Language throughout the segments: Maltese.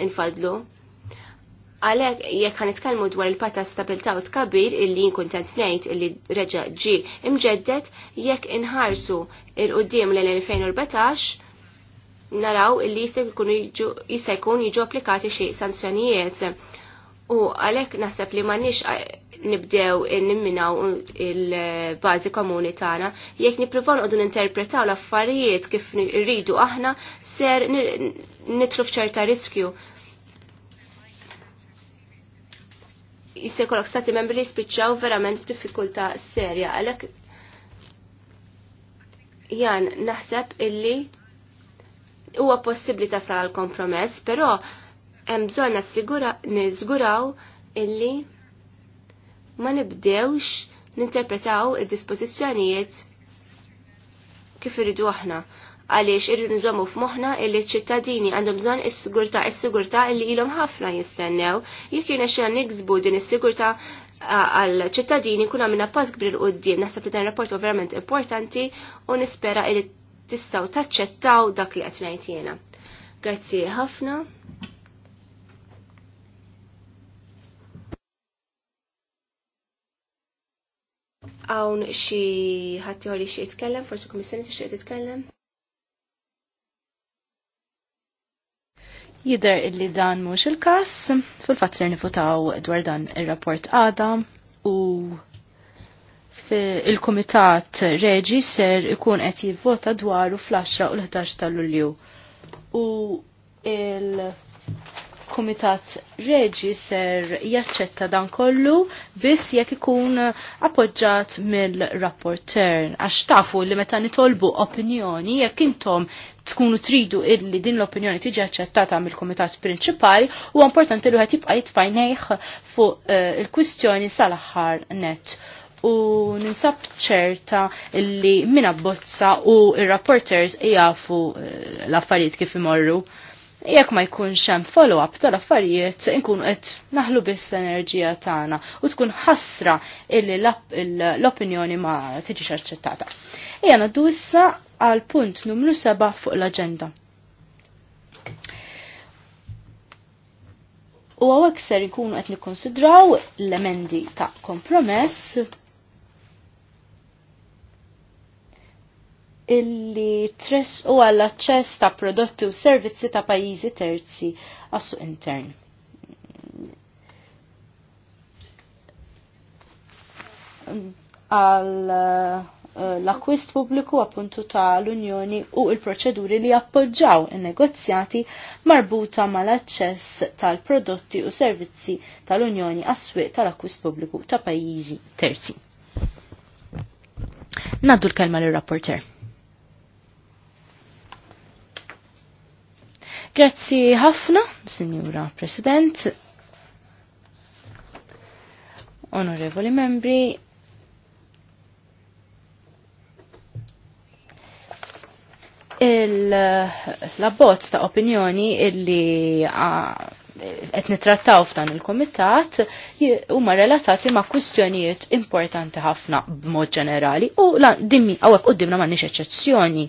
infadlu. Għalek, jekk għan itkallmu dwar il-pata stabilta u tkabbir illi nkuntent nejt illi reġa ġi imġeddet, jekk inħarsu il-qoddim l-2014, naraw illi jista' jkun jiġu applikati xi sanzjonijiet. U għalek naħseb li ma nibdew nimminaw il-bazi komuni tagħna, jekk nippruvaw noqogħdu ninterpretaw l-affarijiet kif rridu aħna ser nitlu f'ċerta riskju. Jista' jkollok stati membri li jispiċċaw verament f'diffikultà serja għalhekk jan naħseb illi huwa possibbli tasal għal kompromess, però hemm bżonn niżguraw illi ma nibdewx ninterpretaw id-dispożizzjonijiet kif irridu aħna għaliex irridu nżommu f'moħħna illi ċ-ċittadini għandhom bżonn is-sigurtà is-sigurtà illi ilhom ħafna jistennew jekk jirnexxina niksbu din is-sigurtà għal ċittadini kuna minna pass kbir l-qoddim naħseb li dan rapport verament importanti u nispera illi tistaw taċċettaw dak li qed ngħid jiena. Grazzi ħafna. Hawn xi ħadd għalli xie jitkellem, forsi kummissjoni tixtieq jitkellem. Jider illi dan mhux il-każ, fil-fatt ser nifutaw dwar dan ir-rapport għada u il-Komitat Reġi ser ikun qed jivvota dwaru fl-10 u l-11 ta' Lulju. U il- komitat kumitat Reġi ser jaċċetta dan kollu biss jekk ikun appoġġat mill-rapporter. Għax tafu li meta nitolbu opinjoni jekk intom tkunu tridu illi din l-opinjoni tiġi aċċettata mill-Kumitat Prinċipali u importanti li wieħed jibqa' jitfajnejh fuq uh, il-kwistjoni sal-aħħar net u ninsab ċerta illi minna bozza u il-rapporters jafu eh, l-affarijiet kif imorru jekk ma jkunx hemm follow-up tal-affarijiet inkunu qed naħlu biss l-enerġija tagħna u tkun ħasra illi l-opinjoni ma tiġix aċċettata. Ejja naddu issa għal punt numru 7 fuq l-aġenda. U għawek ser ikunu qed nikkonsidraw l-emendi ta' kompromess illi tress u għall aċċess ta' prodotti u servizzi ta' pajjiżi terzi għassu intern. Eh, l-akwist pubbliku appuntu ta' l-Unjoni u il-proċeduri li appoġġaw il-negozjati marbuta mal-aċċess tal-prodotti u servizzi tal-Unjoni għas-swieq tal-akwist pubbliku ta' pajjiżi terzi. Naddu l-kelma l-rapporter. Grazzi ħafna, Signora President, Onorevoli Membri, il-labbozz ta' opinjoni illi qed nitrattaw f'dan il kumitat huma relatati ma' kwistjonijiet importanti ħafna b'mod ġenerali u dimmi hawnhekk qudiemna m'għandniex eċċezzjoni.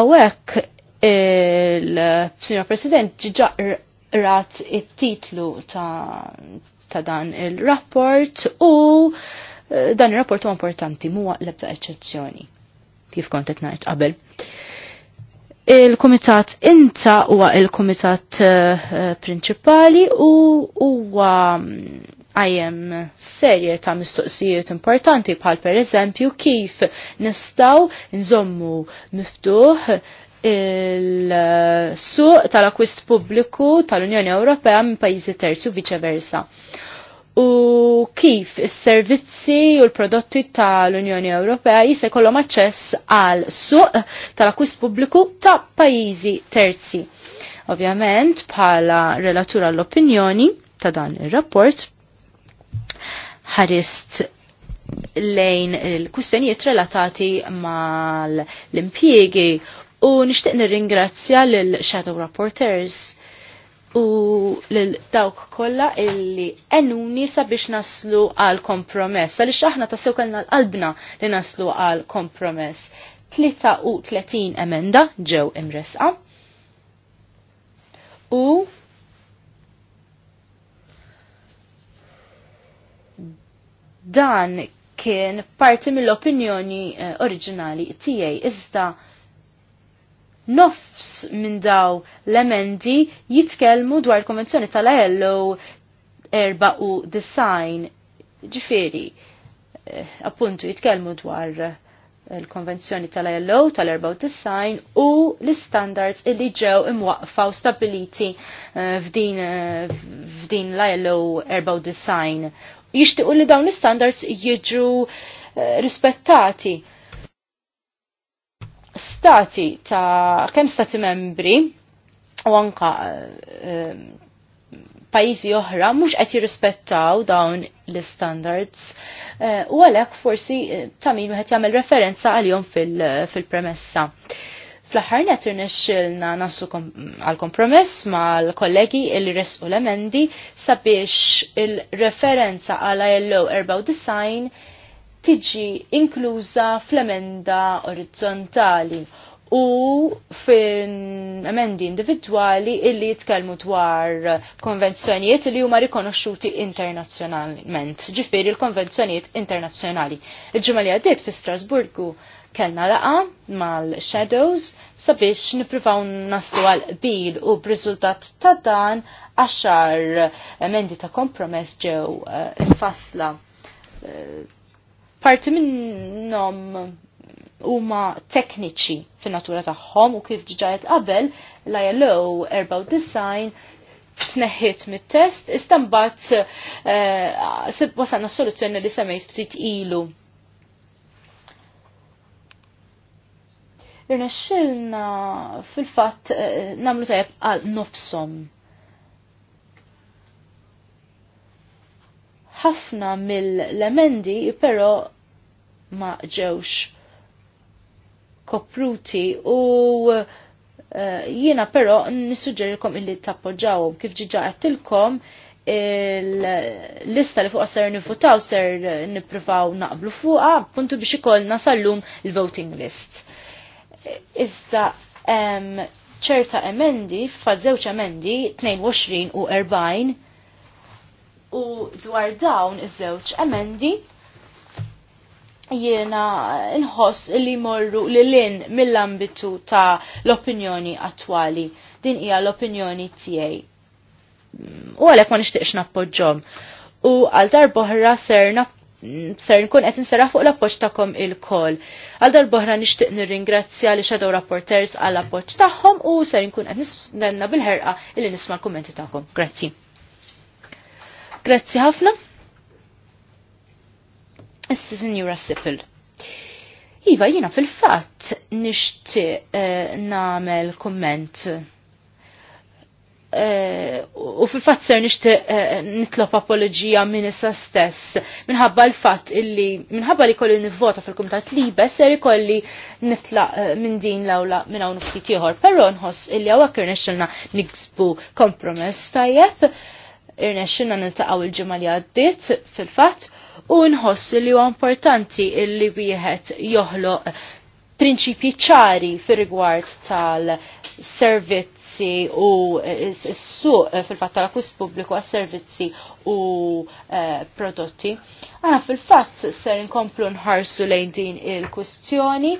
Hawnhekk il signor President ġiġa rat it-titlu ta', dan il-rapport u eh, dan il-rapport huwa importanti muwa l-ebda eċċezzjoni kif kont najt ngħid qabel. Il-kumitat inta huwa il-kumitat eh, prinċipali u huwa għajem mm, serje ta' mistoqsijiet importanti bħal per eżempju kif nistaw nżommu miftuħ il-suq tal-akwist pubbliku tal-Unjoni Ewropea minn pajjiżi terzi u versa. U kif is-servizzi u l-prodotti tal-Unjoni Ewropea jise jkollhom aċċess għal suq tal-akwist pubbliku ta' pajjiżi terzi. Ovvjament bħala relatura l-opinjoni ta' dan ir-rapport ħarist lejn il-kustjonijiet relatati mal l-impjiegi U nixtieq nirringrazzja l Shadow Rapporters u l dawk kollha illi enuni sabiex naslu għal kompromess. Għaliex aħna tassew kellna l-qalbna li naslu għal kompromess. 33 emenda ġew imresqa. U dan kien parti mill-opinjoni eh, oriġinali tiegħi iżda nofs minn daw l-emendi jitkellmu dwar konvenzjoni tal-ILO erba u design ġifiri eh, appuntu jitkellmu dwar il-konvenzjoni tal-ILO tal-94 u l-standards illi ġew imwaqfa u stabiliti eh, f'din, eh, f'din l-ILO design. Jixtiqu li dawn l-standards jiġu rispettati stati ta' kemm stati membri u anka um, eh, pajjiżi oħra mhux qed jirrispettaw dawn l-standards uh, u għalhekk forsi eh, ta' min wieħed jagħmel referenza għalihom fil-premessa. Fil Fl-aħħar net irnexxilna nasu għal kompromess mal-kollegi il resqu l-emendi sabiex il-referenza għal ILO 94 tiġi inkluża fl-emenda orizzontali u fil-emendi individuali illi jitkellmu dwar konvenzjonijiet li huma rikonoxxuti internazzjonalment, ġifieri l-konvenzjonijiet internazzjonali. Il-ġimgħa li għaddiet fi Strasburgu kellna laqa mal-Shadows sabiex nippruvaw naslu għal bil u b'riżultat ta' dan għaxar emendi ta' kompromess ġew eh, infasla eh, Parti minnhom huma tekniċi fin-natura tagħhom u kif ġiġajet qabel l-ILO design tneħħit mit-test, iżda mbagħad eh, wasalna soluzzjoni li semmejt ftit ilu. Irnexxilna fil-fatt eh, nagħmlu tajjeb għal nofshom ħafna mill-emendi però ma ġewx kopruti u eh, jiena però nissuġġerilkom illi tappoġġawhom kif ġiġa qedtilkom il-lista li fuqa ser nifutaw ser niprifaw naqblu fuqa, puntu biex ikollna nasallum il-voting list. Iżda ċerta emendi, f'fad zewċ emendi, 22 u 40, U dwar dawn iż-żewġ emendi jiena nħoss li morru li lin mill-ambitu ta' l-opinjoni attwali. Din hija l-opinjoni tiegħi. U għalhekk ma nixtieqx nappoġġhom. U għal darboħra ser napp ser nkun qed inseraħ fuq l-appoġġ tagħkom il-koll. Għal darb'oħra nixtieq nirringrazzja li Shadow Rapporters għall appoġġ tagħhom u ser nkun qed nistenna bil-ħerqa illi nisma' l-kummenti tagħkom. Grazzi. Grazzi ħafna. Issa Signora Sippel. Iva, jina fil-fat nishti eh, namel komment. Eh, u fil-fat ser nishti eh, nitlop apologija minn issa stess. Minħabba l-fat illi, minħabba li kolli nivvota fil-komitat libe, ser ikolli nitla minn din lawla minn għaw ftit tiħor. Pero nħoss illi għawakir nishtilna nixbu kompromess tajjeb irnexxinna niltaqgħu il-ġimgħa li għaddiet fil-fatt u nħoss li huwa importanti li wieħed joħloq prinċipji ċari fir-rigward tal-servizzi u s-suq fil-fatt tal-akkwist pubbliku għas-servizzi u eh, prodotti. Aħna fil-fatt ser inkomplu nħarsu lejn din il kustjoni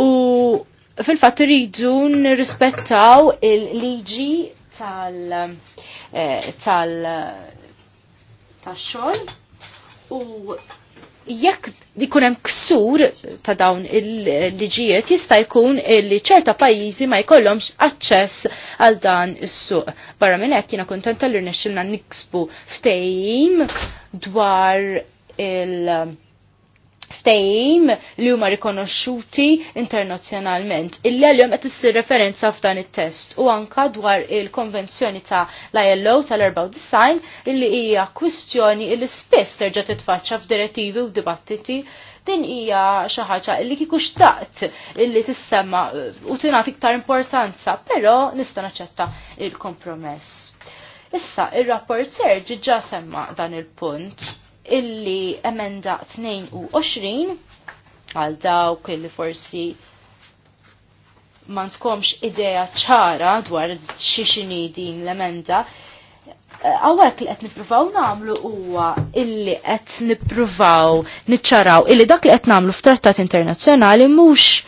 u fil-fatt rridu nirrispettaw il-liġi tal eh, tal tax-xogħol u jekk ikun hemm ksur ta' dawn il-liġijiet jista' jkun li ċerta pajjiżi ma jkollhomx aċċess għal dan is-suq. Barra minn hekk jiena kuntenta li rnexxilna niksbu ftehim dwar il- ftejim li huma rikonoxxuti internazzjonalment. Illa l-jom qed issir referenza f'dan it-test u anka dwar il-konvenzjoni ta' l-ILO tal-94 illi hija kwistjoni li spiss terġa' titfaċċa f'direttivi u dibattiti din hija xi ħaġa li kieku xtaqt illi tissemma uh, u tingħati iktar importanza, però nista' naċċetta il-kompromess. Issa, ir-rapporter il ġa semma dan il-punt illi emenda 22 għal dawk illi forsi ma tkomx idea ċara dwar xiexini din l-emenda. Għawek li qed nippruvaw namlu huwa illi qed nippruvaw niċċaraw illi dak li qed namlu f'trattat internazzjonali mhux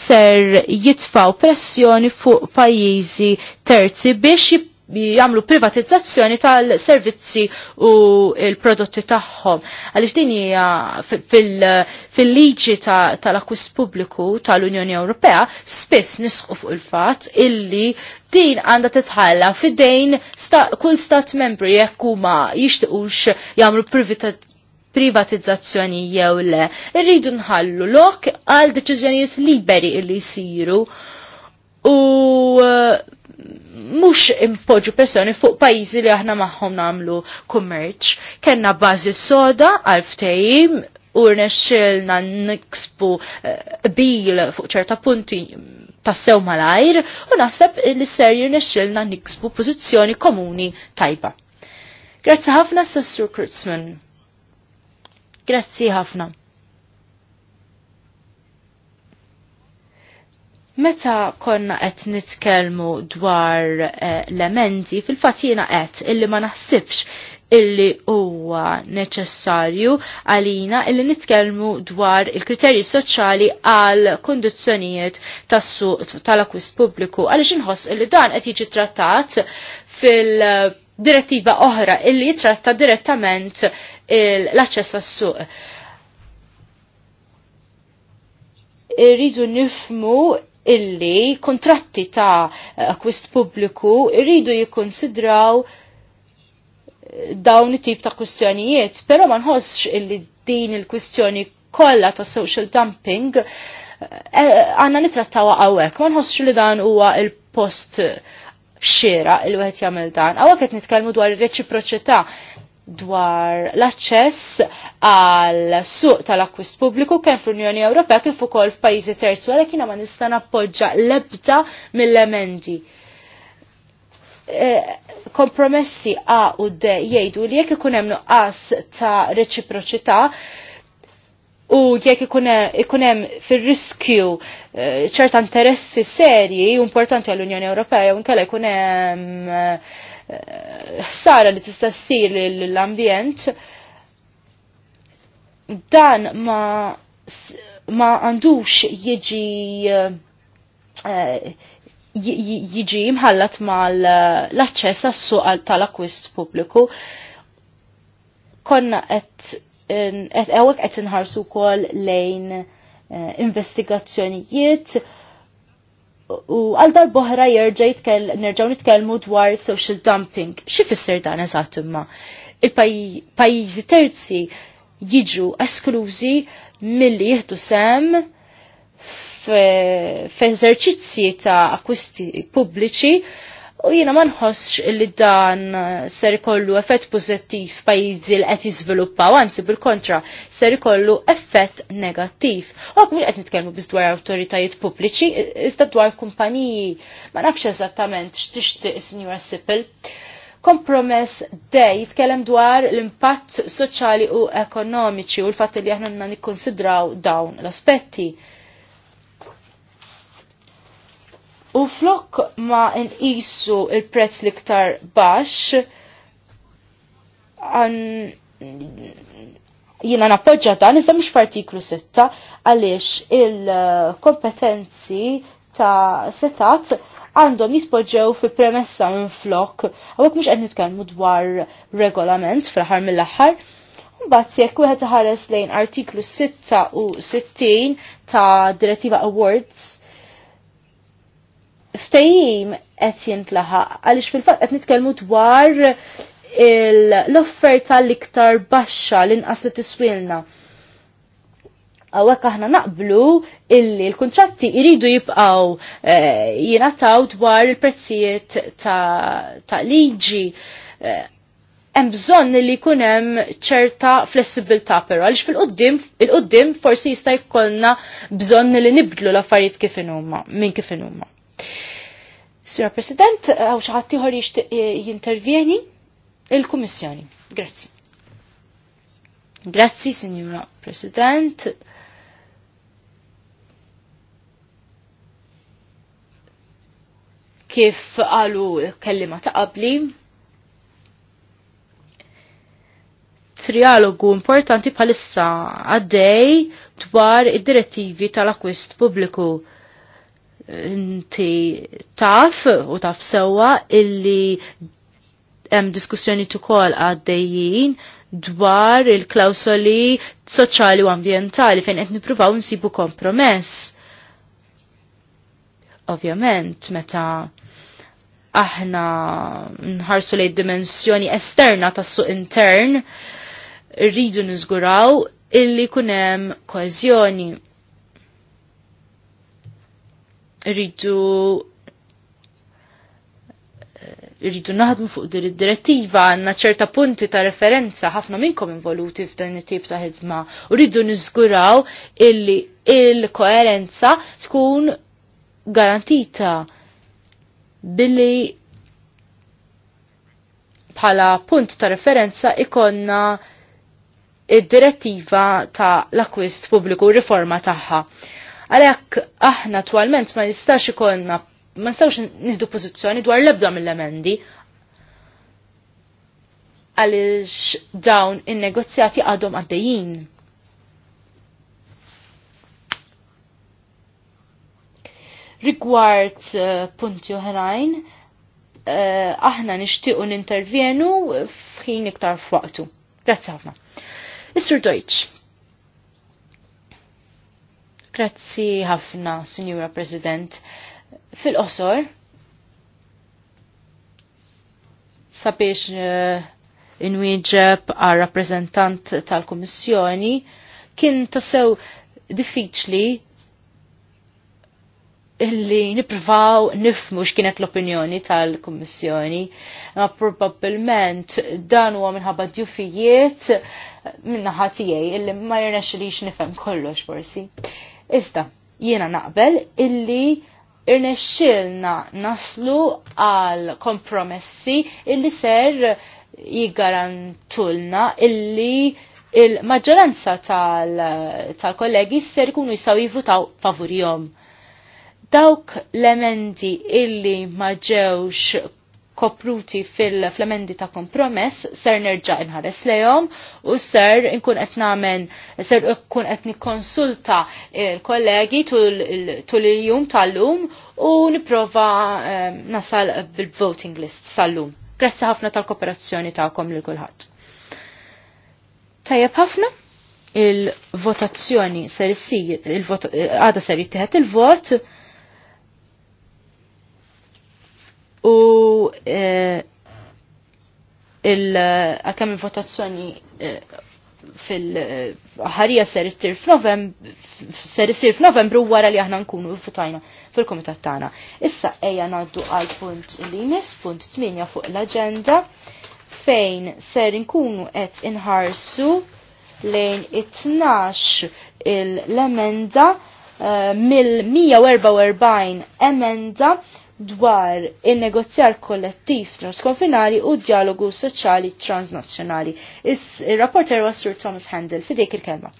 ser jitfaw pressjoni fuq pajjiżi terzi biex jagħmlu privatizzazzjoni tal-servizzi u l-prodotti tagħhom. Għaliex din hija fil-liġi tal-akwis pubbliku tal-Unjoni Ewropea spiss nisqu fuq il-fatt illi din għandha titħalla fid-dejn kull stat membri jekk huma jixtiqux jagħmlu privatizzazzjoni jew le. Irridu nħallu lok għal deċiżjonijiet liberi illi jsiru u uh, mux impoġu personi fuq pajizi li aħna maħħom namlu kummerċ. Kenna bazi soda għal ftejim u rnexxilna nikspu uh, bil fuq ċerta punti tassew malajr u naħseb li ser jirnexxilna niksbu pożizzjoni komuni tajba. Grazzi ħafna Sassur Kurtzman. Grazzi ħafna. Meta konna qed nitkellmu dwar eh, l-emendi, fil-fatt jiena qed illi ma naħsibx illi huwa neċessarju għalina illi nitkellmu dwar il-kriterji soċjali għal kondizzjonijiet tas-suq tal-akwist pubbliku għaliex inħoss illi dan qed jiġi trattat fil- direttiva oħra illi jitratta direttament l-aċċess għas-suq. Irridu nifmu illi kontratti ta' akwist pubbliku irridu jikkonsidraw eh, dawn it-tip ta' kwistjonijiet, però ma nħossx illi din il-kwistjoni kollha ta' social dumping eh, eh, għanna nitrattawa għawek, ma nħossx li dan huwa il-post xira il wħet jagħmel dan. Għawek qed nitkellmu dwar ir-reċiproċità dwar l-aċċess għal suq tal-akkwist pubbliku kemm fl-Unjoni Ewropea kif ukoll f'pajjiżi terzu għalhekk ma nista' nappoġġa l-ebda mill-emendi. E, kompromessi A u D jgħidu li jekk ikun hemm nuqqas ta' reċiproċità u jekk ikun hemm fir-riskju e, ċerta interessi serji importanti għall-Unjoni Ewropea jew inkella jkun hemm ħsara li tista' ssir l-ambjent dan ma ma għandux jiġi eh, jiġi mħallat mal l-aċċess għas suq tal-akwist pubbliku. Konna qed għawek eh, qed inħarsu wkoll lejn eh, investigazzjonijiet u għal darboħra jerġa' nerġaw nitkellmu dwar social dumping. X'ifisser dan eżatt imma? Il-pajjiżi terzi jiġu esklużi milli jieħdu sem f'eżerċizzji ta' akwisti pubbliċi U jiena ma nħossx li dan eh, ser ikollu effett pożittiv pajjiżi li qed jiżviluppaw, anzi bil-kontra ser ikollu effett negattiv. U għak mhux qed nitkellmu biss dwar awtoritajiet pubbliċi, iżda dwar kumpaniji. Ma nafx eżattament x'tixtieq is-Sinjura Sipil. Kompromess dej jitkellem dwar l-impatt soċjali u ekonomiċi u l-fatt li aħna nikkonsidraw dawn l-aspetti. U flok ma nqisu il-prezz liktar baxx, jina nappoġġa dan, iżda mux f'artiklu setta, għaliex il-kompetenzi ta' setat għandhom jispoġġew fi premessa minn flok, għawek mux għed nitkellmu dwar regolament fl-ħar mill-ħar. Mbagħad jekk wieħed ħares lejn artiklu 6 u 60 ta' Direttiva Awards ftajim qed jintlaħa għaliex fil-fatt qed nitkellmu dwar l-offerta l-iktar baxxa l-inqas li tiswilna. Għawek aħna naqblu illi l-kontratti iridu jibqaw eh, jinataw dwar il-prezzijiet ta' liġi. Eh, hemm bżonn li jkun hemm ċerta flessibilità però għaliex fil-qudiem il-qudiem forsi jista' jkollna bżonn li nibdlu l-affarijiet kif inhuma, minn kif inhuma. Sra. President, għaw xaħat tiħor eh, jintervjeni il-Kommissjoni. Grazzi. Grazzi, Signora President. Kif għalu kellima ta' qabli, trialogu importanti bħalissa għaddej dwar id-direttivi tal-akwist pubbliku inti taf u taf sewa illi hemm diskussjoni tukoll għaddejjin dwar il klausoli soċjali u ambientali fejn qed nippruvaw nsibu kompromess. Ovvjament, meta aħna nħarsu lejn dimensjoni esterna tas-suq intern, rridu niżguraw illi kunem koezjoni rridu rridu naħdmu fuq dir id-direttiva għandna ċerta punti ta' referenza ħafna minnkom involuti f'dan it-tip ta' ħidma. U rridu niżguraw illi il-koerenza tkun garantita billi bħala punt ta' referenza ikonna id-direttiva ta' l-akwist pubbliku riforma tagħha. Għalhekk aħna twalment ma nistax ikollna ma nistax nieħdu pożizzjoni dwar l-ebda mill-emendi għaliex dawn il negozjati għadhom għaddejjin. Rigward uh, punti oħrajn, uh, aħna nixtiequ intervjenu f'ħin iktar f'waqtu. Grazzi ħafna. Mr. Deutsch, Grazzi ħafna, Signora President. Fil-qosor, sabiex eh, inwieġeb għal rappresentant tal kummissjoni kien tassew diffiċli illi niprofaw nifmu x'kienet l-opinjoni tal-Kummissjoni. Ma probabbilment dan huwa minħabba djufijiet minnaħa tiegħi illi ma jirnex li x'nifhem kollox forsi. Iżda, jiena naqbel illi irnexxilna naslu għal kompromessi illi ser jiggarantulna illi il-maġġoranza tal-kollegi tal ser ikunu jistaw jivutaw favurjom. Dawk l-emendi illi maġġewx kopruti fil flamendi ta' kompromess, ser nerġa' inħares lejom u ser nkun qed nagħmel ser nkun qed nikkonsulta l-kollegi tul il-jum tal-lum u nipprova eh, nasal bil-voting list sal-lum. Grazzi ħafna tal-kooperazzjoni tagħkom lil kulħadd. Tajjeb ħafna il-votazzjoni ser issir il-vot eh, għada ser jittieħed il-vot il vot u eh, il-għakam il-votazzjoni eh, fil-ħarija ser istir f'Novembru wara li aħna nkunu votajna fil-komitat tagħna. Issa ejja ngħaddu għal punt li imis punt 8 fuq l-aġenda fejn ser nkunu qed inħarsu lejn it-tnax l-emenda eh, mill-144 emenda dwar il-negozjar kollettiv transkonfinali u dialogu soċjali transnazzjonali. il rapporter was Sir Thomas Handel fidejk il-kelma.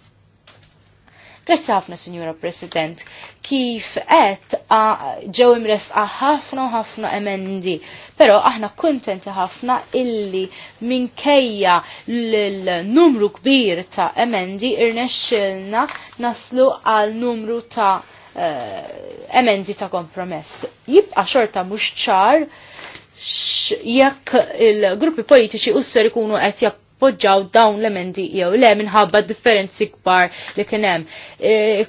Grazzi ħafna, Signora President. Kif qed ġew imresqa ħafna ħafna emendi, però aħna kuntenti ħafna illi minkejja l-numru kbir ta' emendi irnexxilna naslu għal numru ta' Eh, emendi ta' kompromess. Jibqa' xorta mhux ċar jekk il-gruppi politiċi usser ikunu qed jappoġġaw dawn l-emendi jew le minħabba differenzi kbar li kien hemm. Eh,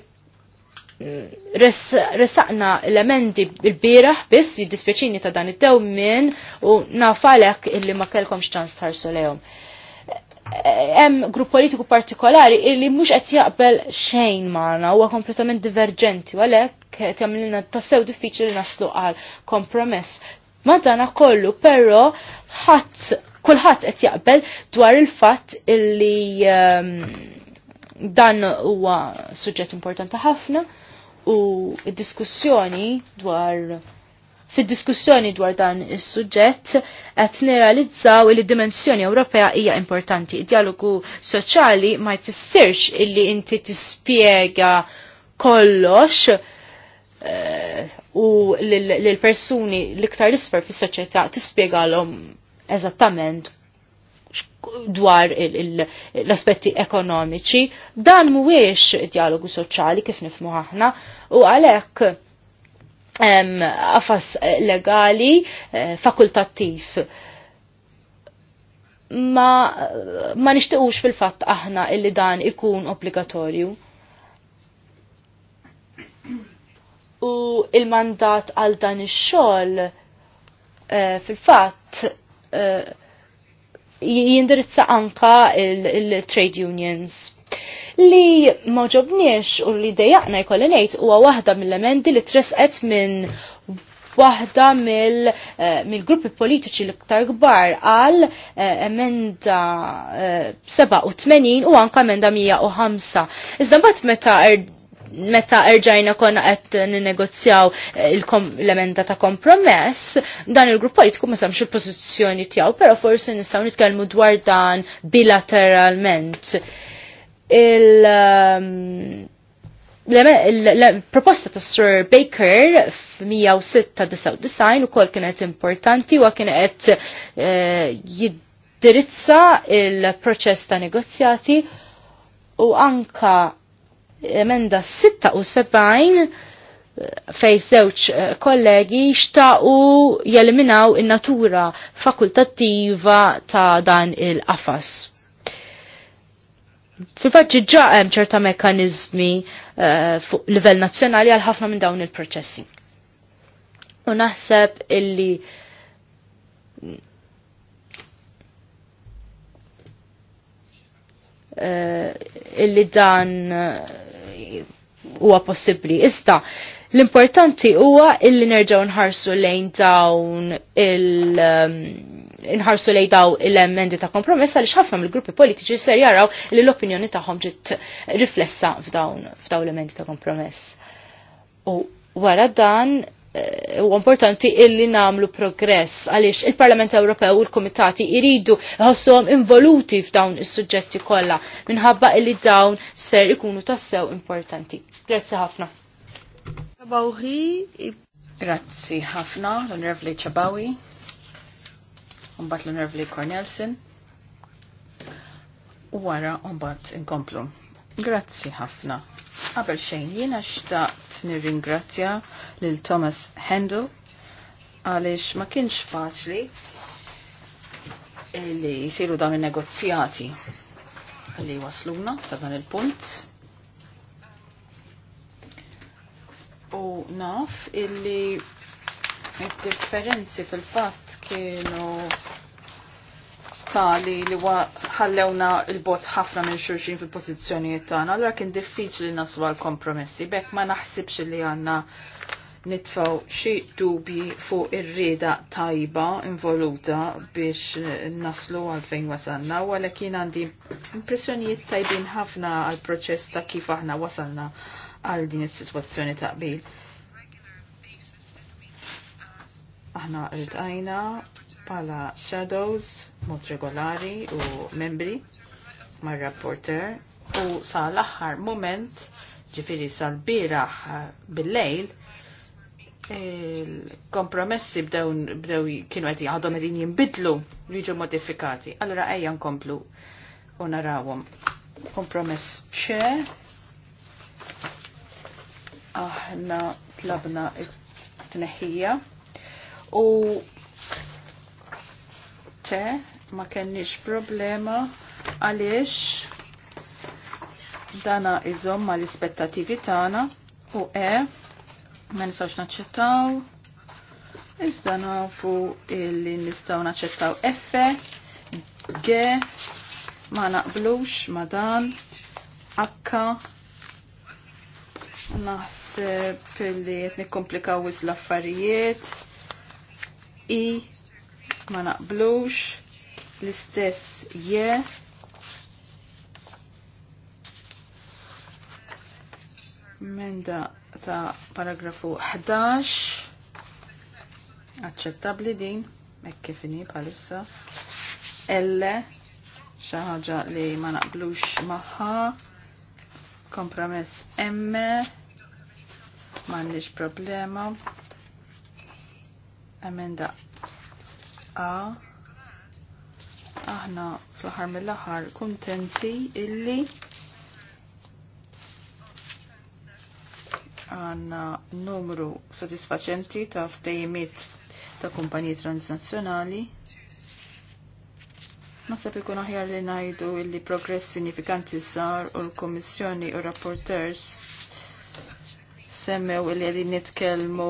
Ressaqna l-emendi il-biraħ biss jiddispjaċini ta' dan id-dew minn u nafalek illi ma kellkomx ċans tħarsu lejhom hemm grupp politiku partikolari illi mhux qed jaqbel xejn magħna huwa kompletament divergenti u għalhekk tagħmilna tassew diffiċli naslu għal kompromess. Madana kollu, però ħadd kulħadd qed jaqbel dwar il-fatt illi um, dan huwa suġġett importanti ħafna u d-diskussjoni dwar Fid-diskussjoni dwar dan is-suġġett qed niralizzaw li d-dimensjoni Ewropea hija importanti. Id-dialogu soċjali ma jfissirx illi inti tispjega kollox eh, u l-persuni l-iktar isfer fis-soċjetà tispjegalhom eżattament dwar l-aspetti ekonomiċi, dan mhuwiex dialogu soċjali kif nifmu aħna u għalhekk għafas eh, legali eh, fakultattiv. Ma, ma nishtiqux fil-fatt aħna illi dan ikun obbligatorju. U il-mandat għal dan ix-xogħol eh, fil-fatt jindirizza anka il-trade unions li maġobniex u li dejaqna jkolli ngħid huwa waħda mill lamendi li tresqet minn waħda eh, mill-gruppi mil politiċi l-iktar kbar għal eh, emenda 87 eh, u anka emenda 105. Iżda mbagħad meta er, meta erġajna konna qed ninnegozjaw l-emenda ta' kompromess, dan il-grupp politiku ma samx il-pożizzjoni tiegħu, però forsi nistgħu nitkellmu dwar dan bilateralment il- um, proposta ta' Sir Baker f-196 u kol kienet importanti u kienet eh, jiddirizza il-proċess ta' negozjati u anka emenda 76 eh, fej zewċ eh, kollegi u jeliminaw in-natura fakultattiva ta' dan il-qafas fil-fatt ġiġa hemm ċerta mekkaniżmi eh, fuq livell nazzjonali għal ħafna minn dawn il-proċessi. U naħseb illi eh, illi dan eh, huwa possibbli. Iżda, l-importanti huwa illi nerġgħu nħarsu lejn dawn il- ehm, Inħarsu lej daw l-emendi ta' kompromess għaliex ħafna mill-gruppi politiċi ser jaraw li l-opinjoni tagħhom ġiet riflessa f'dawn l-emendi ta' kompromess. U wara dan eh, u importanti illi namlu progress għaliex il-Parlament Ewropew u l-Komitati iridu ħossom involuti f'dawn is-suġġetti kollha minħabba illi dawn ser ikunu tassew importanti. Grazzi ħafna. Grazzi ħafna, l-Onorevoli Ċabawi mbagħad l-Onorevoli Cornelson u wara mbagħad inkomplu. Grazzi ħafna. Qabel xejn jiena xtaqt nirringrazzja lil Thomas Handel għaliex ma kienx faċli li jisiru dawn il-negozjati li wasluna sa dan il-punt. U naf illi il-differenzi fil-fat kienu tali li ħallewna il-bot ħafna minn xurxin fil-pozizjonijiet tagħna, allura kien diffiċli naswa l kompromessi, bekk ma naħsibx li għandna nitfaw xi dubji fuq ir-rieda tajba involuta biex naslu għal fejn wasalna, u għalhekk għandi impressjonijiet tajbin ħafna għal proċess ta' kif aħna wasalna għal din is-sitwazzjoni ta' qbil. Aħna rtajna pala shadows mod regolari u membri mar-rapporter u sa l-aħħar moment ġifiri sal-biraħ eh, bil-lejl il-kompromessi bdew, bdew kienu għedi għadhom għedin jimbidlu jiġu modifikati. Allora ejja nkomplu u narawhom. Kompromess bxe. Aħna tlabna t neħija u te ma kenniex problema għaliex dana iżom ma l-ispettativi tagħna u e ma nistgħux naċċettaw. Iżda nafu illi nistgħu naċċettaw F, G, ma naqblux ma dan, H, naħseb li qed nikkomplikaw iż l-affarijiet, I, ma naqblux, l-istess je. da ta' paragrafu 11, accettabli din, mekkifini palissa. elle, xaħġa li ma naqblux maħħa, kompromess emme, mandiġ problema, emenda A aħna fl-aħħar mill-aħħar kuntenti illi għanna numru sodisfaċenti ta' ftejmit ta' kumpaniji transnazzjonali. Nasab ikun aħjar li najdu illi progress sinifikanti sar u l-Komissjoni u rapporters semmew illi għedin nitkelmu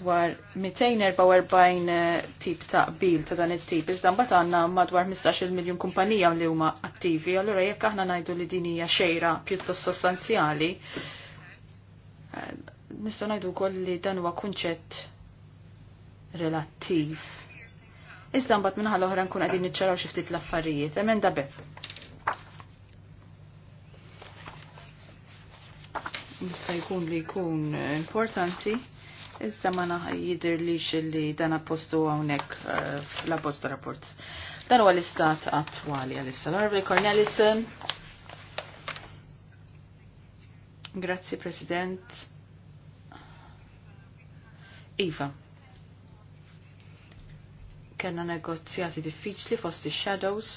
dwar 244 eh, tip ta' qbil ta' dan it-tip. Iżda mbagħad għandna madwar 15 miljun kumpanija li huma attivi, allura jekk aħna ngħidu li din hija xejra pjuttost sostanzjali, eh, nistgħu ngħidu wkoll li dan huwa kunċett relattiv. Iżda mbagħad minħal oħra nkun qegħdin niċċaraw xi ftit l-affarijiet. Emenda beh. Nista' jkun li jkun importanti Iżda ma jidir li xilli dan appostu għawnek eh, l-apposta rapport. Dan huwa l-istat attwali għalissa. L-Onorevoli Cornelison. Grazzi, President. Iva. Kenna negozjati diffiċli fost shadows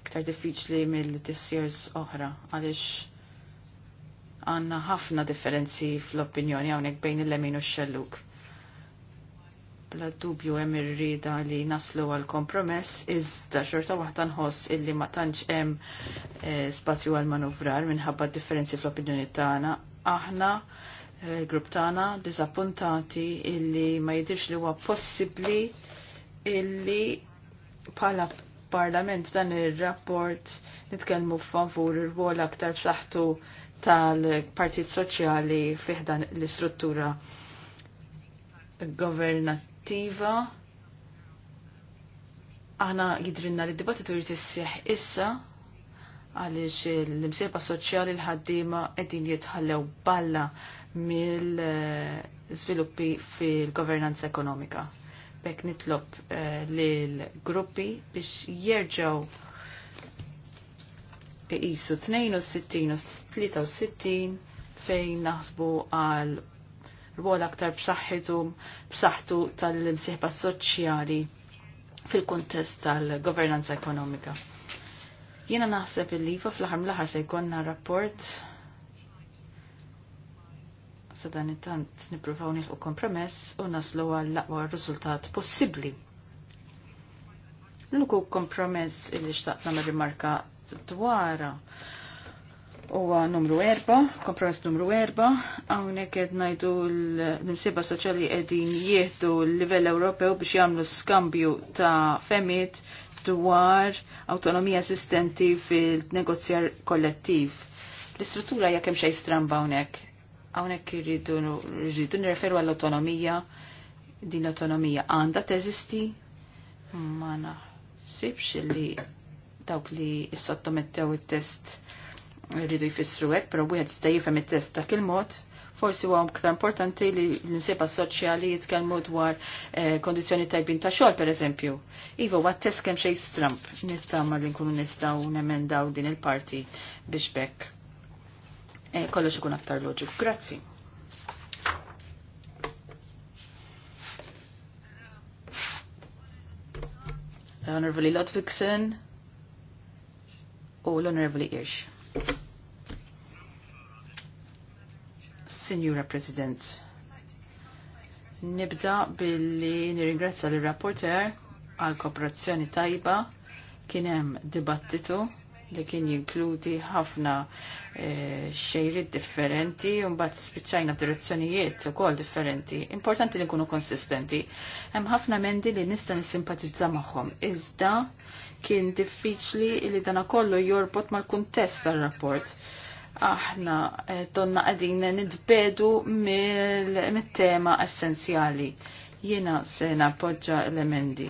Iktar diffiċli mill-this oħra għaliex Għanna ħafna differenzi fl-opinjoni hawnhekk bejn il-lemin u xelluk Bla dubju hemm rida li naslu għal kompromess iżda xorta waħda nħoss illi ma tantx hemm eh, spazju għal manuvrar minħabba differenzi fl-opinjoni tagħna. Aħna il-grupp eh, tagħna diżappuntati illi ma jidirx li huwa possibbli illi bħala parlament dan ir-rapport nitkellmu favur ir-rwol aktar b'saħħtu tal-Partit Soċjali fiħdan l-istruttura governattiva. Aħna jidrinna li d-dibattitu jrid issa għaliex l-imsieba soċjali l-ħaddiema qegħdin jitħallew balla mill-żviluppi fil-governanza ekonomika. Bek nitlob eh, l gruppi biex jerġgħu iqisu 62 u 63 fejn naħsbu għal rwol aktar b'saħħitu b'saħħtu tal-imsieħba soċjali fil-kuntest tal-governanza ekonomika. Jiena naħseb il-lifa iva fl ħarm mill se jkollna rapport Sadan intant it-tant nippruvaw nilqu kompromess u naslu għall aqwa riżultat possibbli. l kompromess il-li xtaqna ma' rimarka dwara. Uwa numru 4, kompromess numru 4, għawnek ed najdu l-imsiba soċali edin jieħdu l-livell Ewropew biex jamlu skambju ta' femit dwar autonomija assistenti fil-negozjar kollettiv. L-istruttura jakem xej stramba għawnek. Għawnek irridu nirreferu għall-autonomija, din l-autonomija għanda teżisti, ma naħsibx li dawk li sottomettew it-test rridu jfissru hekk, però wieħed jista' jifhem it-test ta' il-mod, forsi huwa iktar importanti li l-insieba soċjali jitkellmu dwar kondizjoni eh, kondizzjoni tajbin ta' xogħol pereżempju. Iva huwa test kemm xejn strump nistama li nkunu nistgħu nemendaw din il-parti biex bekk. Eh, kollox ikun aktar loġiku. Grazzi. Honorable Lodvigsen u l honorable Irx. Signora President, nibda billi nirringrazza l-rapporter għal kooperazzjoni tajba kien hemm dibattitu li kien jinkludi ħafna e, eh, xejrid differenti u mbagħad spiċċajna direzzjonijiet ukoll differenti. Importanti li nkunu konsistenti. Hemm ħafna mendi li nista' nissimpatizza magħhom. Iżda kien diffiċli li dana kollu jorbot mal-kuntest tal-rapport. Aħna eh, donna għadin nidbedu mill-tema essenzjali. Jena se napoġġa l-emendi.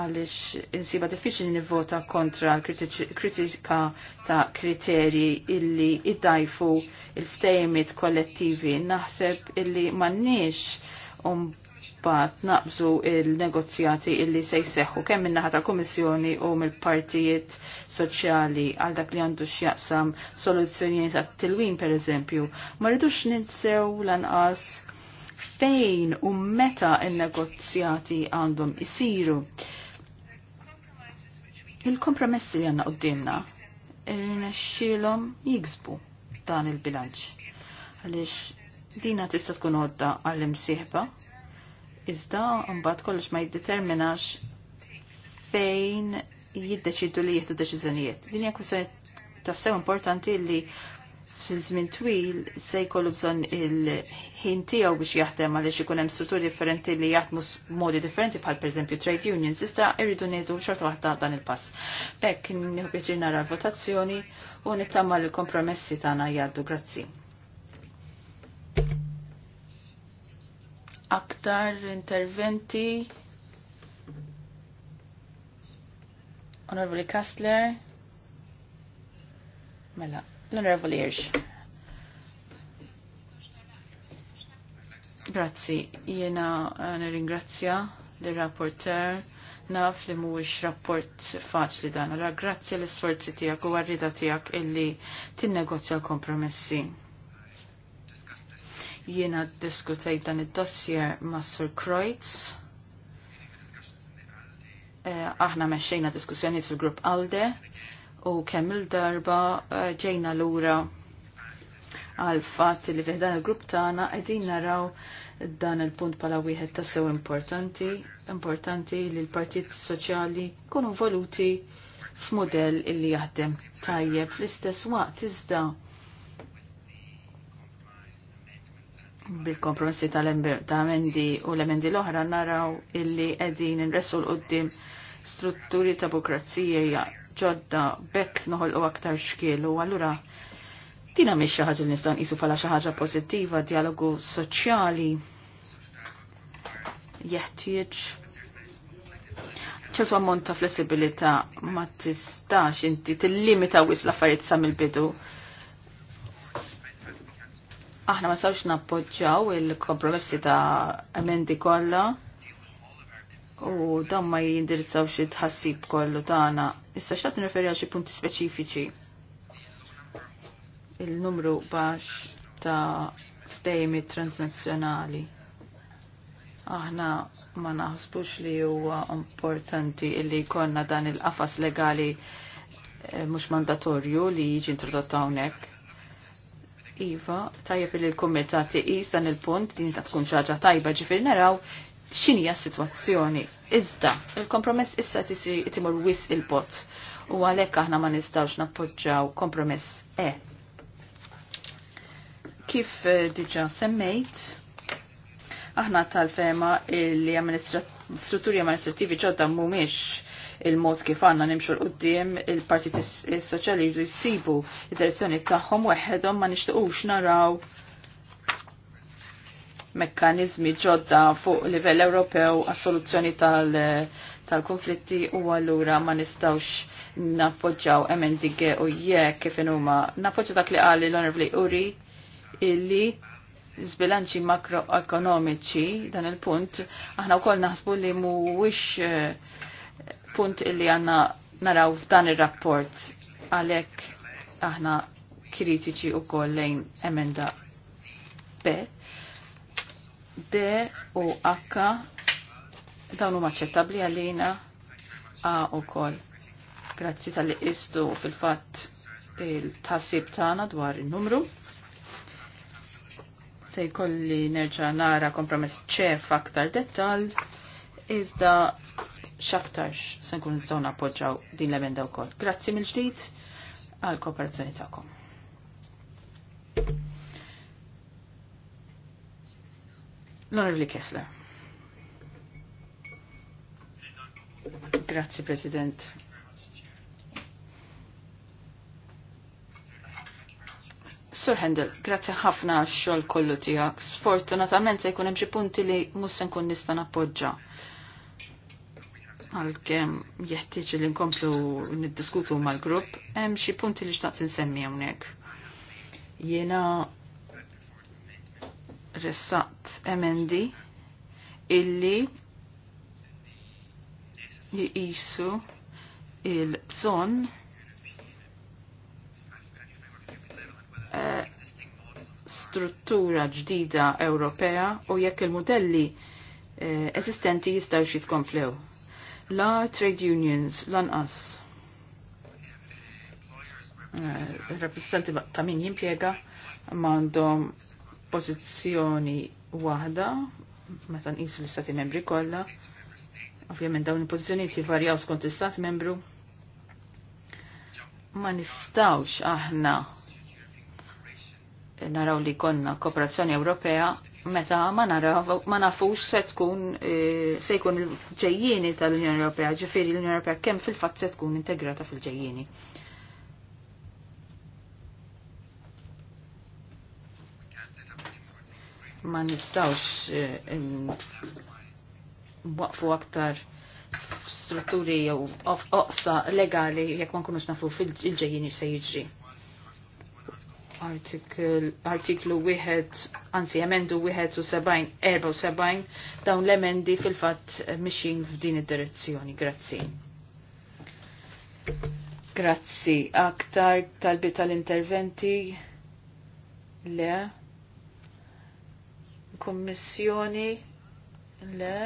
Għalix insiba diffiċli nivvota kontra kritika ta' kriteri illi iddajfu il-ftejmit kollettivi. Naħseb illi mannix um- bat naqbżu il-negozjati illi se jseħħu kemm min-naħa tal-Kummissjoni u mill-partijiet soċjali għal dak li għandu x'jaqsam soluzzjonijiet għat-tilwin pereżempju. Ma rridux ninsew lanqas fejn u meta il-negozjati għandhom isiru. Il-kompromessi li għanna għoddimna, il-nexxilom jiksbu dan il-bilanċ. Għalix dina tista tkun għodda għall-imsieħba iżda mbagħad kollox ma jiddeterminax fejn jiddeċidu li jieħdu deċiżjonijiet. Din hija kwistjoni tassew importanti li fi żmien twil se jkollu bżonn il-ħin tiegħu biex jaħdem għaliex ikun hemm strutturi differenti li jaħdmu modi differenti bħal pereżempju trade unions iżda rridu ngħidu xorta waħda dan il-pass. Bekk nieħu pjaċir nara l-votazzjoni u nittama l-kompromessi tagħna jgħaddu grazzi. aktar interventi. Honorable Kastler. Mela, l honorable Irsch. Grazzi, jena eh, nirringrazzja l-rapporter naf li mhuwiex rapport faċli dan. Allora grazzi l-isforzi tiegħek u għarrida tiegħek illi tin l-kompromessi. Jiena diskutejt dan id-dossier ma' Sur Kreutz. Eh, aħna meċċejna diskussjonijiet fil-grupp Alde u kemm il-darba eh, ġejna lura għal fatt li fiħdan il-grupp tagħna qegħdin naraw dan il-punt pala wieħed ta' sew importanti, importanti li l partit soċjali kunu voluti f'modell illi jaħdem tajjeb fl-istess waqt iżda bil-kompromessi tal-emendi u l-emendi l-oħra naraw illi edin nressu l-qoddim strutturi ta' bukrazija ġodda bekk noħol u aktar xkielu. u għallura dina miex xi ħaġa li jisu nqisu bħala xi ħaġa pożittiva, dialogu soċjali jeħtieġ ċertu ammont ta' flessibilità ma tistax inti tillimita wis l-affarijiet sa mill-bidu Aħna ma sawx nappoġġaw il-kompromessi ta' emendi kollha u dan ma jindirizzaw xi tħassib kollu tagħna. Issa x'taqt nirreferi għal xi punti speċifiċi. Il-numru baxx ta' ftejmi transnazzjonali. Aħna ma naħsbux li huwa importanti li jkollna dan il-qafas legali eh, mhux mandatorju li jiġi introdotta hawnhekk Iva, tajjeb li l-kumitat tiqis dan il-punt din ta' tkun xaġa tajba ġifir naraw x'inija s-sitwazzjoni. Iżda, il-kompromess issa timur wis il-bot u għalhekk aħna ma nistgħux nappoġġaw kompromess E. Kif eh, diġa semmejt, aħna tal-fema li strutturi amministrativi ġodda mhumiex il-mod kif għanna nimxu l-qoddim il-partit il-soċjali jridu jisibu id-direzzjoni tagħhom weħedhom ma nixtiqux naraw mekkanizmi ġodda fuq livell Ewropew għas-soluzzjoni tal-konflitti u allura ma nistawx nappoġġaw MNDG u jekk kif huma nappoġġaw dak li qali l-Onorevoli Uri illi zbilanċi makroekonomiċi dan il-punt, aħna u koll naħsbu li muwix eh, punt illi għanna naraw f'dan il-rapport għalek aħna kritiċi u koll lejn emenda B, D u H dawn huma ċettabli għalina A u koll. Grazzi tal-li istu fil-fatt il tasib tagħna dwar il-numru se jkolli nerġa nara kompromess ċef aktar dettal, iżda xaktarx se nkun nistgħu nappoġġaw din l-emenda wkoll. Grazzi mill-ġdid għal kooperazzjoni tagħkom. L-Onorevoli Kessler. Grazzi President. Sur Hendel, grazzi ħafna għax-xogħol kollu tiegħek. Sfortunatament se jkun hemm xi punti li mhux se nkun nista' nappoġġa għal-kem jeħtieġ li nkomplu niddiskutu mal-grupp, hemm xi punti li xtaqt insemmi hawnhekk. Jiena ressaqt MND illi jiqisu il-bżonn eh, struttura ġdida Ewropea u jekk il-modelli eh, eżistenti jistgħu xitkomplew. komplew la trade unions, lanqas. Eh, rappresentanti ta' min jimpiega mandom pozizjoni wahda, meta nqisu l-istati membri kollha. Ovvjament dawn il-pożizzjonijiet jivarjaw skont l-istat membru. Ma nistawx aħna naraw li konna kooperazzjoni Ewropea meta ma nara ma nafux se tkun e, se jkun il-ġejjieni tal-Unjoni Ewropea, ġifieri l-Unjoni Ewropea kemm fil-fatt se tkun integrata fil-ġejjieni. Ma nistawx e, waqfu aktar strutturi jew oqsa legali jekk ma nkunux nafu fil-ġejjieni se jiġri artiklu wieħed, anzi emendu wieħed u 74 dawn l-emendi fil-fatt mixin f'din id-direzzjoni. Grazzi. Grazzi. Aktar talbi tal-interventi? Le. Kommissjoni? Le.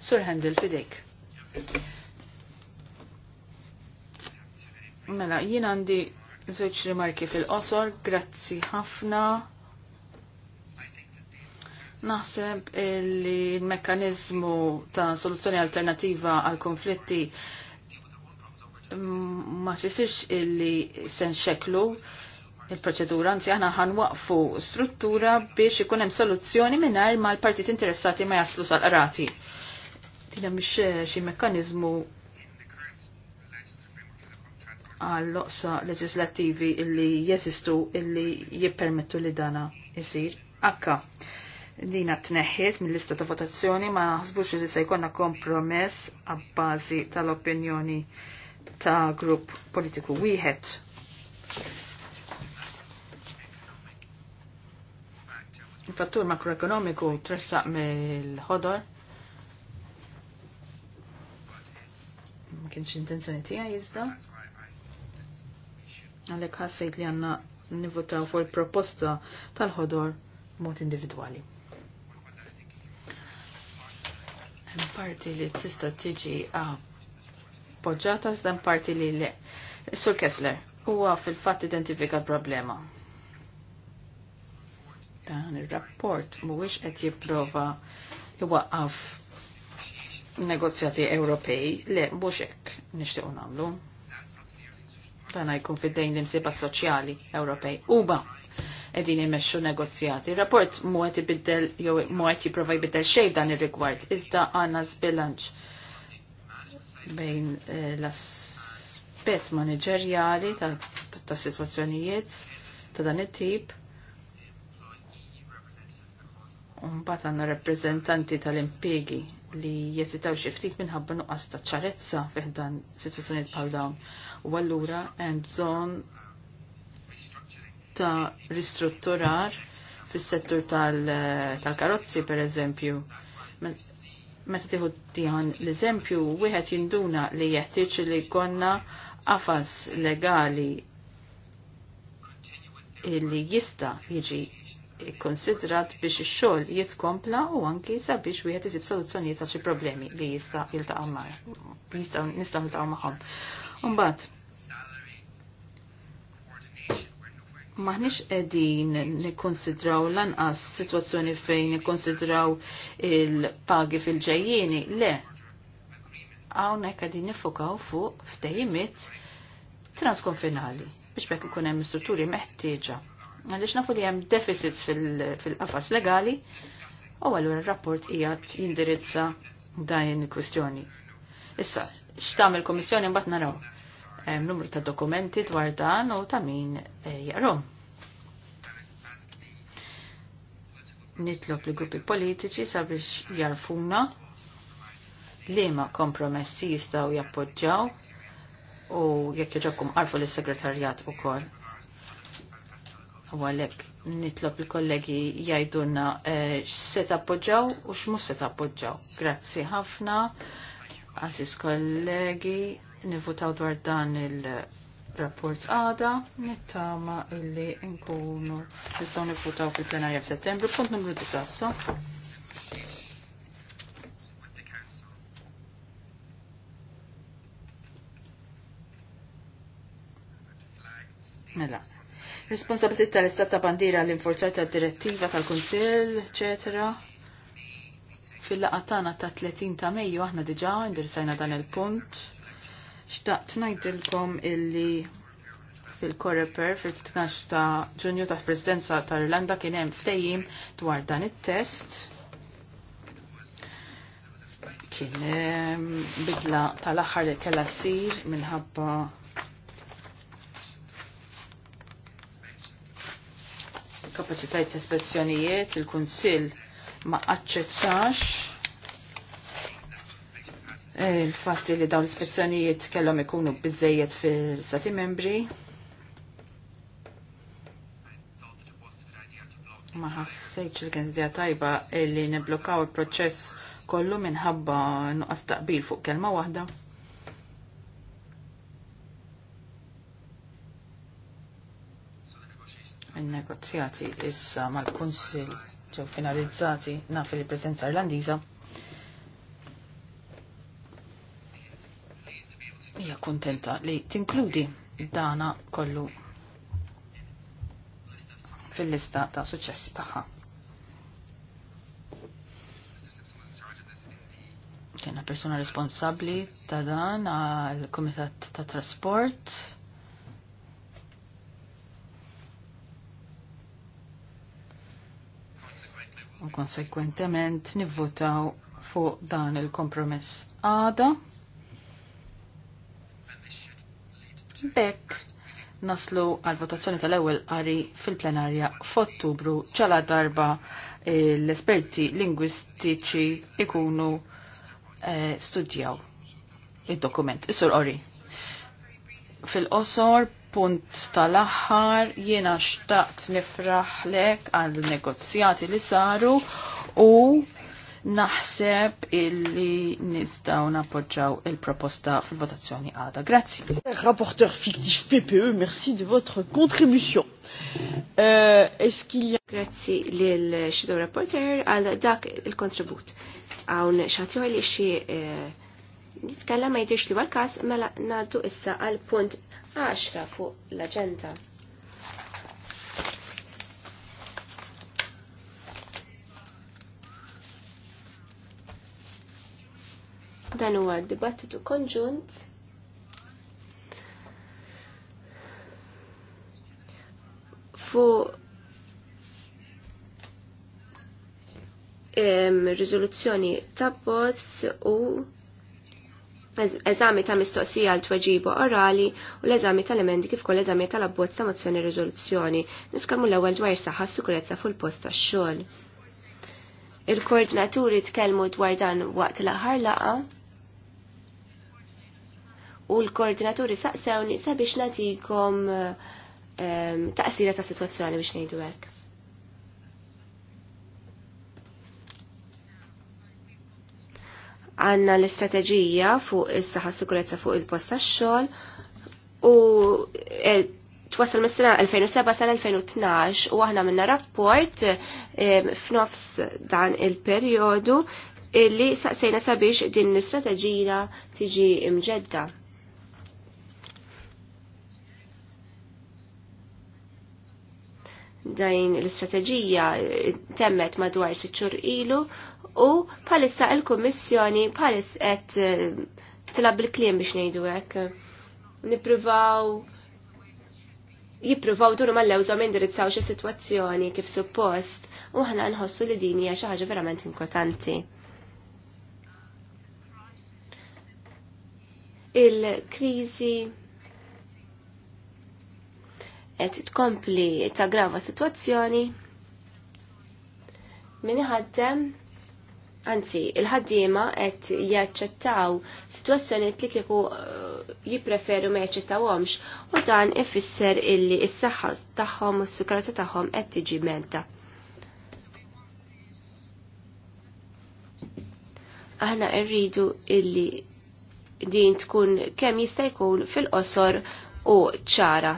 Sur Handel fidejk. Mela, jien għandi Żewġ rimarki fil-qosor, grazzi ħafna. Naħseb li l-mekkanizmu ta' soluzzjoni alternativa għal konflitti ma tfissirx illi sen xeklu il-proċedura, anzi aħna ħan waqfu struttura biex ikun hemm soluzzjoni mingħajr ma l-partit interessati ma jaslu sal arati Tina mhix xi mekkaniżmu għall-loqsa leġislattivi illi jeżistu illi jippermettu li dana jisir. Akka, dina tneħħiet mill-lista ta' votazzjoni ma ħsbux li se jkonna kompromess għabbażi tal-opinjoni ta' grupp politiku wieħed. Il-fattur makroekonomiku tressaq mill-ħodor ma kienx intenzjoni tiegħi iżda. Għalek ħassejt li għanna nivotaw fuq il-proposta tal-ħodor mod individwali. Hemm parti li tista' tiġi appoġġata dan parti li le. Sur Kessler, huwa fil-fatt identifika problema. Dan ir-rapport mhuwiex qed jipprova iwaqqaf negozjati Ewropej, le mhux hekk nixtiequ nagħmlu dan jkun fid-dejn l-imsiba soċjali Ewropej. Uba, edin jimmexxu negozjati. Il-rapport mu għet jibiddel, jew mu jiprofa jibiddel xej dan ir-rigward, iżda għanna zbilanċ bejn eh, l-aspet manageriali ta', situazzjonijiet ta' dan it-tip. Un-bat għanna rappresentanti tal-impiegi li jesitaw ftit minħabba nuqqas ta' ċarezza fiħdan situazzjoniet bħal dawn. U allura hemm bżonn ta' ristrutturar fis-settur tal-karozzi per eżempju. Meta tiħu diħan l-eżempju, wieħed jinduna li jeħtieġ li konna qafas legali li jista' jiġi ikkonsidrat biex ix-xogħol jitkompla u anki sabiex wieħed isib soluzzjonijiet għal xi problemi li jista' jiltaqgħu mar. Nistgħu niltaqgħu magħhom. Mbagħad maħniex qegħdin nikkonsidraw lanqas sitwazzjoni fejn nikkonsidraw il-pagi fil-ġejjieni, le. Hawnhekk qegħdin nifokaw fuq ftehimiet transkonfinali biex bekk ikun hemm strutturi meħtieġa għalix nafu li hemm deficits fil-qafas legali u allura r-rapport ijat jindirizza dan il-kwistjoni. Issa, xtam il komissjoni mbagħad naraw. numru ta' dokumenti dwar dan u ta' min eh, jaqrom. Nitlob li gruppi politiċi sabiex jarfuna li ma kompromessi jistaw jappoġġaw u jekk joġobkom għarfu l segretarjat u kol għalek nitlob il-kollegi jajduna eh, x-se tappoġġaw u x-mus se tappoġġaw. Grazzi ħafna, għasis kollegi, nivutaw dwar dan il-rapport għada, nittama illi nkunu nistaw nivutaw fil-plenarja f'settembru, punt numru 9. Mela responsabilità tal-istat ta' bandira l-inforzar ta' direttiva tal-Kunsill, eccetera. Fil-laqatana ta' 30 ta' Mejju aħna diġa indirsajna dan il-punt. Xtaqt ngħidilkom illi fil-Koreper fil-12 ta' Ġunju ta' Presidenza ta' Irlanda kien hemm ftehim dwar dan it-test. Kien bidla tal-aħħar li kellha ssir minħabba kapacitajt ta' ispezzjonijiet, il-Kunsill ma aċċettax eh, il-fatti li dawn l-ispezzjonijiet kellhom ikunu bizzejiet fil sati membri. ma ħassejċ li kien zdija tajba li neblokaw il-proċess kollu minħabba nuqqas taqbil fuq kelma waħda. Il-negozjati issa mal-Kunsil ġew finalizzati naf fil preżenza Irlandiża hija kuntenta li tinkludi dana kollu fil-lista ta' suċċessi tagħha. Kena persona responsabbli ta' dan għal Kumitat ta' Trasport u konsekwentement nivvotaw fuq dan il-kompromess għada. Bekk naslu għal votazzjoni tal-ewwel qari fil-plenarja f'Ottubru ċala darba eh, l-esperti lingwistiċi ikunu eh, studjaw id-dokument. Is-sur fil osor punt tal-aħħar jiena xtaqt nifraħlek għal negozjati li saru u naħseb illi nistaw napoġġaw il-proposta fil-votazzjoni għada. Grazzi. Rapporteur fiktiv PPE, merci de votre contribution. Uh, Grazzi l-xidu Rapporteur għal dak il-kontribut. Għawn xatjoj li xie eh, nitkellem ma jidix li għal-kas mela naddu issa għal punt għaxra fuq l-aġenda. Dan huwa dibattitu konġunt fuq risoluzzjoni ta' bots u eżami ta' mistoqsija għal tweġiba orali u l-eżami tal-emendi kif kol eżami tal-abbozz ta' mozzjoni riżoluzzjoni. Niskalmu l-ewwel dwar saħħa sikurezza fuq il-post tax-xogħol. Il-koordinaturi tkellmu dwar dan waqt l-aħħar laqa u l-koordinaturi saqsewni sabiex natikom ehm, taqsira ta' situazzjoni biex ngħidu hekk. għanna l-istrateġija fuq is-saħħa sikurezza fuq il-post tax-xogħol u e, twassal mis-sena 2007 sal-2012 u aħna minna rapport e, f'nofs dan il-perjodu illi saqsejna sabiex din l-istrateġija tiġi imġedda. Dajn l-istrateġija temmet madwar sitt ilu u palissa il-Kommissjoni palis qed eh, tilab il-kliem biex ngħidu hekk. Nippruvaw jippruvaw duru l lewża ma indirizzaw xie sitwazzjoni kif suppost u ħana nħossu li din hija xi ħaġa verament importanti. Il-kriżi qed tkompli grava sitwazzjoni min iħaddem anzi, il-ħaddiema qed jaċċettaw sitwazzjonijiet li kieku eh, jippreferu ma jaċċettawhomx u dan ifisser illi s-saħħa tagħhom u s-sukrata tagħhom qed tiġi menta. Aħna rridu illi din tkun kemm jista' jkun fil-qosor u ċara.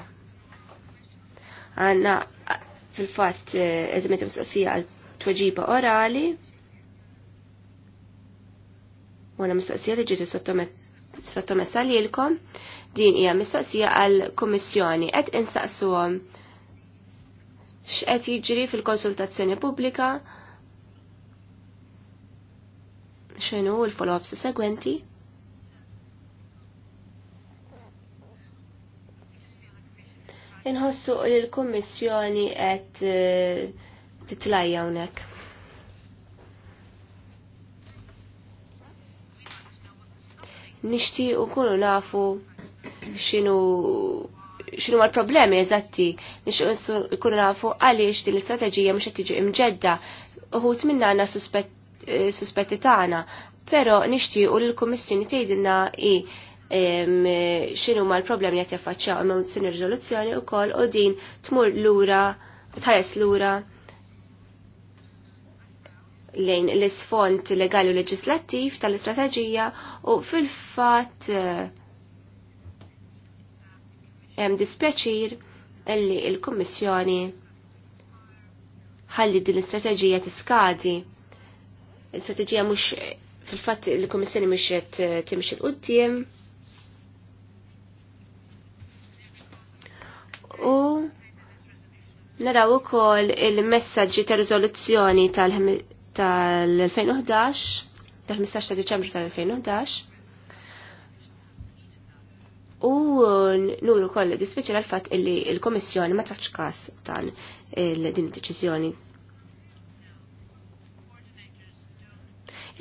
Għanna eh, fil-fatt eh, eżmet mistoqsija għal tweġiba orali u għana mistoqsija li ġieti sottomessa li l din hija mistoqsija għal-Kommissjoni qed insaqsuhom x'qed jiġri fil-konsultazzjoni pubblika x'inhu l-follow-ups segwenti. Inħossu li l-Kommissjoni qed eh, titlajja hawnhekk. u kunu nafu x'inhu xinu ma l-problemi eżatti nixtieq ikunu nafu għaliex din l-istrateġija mhux qed tiġi imġedda t minna għana eh, suspetti tagħna, pero nixtiequ u l-Kummissjoni tgħidilna i xinu ma l-problemi li qed jaffaċċjaw imma r ir u wkoll u din tmur lura tħares lura lejn l-isfont legali u leġislattiv tal-istrateġija u fil-fat eh, hemm dispjaċir illi l-Kummissjoni ħalli din l-istrateġija tiskadi. L-istrateġija mhux fil-fatt il-Kummissjoni mhux qed eh, timxi l qudiem U naraw ukoll il-messaġġi ta' riżoluzzjoni tal tal-2011, tal-15 ta' Deċembru tal-2011, u nuru koll dispiċi l-fat illi il-Komissjoni ma taċ kas tan din id-deċiżjoni.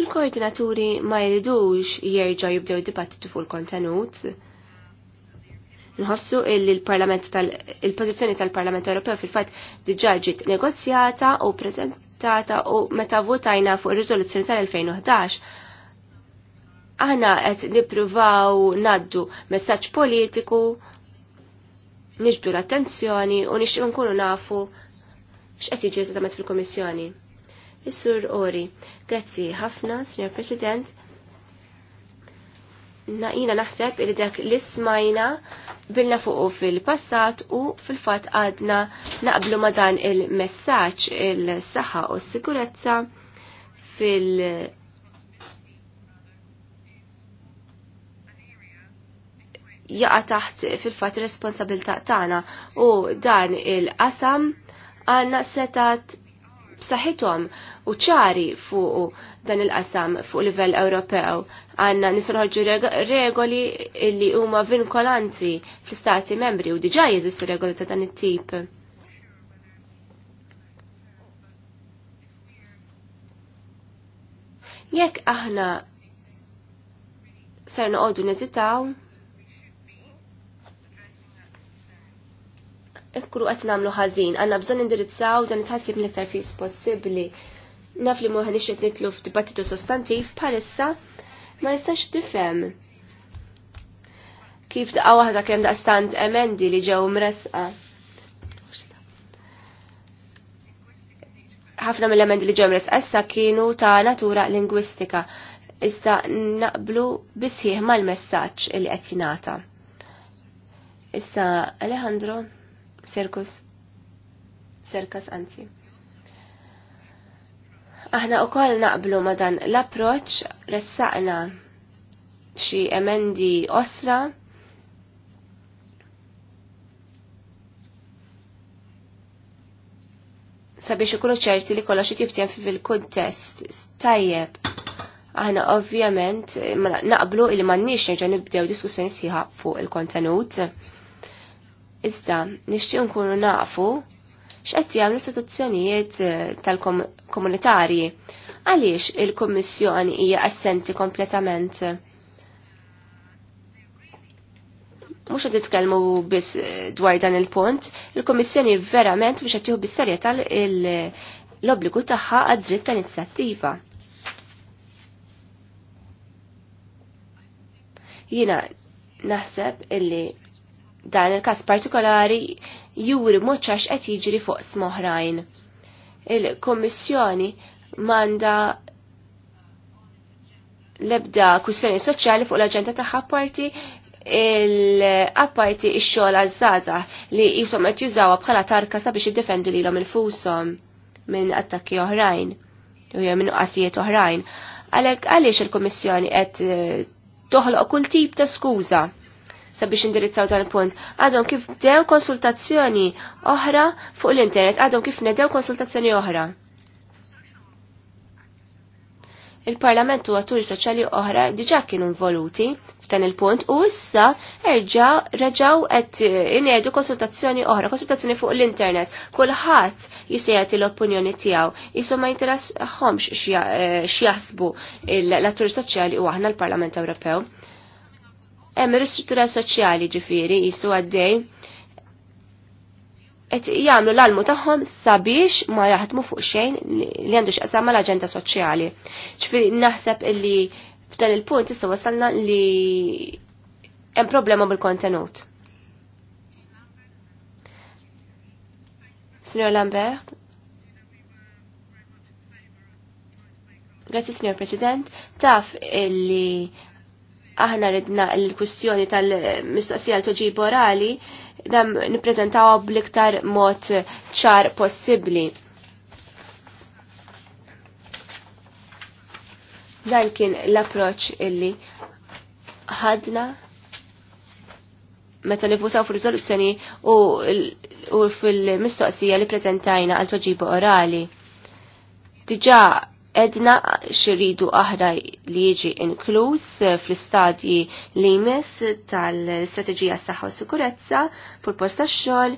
Il-koordinaturi ma jridux jerġa' jibdew dibattitu fuq il-kontenut. Nħossu il-Parlament pożizzjoni tal-Parlament Ewropew fil-fatt diġà ġiet negozjata u prezent adottata u meta votajna fuq ir-riżoluzzjoni tal-2011 aħna qed nippruvaw naddu messaġġ politiku, niġbdu l-attenzjoni u nixtieq nkunu nafu x'qed jiġi fil-Kummissjoni. Is-Sur Ori, grazzi ħafna, Sr. President, Naqina naħseb il dak li smajna bilna fuqu fil-passat u fil-fat għadna naqblu ma dan il-messaċ il-saħħa u s-sigurezza fil- jaqa taħt fil-fat responsabilta tagħna u dan il-qasam għanna setat b'saħħithom u ċari fuq dan il-qasam fuq livell Ewropew. Għandna nisroħġu regoli li huma vinkolanti fl-istati membri u diġà jeżistu regoli ta' dan it-tip. Jekk aħna ser noqogħdu neżitaw, ekkru qed nagħmlu ħażin, għandna bżonn indirizzaw dan it-ħassib l-iktar fis possibbli. Naf li moħan ixet nitlu f'dibattitu sostantiv bħalissa ma jistax tifhem kif daqqa waħda kemm daqstant emendi li ġew mresqa. ħafna mill-emendi li ġew mresqa issa kienu ta' natura lingwistika iżda naqblu bisħieħ mal-messaġġ li qed jingħata. Issa Alejandro Serkus. Serkas anzi. Aħna u koll naqblu ma dan l-approċ ressaqna xi emendi osra sabiex ikunu ċerti li kollox fi fil-kuntest tajjeb. Aħna ovvjament naqblu li m'għandniex nerġa' nibdew diskussjoni sħiħa fuq il-kontenut. Iżda, nixtieq nkunu nafu x'qed jagħmlu istituzzjonijiet eh, tal-komunitarji. Għaliex il-Kummissjoni hija assenti kompletament? Mhux qed titkellmu biss eh, dwar dan il-punt, il-Kummissjoni verament biex qed tieħu bis-serjetà l-obbligu tagħha għad-dritt tal-inizjattiva. Jiena naħseb illi dan il-kas partikolari juri moċċax qed jiġri fuq smoħrajn. Il-Kommissjoni manda lebda kwistjoni soċjali fuq l-aġenda tagħha parti il-apparti ix-xogħol għaż-żaza li qishom qed jużawha bħala tarka sabiex jiddefendu lilhom infushom minn attakki oħrajn u jew minn qasijiet oħrajn. Għalhekk għaliex il-Kummissjoni qed toħloq kull tip ta' skuża sabiex indirizzaw dan il-punt. Għadhom kif dew konsultazzjoni oħra fuq l-internet, għadhom kif nedew konsultazzjoni oħra. Il-Parlament u għaturi soċjali oħra diġa kienu involuti f'dan il-punt u issa erġa reġaw qed inedu konsultazzjoni oħra, konsultazzjoni fuq l-internet. Kulħadd jisejgħet l-opinjoni tiegħu, isu ma jinteressħomx eh, x'jaħsbu l-atturi soċjali u aħna l-Parlament Ewropew. Hemm ristruttura soċjali ġifieri jisu għaddej et jagħmlu l-almu tagħhom sabiex ma jaħdmu fuq xejn li għandu x'qasam mal agenda soċjali. Ġifieri naħseb illi f'dan il-punt issa wasalna li hemm problema bil-kontenut. Signor Lambert? Grazie, signor President. Taf illi aħna ridna l-kwistjoni tal-mistoqsija l-toġib orali dam niprezentawa bl-iktar mod ċar possibli. Dan kien l-approċ illi ħadna meta nivvutaw fil-rizoluzzjoni u, fil-mistoqsija li prezentajna għal toġib orali. Diġa edna xiridu aħra li jiġi inkluż eh, fl-istadji li jmiss tal-Strateġija Saħħa u Sikurezza fil post xogħol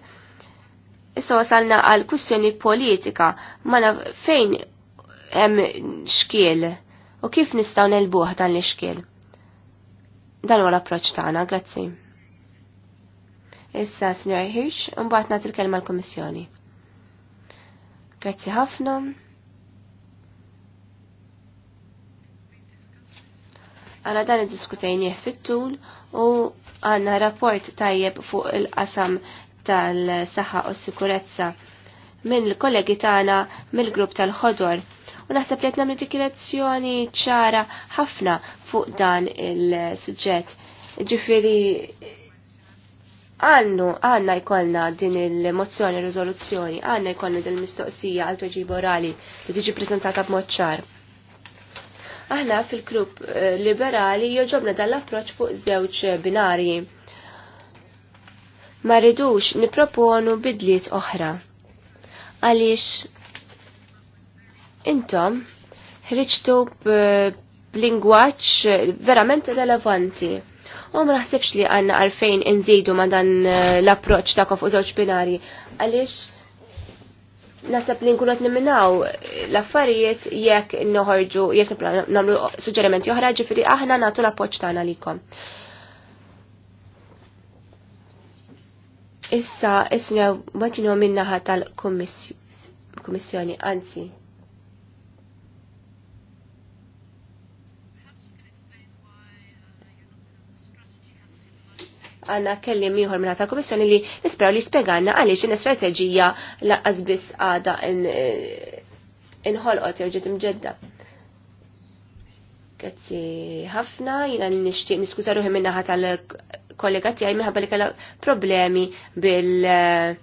Issa wasalna għal kwistjoni politika ma fejn hemm xkiel u kif nistgħu nelbuh dan l-xkiel. Dan huwa l-approċċ tagħna, grazzi. Issa, Sinjor Hirsch, mbagħad nagħti l-kelma l-Kummissjoni. Grazzi ħafna. Għana dan id diskutajnieh fit-tul u għanna rapport tajjeb fuq il-qasam tal-saħħa u s-sikurezza minn l-kollegi tagħna mill-grupp tal-ħodor. U naħseb li qed nagħmlu dikilazzjoni ċara ħafna fuq dan il-suġġett. Ġifieri għannu għanna jkollna din il-mozzjoni riżoluzzjoni, għanna jkollna din il-mistoqsija għal tweġib orali li tiġi preżentata b'mod ċar. Aħna fil-grupp eh, liberali joġobna dal-approċ fuq żewġ binarji. Ma rridux niproponu bidliet oħra. Għaliex intom ħriġtu b'lingwaġġ eh, verament relevanti u ma naħsibx li għanna għalfejn nżidu ma dan eh, l-approċ ta' fuq żewġ binari. Għaliex nasab li nkunot niminaw l-affarijiet jekk noħorġu, jekk namlu suġġerimenti oħra ġifiri aħna natu l-appoċ tagħna likom. Issa, issa, ma kienu minnaħa tal-kommissjoni, anzi, għanna kelli miħor minna ta' komissjoni li nispera li spieganna għaliex in strategija la' biss għada inħolqot jew ġiet imġedda. Grazzi ħafna, jina nishtiq niskuza ruħi ħat tal-kollega tiegħi minħabba li kellha problemi bil-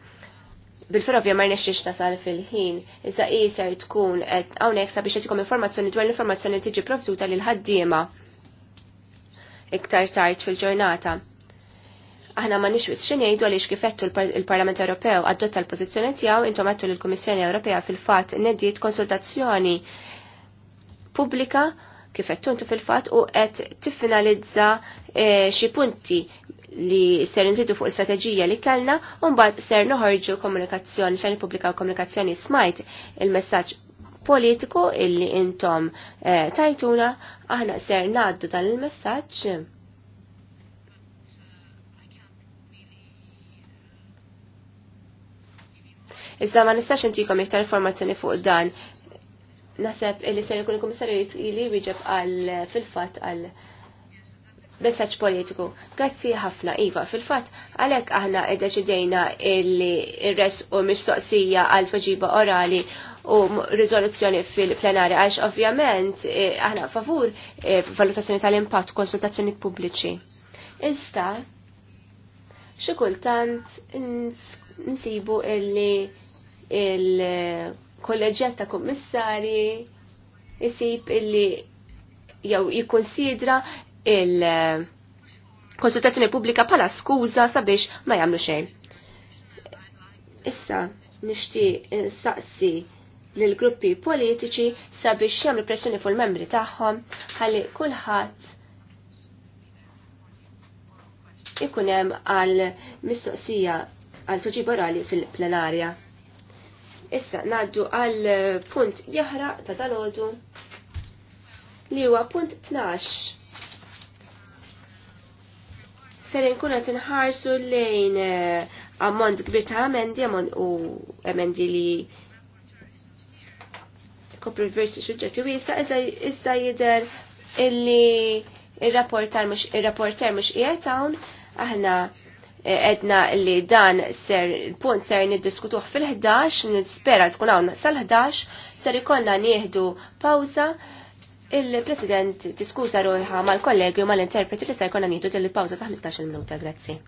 bil-ferrovja ma rnexxiex nasal fil-ħin, iżda qiser tkun qed hawnhekk sabiex qed informazzjoni dwar l-informazzjoni tiġi provduta lil ħaddiema iktar tard fil-ġurnata aħna ma nix xin jgħidu għaliex kifettu l parlament Ewropew għaddotta l-pożizzjoni tiegħu intom għattu l-Kummissjoni Ewropea fil-fatt neddiet konsultazzjoni pubblika kifettu intu fil-fatt u qed tiffinalizza eh, xi punti li ser nżidu fuq strateġija li kellna u mbagħad ser noħorġu komunikazzjoni xejn pubblika u komunikazzjoni smajt il-messaġġ politiku illi intom eh, tajtuna aħna ser ngħaddu dan il-messaġġ Iżda ma nistax intikom iktar informazzjoni fuq dan. Naseb illi ser ikun il-Kummissarju li jwieġeb għal fil-fatt għal messaġġ politiku. Grazzi ħafna, Iva, fil-fatt, għalhekk aħna iddeċidejna illi ir-res u mistoqsija għal tweġiba orali u rizoluzzjoni fil-plenari għax ovvjament eh, aħna favur eh, valutazzjoni tal-impatt konsultazzjoni pubbliċi. Iżda xi kultant nsibu illi il-kolleġġjat ta' kummissari jisib illi jew jikkonsidra il- konsultazzjoni pubblika pala skuża sabiex ma jagħmlu xejn. Issa nixtieq saqsi lil gruppi politiċi sabiex jagħmlu pressjoni fuq il-membri tagħhom ħalli kulħadd ikun hemm għal mistoqsija għal tuġib orali fil-plenarja. Issa naddu għal punt jahra ta' dalodu li huwa punt 12. Serin kuna tinħarsu lejn eh, ammont kbir ta' amendi ammont u emendi li kopri versi xuġġetti wisa iżda jider illi ir-rapporter mhux qiegħed hawn aħna Eh, edna li dan ser punt ser niddiskutuh fil-11, nispera tkun hawn sal-11, ser ikollna nieħdu pawza il-President tiskuża ruħa mal-kollegi u mal-interpreti li ser ikonna nieħdu din il-pawza ta' 15 minuta, grazzi.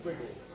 squiggles.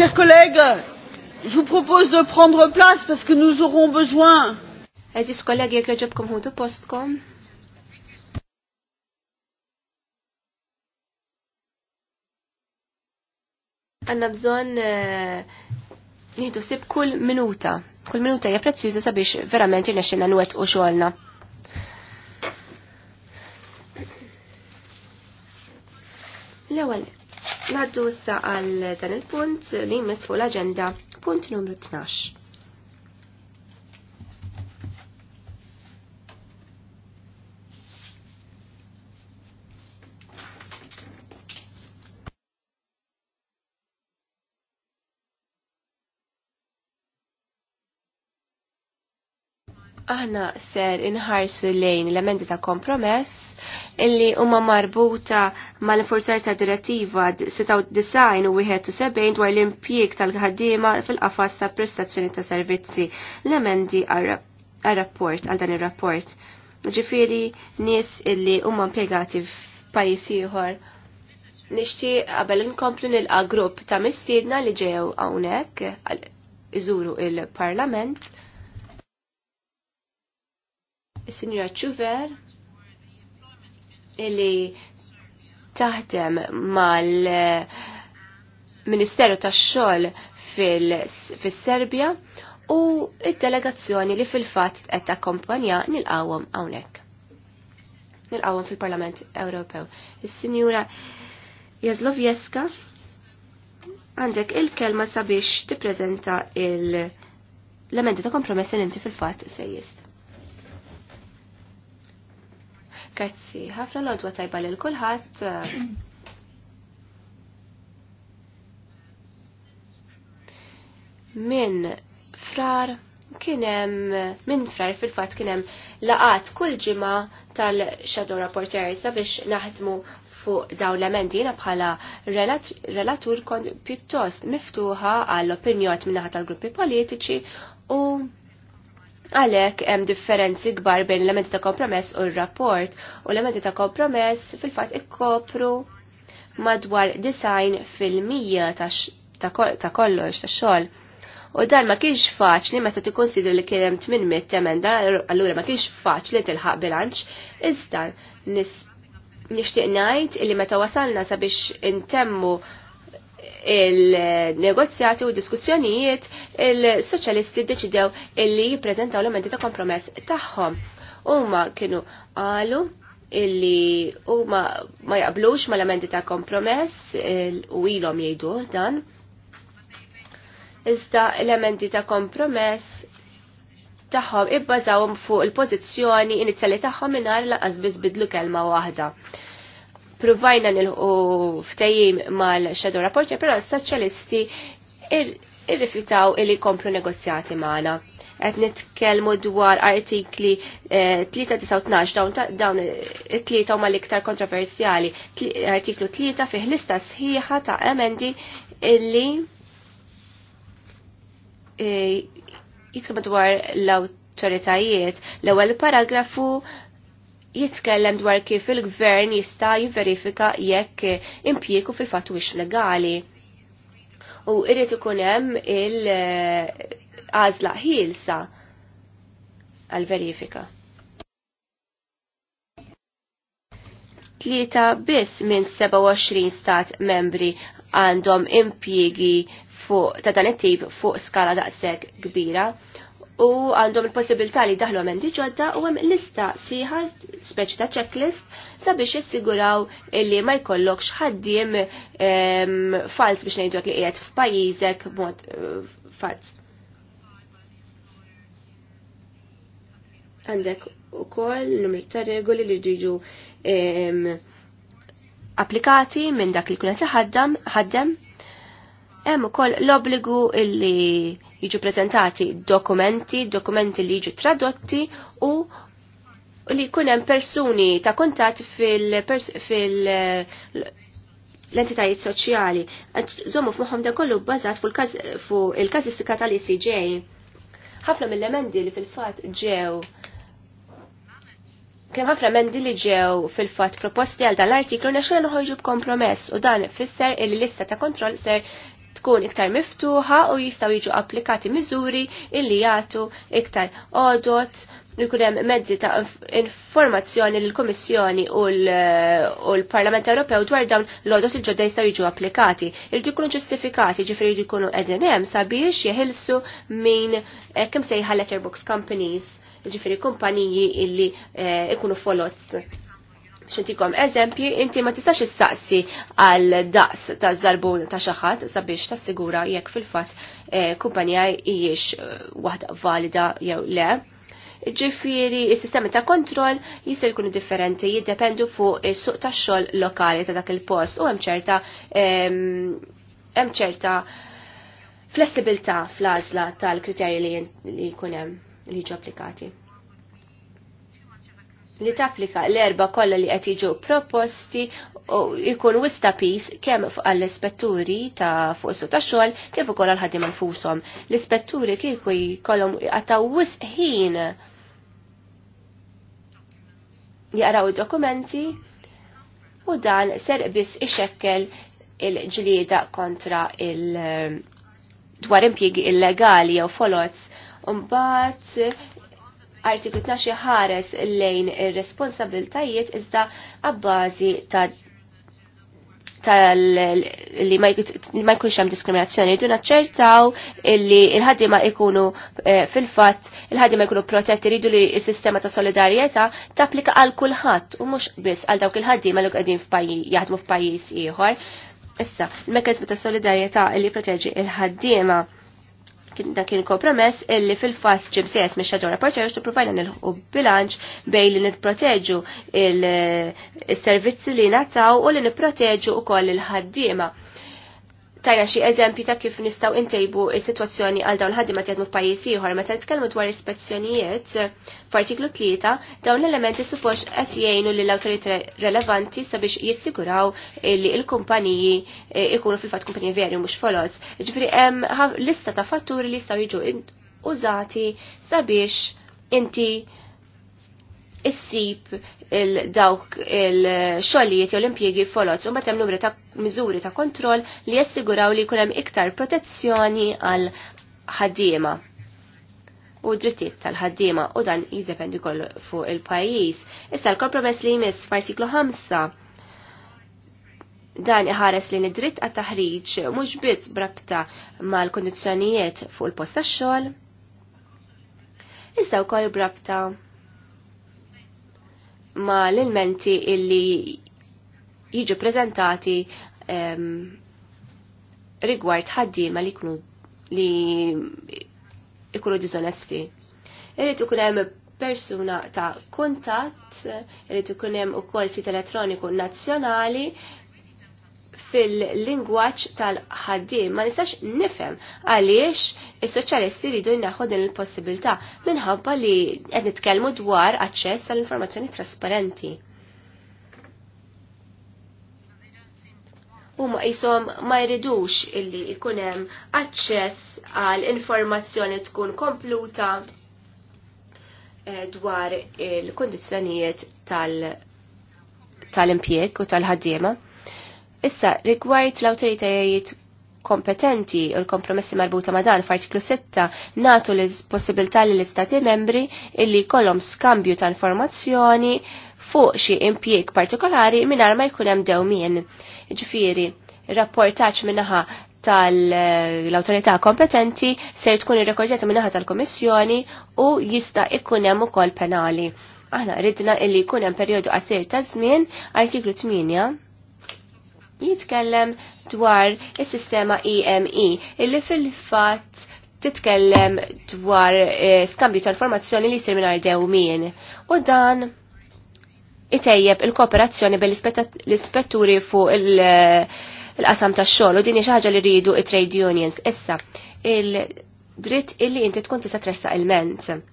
Chers collègues, je vous propose de prendre place parce que nous aurons besoin. Għanna bżon eh, nieħdu sib kull minuta. Kull minuta hija prezzjuża sabiex verament irnexxinna nwettqu u xogħolna. issa għal dan il-punt li jmiss fuq l-agenda, punt numru 12. Aħna ser inħarsu lejn l-emendi ta' kompromess illi huma marbuta mal forzar ta' direttiva 96 u 71 dwar l-impjieg tal-ħaddiema fil-qafas ta' prestazzjoni ta' servizzi l-emendi għal-rapport għal dan ir-rapport. Ġifiri nies illi huma impjegati f'pajjiż ieħor. Nixtieq qabel inkomplu nilqa' grupp ta' mistiedna li ġew hawnhekk iżuru il-Parlament. Is-Sinjora Ċuver, li taħdem mal eh, Ministeru tax-xogħol fil-Serbja u id-delegazzjoni li fil-fatt qed takkompanja nilqawhom hawnhekk. Nilqawhom fil-Parlament Ewropew. Is-Sinjura Jazlovjeska għandek il-kelma sabiex tippreżenta l-emendi ta' kompromessi inti fil-fatt sejjist. Grazzi, ħafna l tajba lil kulħadd. Min frar kienem, min frar fil-fat kienem laqat kull ġima tal-Shadow Reporter sabiex naħdmu fuq dawn l emendina bħala relatur kon piuttost miftuħa għall opinjot minnaħat tal-gruppi politiċi u Għalek hemm differenzi kbar bejn l-elementi ta' kompromess u r-rapport u l-elementi ta' kompromess fil-fatt ikkopru madwar design fil-mija ta' kollox ta' xogħol. U dan ma kienx faċli meta tikkonsidri li kien hemm 800 emenda, allura ma kienx faċli tilħaq bilanċ, iżda nixtieq ngħid li meta wasalna sabiex intemmu il-negozjati u diskussjonijiet il-soċjalisti deċidew illi jippreżentaw l-emendi ta' kompromess tagħhom. Huma kienu qalu illi huma ma jaqblux ma l-emendi ta' kompromess u ilhom jgħidu dan. Iżda l-emendi ta' kompromess tagħhom ibbażawhom fuq il-pożizzjoni inizjali tagħhom mingħajr lanqas biss bidlu kelma waħda provajna nilħu ftejim mal-Shadow Rapporter, pero s-soċjalisti irrifjutaw li kompru negozjati maħna. Għet nitkelmu dwar artikli 3 eh, 19 dawn it-tlieta huma l-iktar kontroversjali. Artiklu 3 fiħ lista sħiħa ta' emendi illi eh, jitkelmu dwar l-awtoritajiet. L-ewwel paragrafu jitkellem dwar kif il-gvern jista' jivverifika jekk impjieku fil-fatt legali. U irrid ikun hemm il-għażla ħielsa għal-verifika. Tlieta biss minn 27 stat membri għandhom impjiegi fuq ta' dan it-tip fuq skala daqshekk kbira u għandhom il-possibilità li daħlu għamendi ġodda u hemm lista siħa speċi ta' checklist sabiex jessiguraw illi ma jkollokx ħaddiem fals biex nejdu li qiegħed f'pajjiżek b'mod eh, fals. Għandek ukoll numru ta' regoli li jiġu applikati minn dak li kunet ħaddem, ħaddem hemm ukoll l-obbligu illi jiġu prezentati dokumenti, dokumenti li jiġu tradotti u li kunem persuni ta' kontat fil-entitajiet fil, soċjali. Zomu f'muħom da kollu bbażat fuq il-kazistika tal-ICJ. Ħafna mill-emendi li fil-fat ġew Kem ħafna emendi li ġew fil-fatt proposti għal dan l-artiklu nexxin noħorġu b'kompromess u dan fisser il lista ta' kontroll ser tkun iktar miftuħa u jistaw jiġu applikati miżuri illi jagħtu iktar odot jkun hemm mezzi ta' informazzjoni l komissjoni u l-Parlament Ewropew dwar dawn l odot il-ġodda jistgħu jiġu applikati. Irdu jkunu ġustifikati ġifri jridu jkunu qegħdin hemm sabiex jeħilsu minn eh, kemm sejħa letterbox companies ġifri kumpaniji illi eh, ikunu folot xintikom eżempju, inti ma tistax issaqsi għal daqs ta' zarbun ta' xaħat sabiex ta' sigura jekk fil-fat eh, kumpanija jiex eh, waħda valida jew le ġifiri il-sistemi ta' kontrol jisir kunu differenti, jiddependu fuq il-suq ta' xol lokali ta' dak il-post u ċerta hemm ċerta flessibilità fl-għażla tal-kriterji li jkun hemm li ġo applikati li tapplika l-erba kollha li qed jiġu proposti u jkun wista pis kemm għall-ispetturi ta' fuq su ta' xogħol kif ukoll għall-ħadiem anfushom. L-ispetturi kieku jkollhom għataw wisq ħin jaqraw id-dokumenti u dan ser biss ixekkel il-ġlieda kontra il- dwar impjiegi illegali jew folots Umbat artiklu 12 ħares lejn ir-responsabiltajiet iżda għabbażi ta' tal li ma jkunx hemm diskriminazzjoni rridu naċċertaw illi il-ħaddiema ikunu eh, fil-fatt il-ħaddiema jkunu protetti rridu li s-sistema ta' solidarjetà tapplika għal kulħadd u mhux biss għal dawk il-ħaddiema li qegħdin jaħdmu f'pajjiż ieħor. Issa, il-mekkaniżmu ta' solidarjetà li proteġi il-ħaddiema dak kien kompromess illi fil-fatt ġib CS me xadora partijos tu provajna nil-ħu bilanċ bej li nipproteġu il-servizzi li nataw u li nipproteġu u koll il-ħaddima tajna xi eżempji ta' kif nistgħu intejbu s-sitwazzjoni għal dawn ħaddim jaħdmu f'pajjiż ieħor meta nitkellmu dwar ispezzjonijiet f'artiklu 3 dawn l-elementi suppost qed jgħinu lill awtoritajiet relevanti sabiex jissiguraw li l-kumpaniji eh, ikunu fil-fatt kumpaniji veri mhux folot. Ġifieri hemm lista ta' fatturi li jistgħu jiġu użati sabiex inti issib il-dawk il-xollijiet jew l-impjiegi folot u hemm numri ta' miżuri ta' kontroll li jassiguraw li jkun hemm iktar protezzjoni għal ħaddiema u drittijiet tal-ħaddiema u dan jiddependi kollu fuq il-pajjiż. Issa l-kompromess li jmiss f'artiklu 5 dan iħares li id-dritt għat taħriġ mhux biss brabta mal-kondizzjonijiet fuq il-post tax-xogħol, iżda wkoll brabta ma l-elementi illi jiġu prezentati um, rigward ħaddiema li kunu li ikunu disonesti. Irrid ikun hemm persuna ta' kuntatt, irrid ikun hemm ukoll sit elettroniku nazzjonali fil-lingwaġġ tal ħaddim Ma nistax nifhem għaliex is-soċjalisti jridu jnaħħu din il-possibilità minħabba li qed nitkellmu dwar aċċess għall informazzjoni trasparenti. Huma qishom ma jridux illi jkun hemm aċċess għal informazzjoni tkun kompluta eh, dwar il-kondizzjonijiet tal-impjeg u tal-ħaddiema. Tal Issa, rigward l-autoritajiet kompetenti u l-kompromessi marbuta ma dan f'artiklu 6 natu l-possibilità li l-istati membri illi kollom skambju ta' informazzjoni fuq xi impjieg partikolari mingħajr ma jkun hemm dewmien. Ġifieri, rapportaċ minnaħa tal-autorità kompetenti ser tkun irrekordjata minnaħa tal-Komissjoni u jista' ikun hemm ukoll penali. Aħna ridna illi jkun hemm perjodu qasir ta' żmien artiklu 8 jitkellem dwar is-sistema EME e, illi fil-fatt titkellem dwar eh, skambju ta' informazzjoni li jsir mingħajr min. U dan itejjeb il-kooperazzjoni bil-ispetturi fuq eh, il-qasam tax-xogħol u din hi xi ħaġa li rridu it-trade unions. Issa, il-dritt illi inti tkun tista' tressa il-ment. il-ment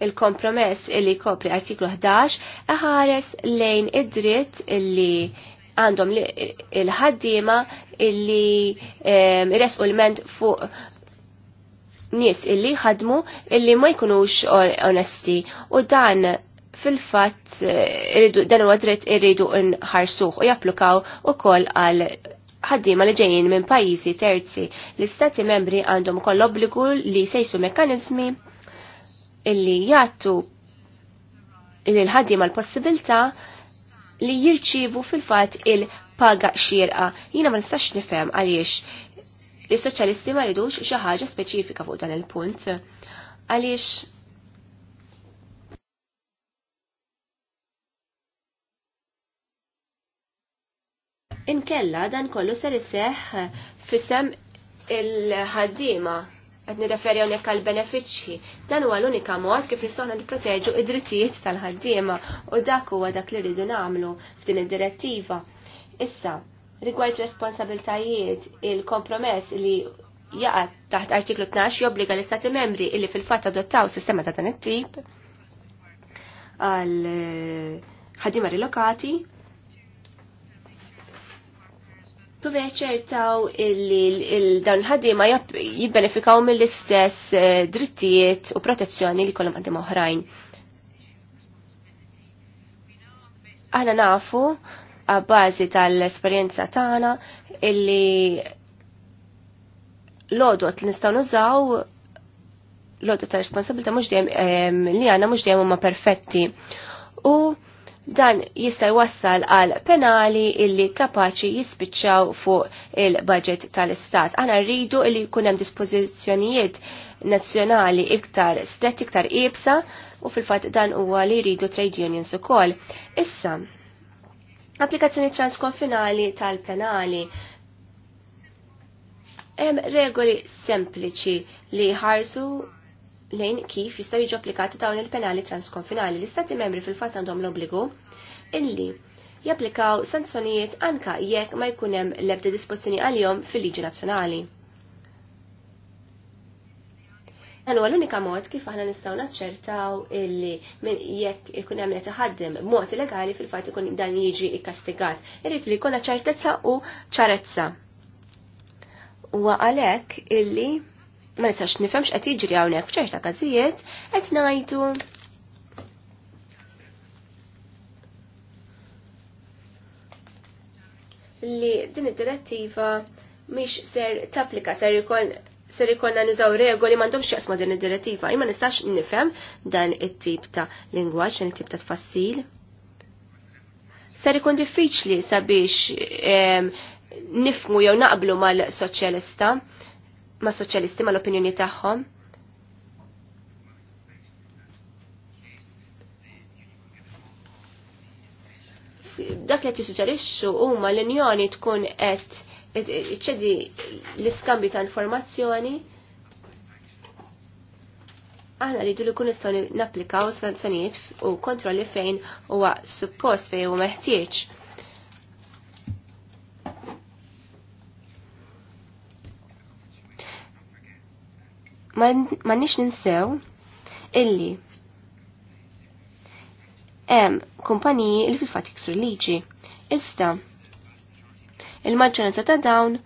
il-kompromess illi kopri artiklu 11 iħares lejn id-dritt illi għandhom il-ħaddima illi resqu l-ment fuq nies illi ħadmu illi ma jkunux onesti u dan fil-fatt eh, dan huwa dritt irridu nħarsuh u japplikaw ukoll għal ħaddima li ġejjin minn pajjiżi terzi. L-istati membri għandhom ukoll obbligu li sejsu mekkanizmi illi jattu illi l-ħaddim għal possibilta li jirċivu fil-fat il-paga xirqa. Jina ma nistax nifhem għaliex li soċalisti ma ridux xi ħaġa speċifika fuq dan il-punt. Għaliex Inkella dan kollu ser iseħħ fisem il-ħaddima qed nirreferi hawnhekk għal benefiċċji. Dan huwa l-unika mod kif nistgħu nipproteġu id-drittijiet tal-ħaddiema u dak huwa dak li rridu nagħmlu f'din id-direttiva. Issa, rigward responsabiltajiet il-kompromess li jaqat taħt artiklu 12 jobbliga l-Istati membri illi fil-fatt adottaw sistema ta' dan it-tip għal ħaddiema rilokati Pruvi ċertaw il dan ħaddiema jibbenefikaw mill-istess eh, drittijiet u protezzjoni li kollum ħaddiema oħrajn. Aħna nafu għabbażi tal-esperjenza tagħna illi l-odot li nistgħu nużaw l-odot ta' responsabilta mhux dejjem eh, li għandna mhux dejjem huma perfetti. U dan jista' jwassal għal penali illi kapaċi jispiċċaw fuq il-budget tal-istat. Aħna rridu illi jkun hemm dispożizzjonijiet nazzjonali iktar stretti, iktar ibsa u fil-fatt dan huwa li jridu trade unions ukoll. Issa, applikazzjoni transkonfinali tal-penali hemm regoli sempliċi li ħarsu lejn kif jistaw jiġu applikati dawn il-penali transkonfinali. L-istati membri fil-fatt għandhom l-obbligu illi japplikaw sanzjonijiet anka jekk ma jkunem l-ebda dispozzjoni għal-jom fil-liġi nazzjonali. Dan huwa l-unika mod kif aħna nistgħu naċċertaw illi jekk ikun hemm qed iħaddem mod illegali fil-fatt ikun dan jiġi ikkastigat. Irrid li jkunna ċertezza u ċarezza. Huwa għalhekk illi ma nistax nifhem x'qed jiġri hawnhekk f'ċerta każijiet qed ngħidu li din id-direttiva mhix ser tapplika ser ikoll ser ikonna nizaw regoli mandom xieqsma din id-direttiva. Imma nistax nifhem dan it-tip ta' lingwaġġ, dan it-tip ta' tfassil. Ser ikun diffiċli sabiex nifmu jew naqblu mal-soċjalista ma' soċjalisti ma' l-opinjoni tagħhom. Dak li qed jissuġġerixxu huma l-Unjoni tkun qed ċedi l-iskambju ta' informazzjoni aħna rridu li kun nistgħu napplikaw sanzjonijiet u kontrolli fejn huwa suppost fejn huwa meħtieġ. ma nix ninsew illi hemm kumpaniji li fil-fatt liġi. Iżda il-maġġoranza ta' dawn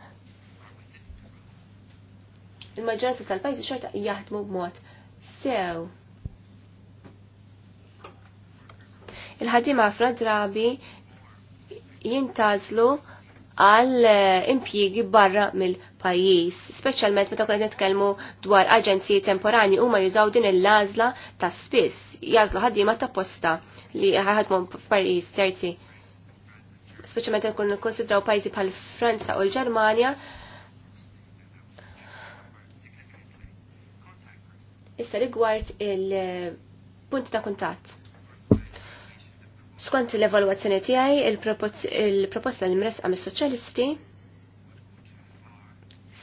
il-maġġoranza tal pajzi xorta jaħdmu b'mod sew. Il-ħadima fl drabi jintazlu għal eh, impjiegi barra mill-pajjiż, speċjalment meta kuna nitkellmu dwar aġenziji temporani huma jużaw din il-lażla ta' spiss, jażlu ħaddiema ta' posta li ħadmu f'pajjiż terzi. Speċjalment kun nikkonsidraw pajjiżi bħal Franza u l-Ġermanja, Issa rigward il eh, punti ta' kuntatt. Skont l-evalwazzjoni tiegħi il-proposta il l-mresqa mis-soċjalisti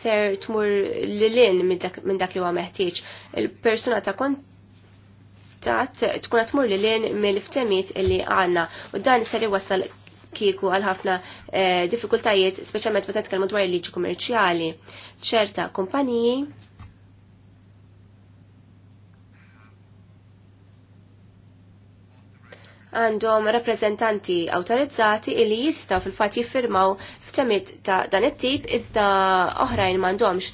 ser tmur lilin minn dak li huwa meħtieġ. Il-persuna ta' kontat tkun qed tmur lilin mill-ftemiet li għandna u dan ser iwassal kieku għal ħafna eh, diffikultajiet, speċjalment meta tkellmu dwar il-liġi kummerċjali. ċerta kumpaniji għandhom rappresentanti autorizzati illi jistaw fil-fat jiffirmaw f'temit ta' dan it-tip iżda oħrajn m'għandhomx.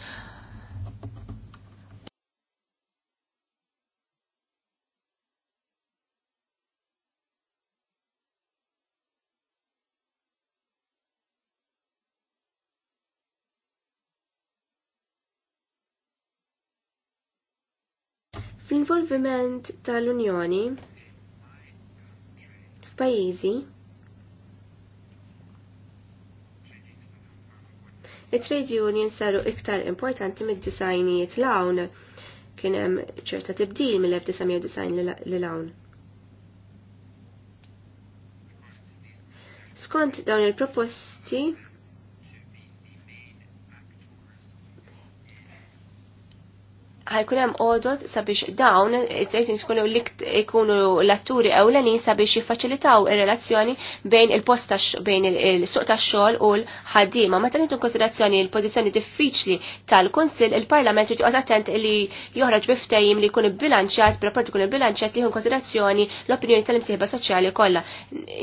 Fl-involviment tal-Unjoni, f'pajjiżi it-trade union saru iktar importanti mid-disajnijiet l-hawn kien hemm ċerta tibdil mill-1990 li lawn. Skont dawn il-proposti ħajkun hemm għodot sabiex dawn it skunu likt ikunu l-atturi ewlenin sabiex jiffaċilitaw ir-relazzjoni bejn il posta bejn il-suq tax-xogħol u l ħaddima Meta nieħdu konsiderazzjoni l-pożizzjoni diffiċli tal-Kunsill, il-Parlament irid joqgħod attent li joħroġ biftajim li jkun bilanċat, b'rapport ikun bilanċat li jkun konsiderazzjoni l-opinjoni tal-imsieħba soċjali kollha.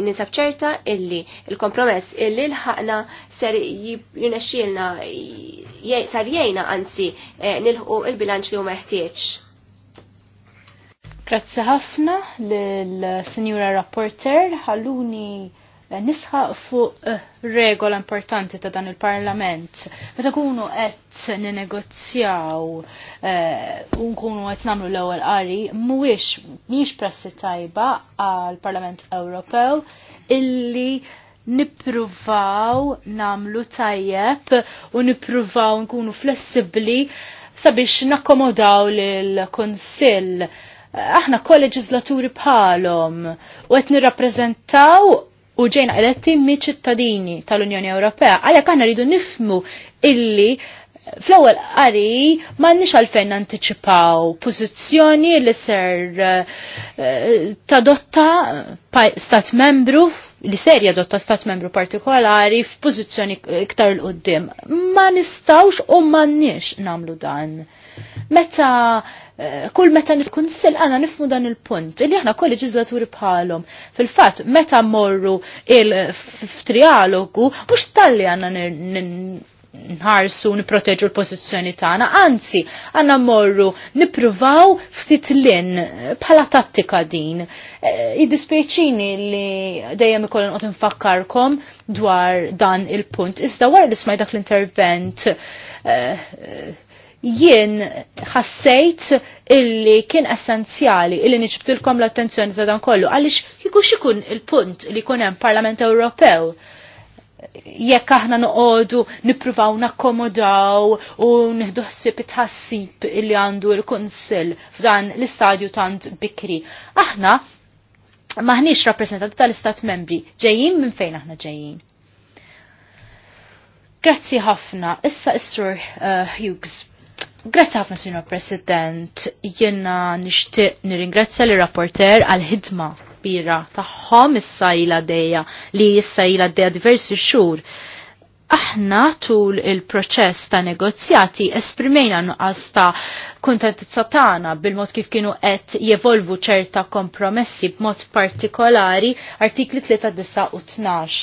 Ninsab ċerta illi il-kompromess illi l ħakna ser jinexxielna sar jgħinna anzi eh, nilħu il-bilanċ li u meħtieċ. Grazzi ħafna lill-Sinjura Rapporter ħalluni eh, nisħa fuq eh, regola importanti ta' dan il-Parlament. Meta kunu qed ninegozjaw u eh, nkunu qed nagħmlu l-ewwel qari mhuwiex mhijiex prassi tajba għall-Parlament Ewropew illi nippruvaw namlu tajjeb u nippruvaw nkunu flessibbli sabiex nakkomodaw lill-Kunsill. Aħna kolleġislaturi bħalhom u qed nirrappreżentaw u ġejna eletti mi ċittadini tal-Unjoni Ewropea. Għalhekk aħna rridu nifmu illi fl-ewwel qari m'għandniex għalfejn nantiċipaw pożizzjoni li ser eh, eh, tadotta stat membru li ser jadotta stat membru partikolari f'pożizzjoni iktar l-qoddim. Ma nistawx u ma nix namlu dan. Meta eh, kull meta nitkun sil għana nifmu dan il-punt, li aħna kolli ġizlaturi bħalhom. Fil-fatt, meta morru il-trialogu, mux tal-li għana nħarsu niproteġu l-pozizjoni tagħna, anzi għanna morru nippruvaw ftit lin bħala tattika din. Eh, jiddispjaċini li dejjem ikoll inqgħod infakkarkom dwar dan il-punt. Iżda wara li smaj dak l-intervent eh, jien ħassejt illi kien essenzjali illi niġbtilkom l-attenzjoni ta' dan kollu għaliex kieku xikun il-punt li jkun hemm Parlament Ewropew jekk aħna noqogħdu nippruvaw nakkomodaw u nieħdu ħsib it-ħassib li għandu l-Kunsill f'dan l-istadju tant bikri. Aħna maħniex rappresentanti tal-Istat membri, ġejjin minn fejn aħna ġejjin. Grazzi ħafna, issa Issur uh, Hughes. Grazzi ħafna, Sr. President, jenna nixtieq nirringrazzja l-rapporter għal-ħidma kbira tagħhom issa ilha dejja li issa ilha dejja diversi xhur. Aħna tul il-proċess ta' negozjati esprimejna nuqqas ta' kuntentizza tagħna bil-mod kif kienu qed jevolvu ċerta kompromessi b'mod partikolari artikli 3 u 12.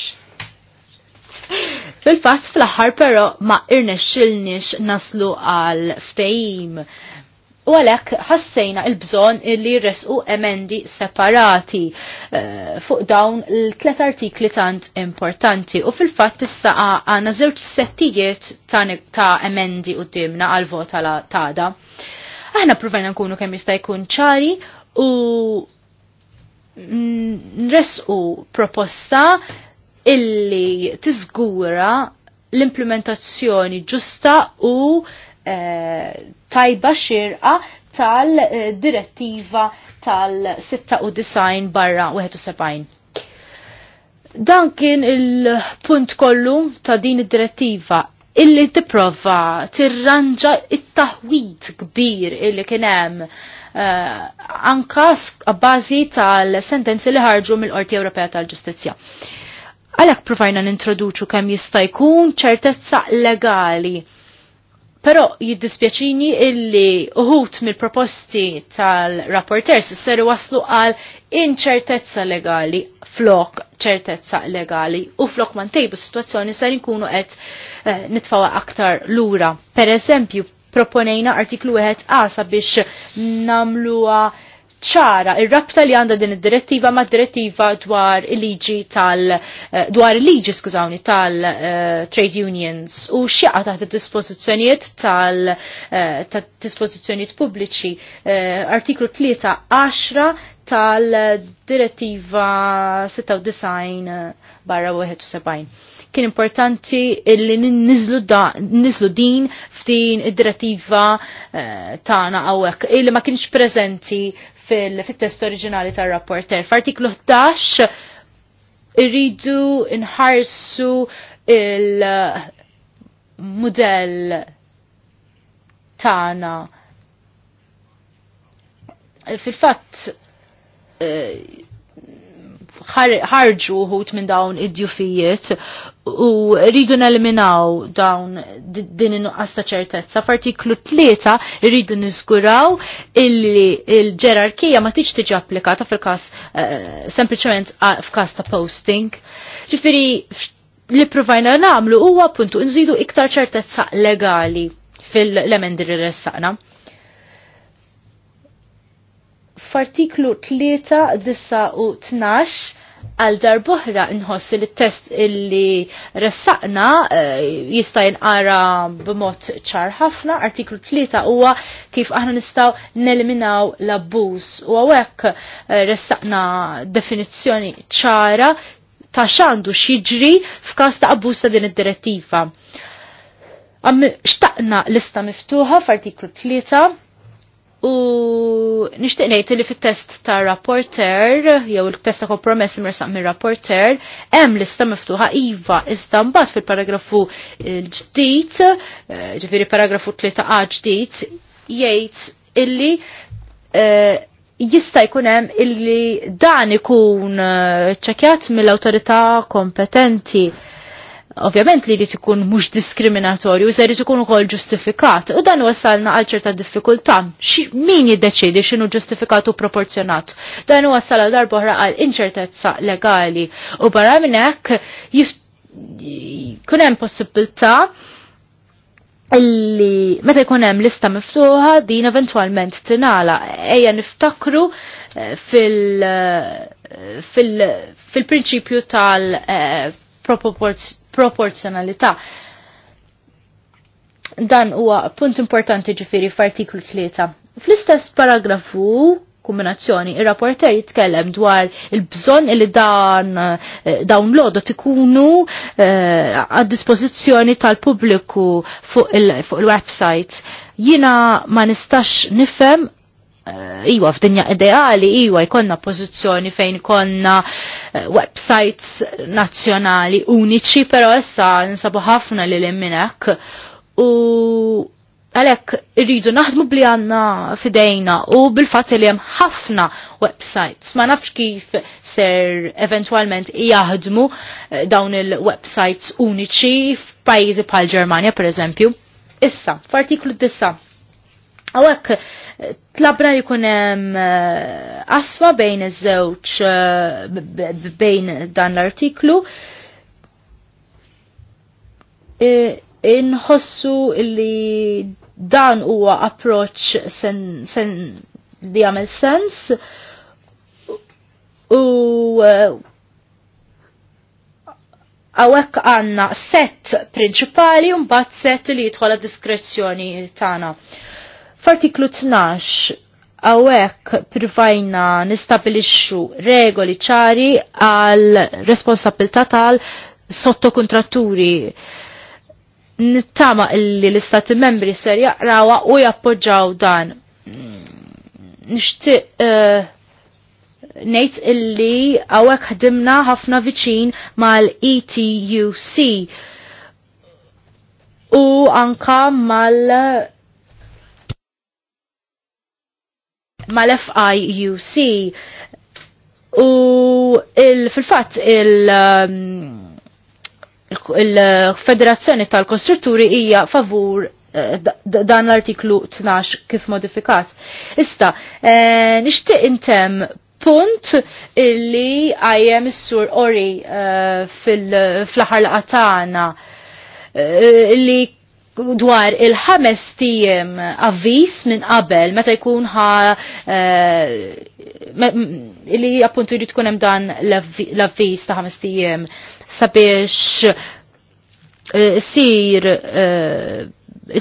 Fil-fatt fl-aħħar però ma irnexxilniex naslu għal ftehim U għalek ħassejna il-bżon li resqu emendi separati uh, fuq dawn l-tlet artikli tant importanti u fil-fatt issa għana zewċ settijiet ta' emendi u dimna għal-vot għal-tada. Aħna provajna nkunu kemm jista' jkun ċari u nresqu proposta illi tiżgura l-implementazzjoni ġusta u uh, Eh, tajba xirqa tal-direttiva tal-96 barra 71. Dan kien il-punt kollu ta' din id-direttiva illi tipprova tirranġa it-taħwit kbir illi kien hemm uh, anka bażi tal-sentenzi li ħarġu mill-Qorti Ewropea tal-Ġustizzja. Għalhekk provajna nintroduċu kemm jista' jkun ċertezza legali Pero jiddispjaċini illi uħut mill-proposti tal-rapporters s-seri waslu għal inċertezza legali flok ċertezza legali u flok man tejbu situazzjoni ser nkunu qed eh, nitfawa aktar lura. Per eżempju, proponejna artiklu 1 a sabiex namluwa ċara il rabta li għandha din id-direttiva ma' direttiva dwar il-liġi tal eh, dwar il-liġi skużawni tal uh, trade unions u xieqa taħt id-dispożizzjonijiet tal uh, eh, ta' dispożizzjonijiet pubbliċi uh, artiklu 3-10 tal-direttiva 96 barra 71 kien importanti illi nizlu din f'din id-direttiva tagħna għawek illi ma kienx prezenti fil-test oriġinali tal-rapporter. F'artiklu 11 irridu nħarsu il-modell tana. Fil-fatt eh, ħarġu uħut minn dawn id-djufijiet u rridu neliminaw dawn din inuqqas ta' ċertezza. F'artiklu tlieta rridu niżguraw illi l-ġerarkija ma tiġ tiġi applikata fil-każ eh, sempliċement f'każ ta' posting. Ġifieri li provajna nagħmlu huwa appuntu nżidu iktar ċertezza legali fil-emendi li ressaqna. F'artiklu 3 disa u 12 għal darboħra nħoss li t-test illi ressaqna eh, jista' jinqara b'mod ċar ħafna, artiklu 3 huwa kif aħna nistgħu neliminaw l-abbuż u hawnhekk eh, ressaqna definizzjoni ċara ta' xandu xiġri f'każ ta' abbuż ta' din id-direttiva. Xtaqna lista miftuħa f'artiklu 3 U nixtieq ngħid li fit-test ta' rapporter, jew il-test ta' kompromess imersaq mir rapporter, hemm lista miftuħa iva, iżda mbagħad fil-paragrafu ġdid eh, ġifieri paragrafu 3a ġdid, jgħid illi eh, jista' jkun hemm illi dan ikun eh, ċekjat mill-awtorità kompetenti ovvjament li jrid ikun mhux diskriminatorju, se jrid ikun ukoll ġustifikat. U dan wasalna għal ċerta diffikultà. Min jiddeċiedi x'inhu ġustifikat u proporzjonat. Dan wassal għal darba oħra għal inċertezza legali. U barra minn hekk jkun hemm possibilità illi meta jkun hemm lista miftuħa din eventwalment tinala. Ejja niftakru eh, fil- eh, prinċipju tal- eh, proporzjonalità. Dan huwa punt importanti ġifiri f'artiklu 3. Fl-istess paragrafu kombinazzjoni, il-rapporter jitkellem dwar il-bżon il dan eh, dawn l ikunu għad eh, dispożizzjoni tal-pubbliku fuq il-website. Jina ma nistax nifhem Eh, iwa f'dinja ideali, iwa jkonna pozizjoni fejn konna eh, websites nazzjonali uniċi, pero essa nsabu ħafna li l-imminek u għalek rridu naħdmu bli għanna fidejna u bil-fat li jem ħafna websites. Ma nafx kif ser eventualment jaħdmu eh, dawn il-websites uniċi f'pajjiżi bħal Ġermania per eżempju. Issa, f'artiklu 9 Għawek, tlabra li kunem eh, asma bejn iż-żewġ eh, bejn dan l-artiklu. Inħossu li dan huwa approċ sen, sen li għamil sens u eh, għawek għanna set prinċipali un bat set li jitħola diskrezzjoni tana. Uh, F'artiklu 12 għawek privajna nistabilixxu regoli ċari għal responsabilità tal sottokontratturi nittama illi l-istati membri ser jaqrawa u jappoġġaw dan. Nishtiq uh, eh, nejt illi għawek ħdimna ħafna viċin mal-ETUC u anka mal- mal-FIUC u fil-fatt il- il-Federazzjoni um, il federazzjoni tal kostrutturi hija favur eh, dan l-artiklu 12 kif modifikat. Ista, eh, nishtiq intem punt illi għajem s-sur ori eh, fil-flaħar l-qatana illi dwar il-ħames tijem avvis minn qabel meta jkun ħa eh, li appuntu jrid tkun hemm dan l-avvis ta' ħames tijem sabiex eh, sir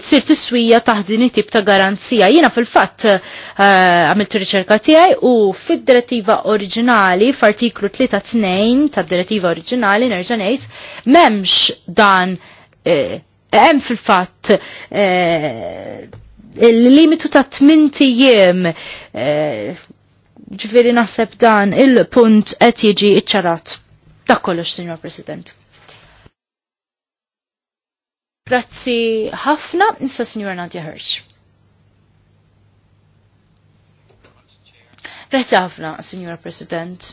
tsir eh, tiswija taħt din it-tip ta' garanzija. Jiena fil-fatt għamilt riċerka tiegħi u fid-direttiva oriġinali f'artiklu 3 tnejn tad-direttiva oriġinali nerġa' ngħid m'hemmx dan hemm fil-fatt eh, il-limitu ta' tminti jiem eh, ġifiri naħseb dan il-punt qed jiġi iċċarat. Dak kollox, Signor President. Grazzi ħafna, issa Sinjor Nadja Hirsch. Grazzi ħafna, Sinjor President.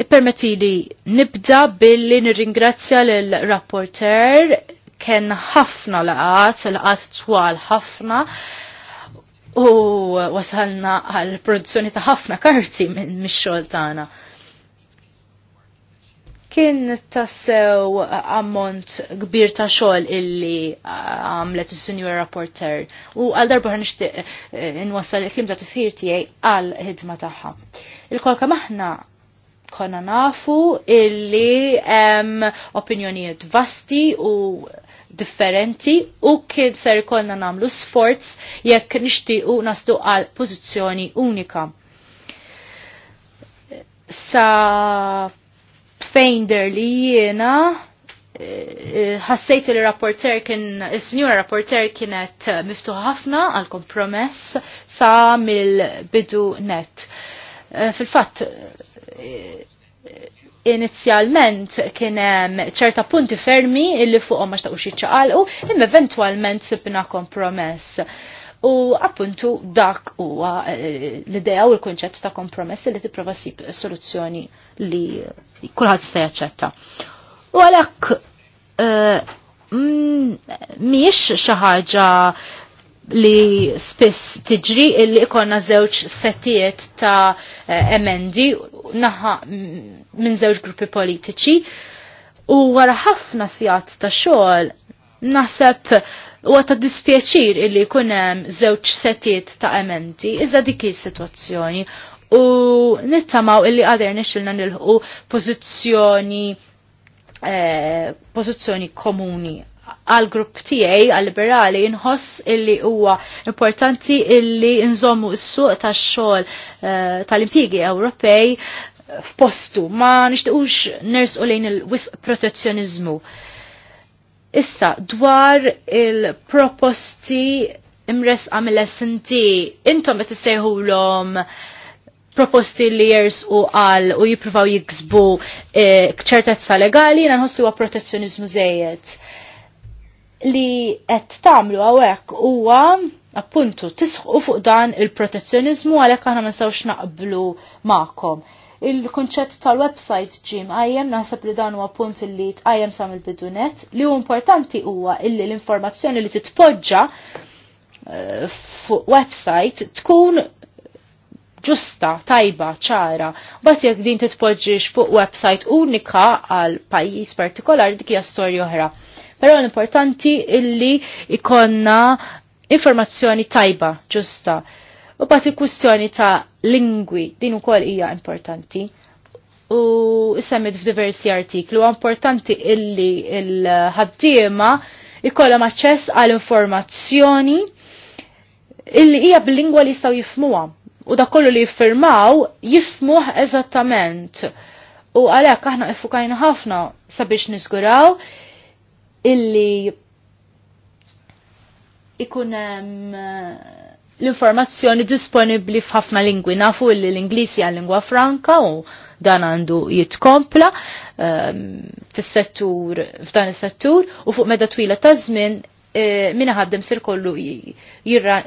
Ippermetti li nibda billi nirringrazzja l-rapporter kien ħafna laqat, laqat twal ħafna u wasalna għal produzzjoni ta' ħafna karti minn mix-xogħol tagħna. Kien tassew ammont kbir ta' xogħol illi għamlet is-senior rapporter u għal darba nixtieq eh, inwassal il-klim ta' tifir tiegħi għal ħidma tagħha. Il-kolka maħna konna nafu illi opinjonijiet vasti u differenti u kien ser konna namlu sforz jekk nixtiequ nastu għal pożizzjoni unika. Sa fejnder li jiena eh, eh, ħassejt li rapporter kien, il senjura rapporter kienet eh, miftuħ ħafna għal kompromess sa mill-bidu net. Fil-fatt, inizjalment kien hemm ċerta punti fermi illi fuqhom ma xtaqux jiċċaqalqu, imma eventwalment sibna kompromess. U appuntu dak huwa eh, l-idea u l-kunċett ta' kompromess li tipprova ssib soluzzjoni li kulħadd jista' jaċċetta. U għalhekk eh, mm, mhijiex xi ħaġa li spiss tiġri illi ikonna żewġ settijiet ta' eh, emendi naħa mm, minn żewġ gruppi politiċi u wara ħafna sijat ta' xogħol naħseb huwa ta' dispjaċir illi jkun hemm żewġ settijiet ta' emendi iżda dik situazzjoni sitwazzjoni u nittamaw illi għader nixilna nilħu pożizzjoni eh, pożizzjoni komuni għal grupp tiegħi għal liberali inħoss illi huwa importanti illi nżommu s-suq tax-xogħol eh, tal-impjiegi Ewropej f'postu ma nixtiqux nersqu lejn il-wisq protezzjonizmu. Issa dwar il-proposti imres għamil SNT, intom qed issejħulhom proposti li jersqu għal u jippruvaw jiksbu eh, ċertezza legali, nanħossu huwa protezzjonizmu żejjed li qed tagħmlu hawnhekk huwa appuntu tisħu fuq dan il-protezzjonizmu għalhekk aħna ma nistgħux naqblu magħkom. Il-konċett tal-website ġim għajem, naħseb li dan huwa punt li tqajjem sam il-bidunet li hu importanti huwa illi l-informazzjoni li titpoġġa eh, fuq website tkun ġusta, tajba, ċara. Bat jekk din titpoġġiex fuq website unika għal pajjiż partikolari dik hija storja oħra Però l-importanti illi ikonna informazzjoni tajba, ġusta. U bat il-kwistjoni ta' lingwi, din ukoll hija importanti. U semmit f'diversi artiklu, importanti illi il-ħaddiema ikolla aċċess għal informazzjoni illi hija bil-lingwa li jistgħu jifmuwa. U da kollu li jiffirmaw jifmuħ eżattament. U għalhekk aħna ifukajna ħafna sabiex nizguraw illi ikun eh, l-informazzjoni disponibli f'ħafna lingwi. Nafu li l-Inglisi għal lingwa franka u dan għandu jitkompla um, fis-settur f'dan is-settur u fuq meda twila ta' żmien eh, minna ħaddem sir kollu jirra,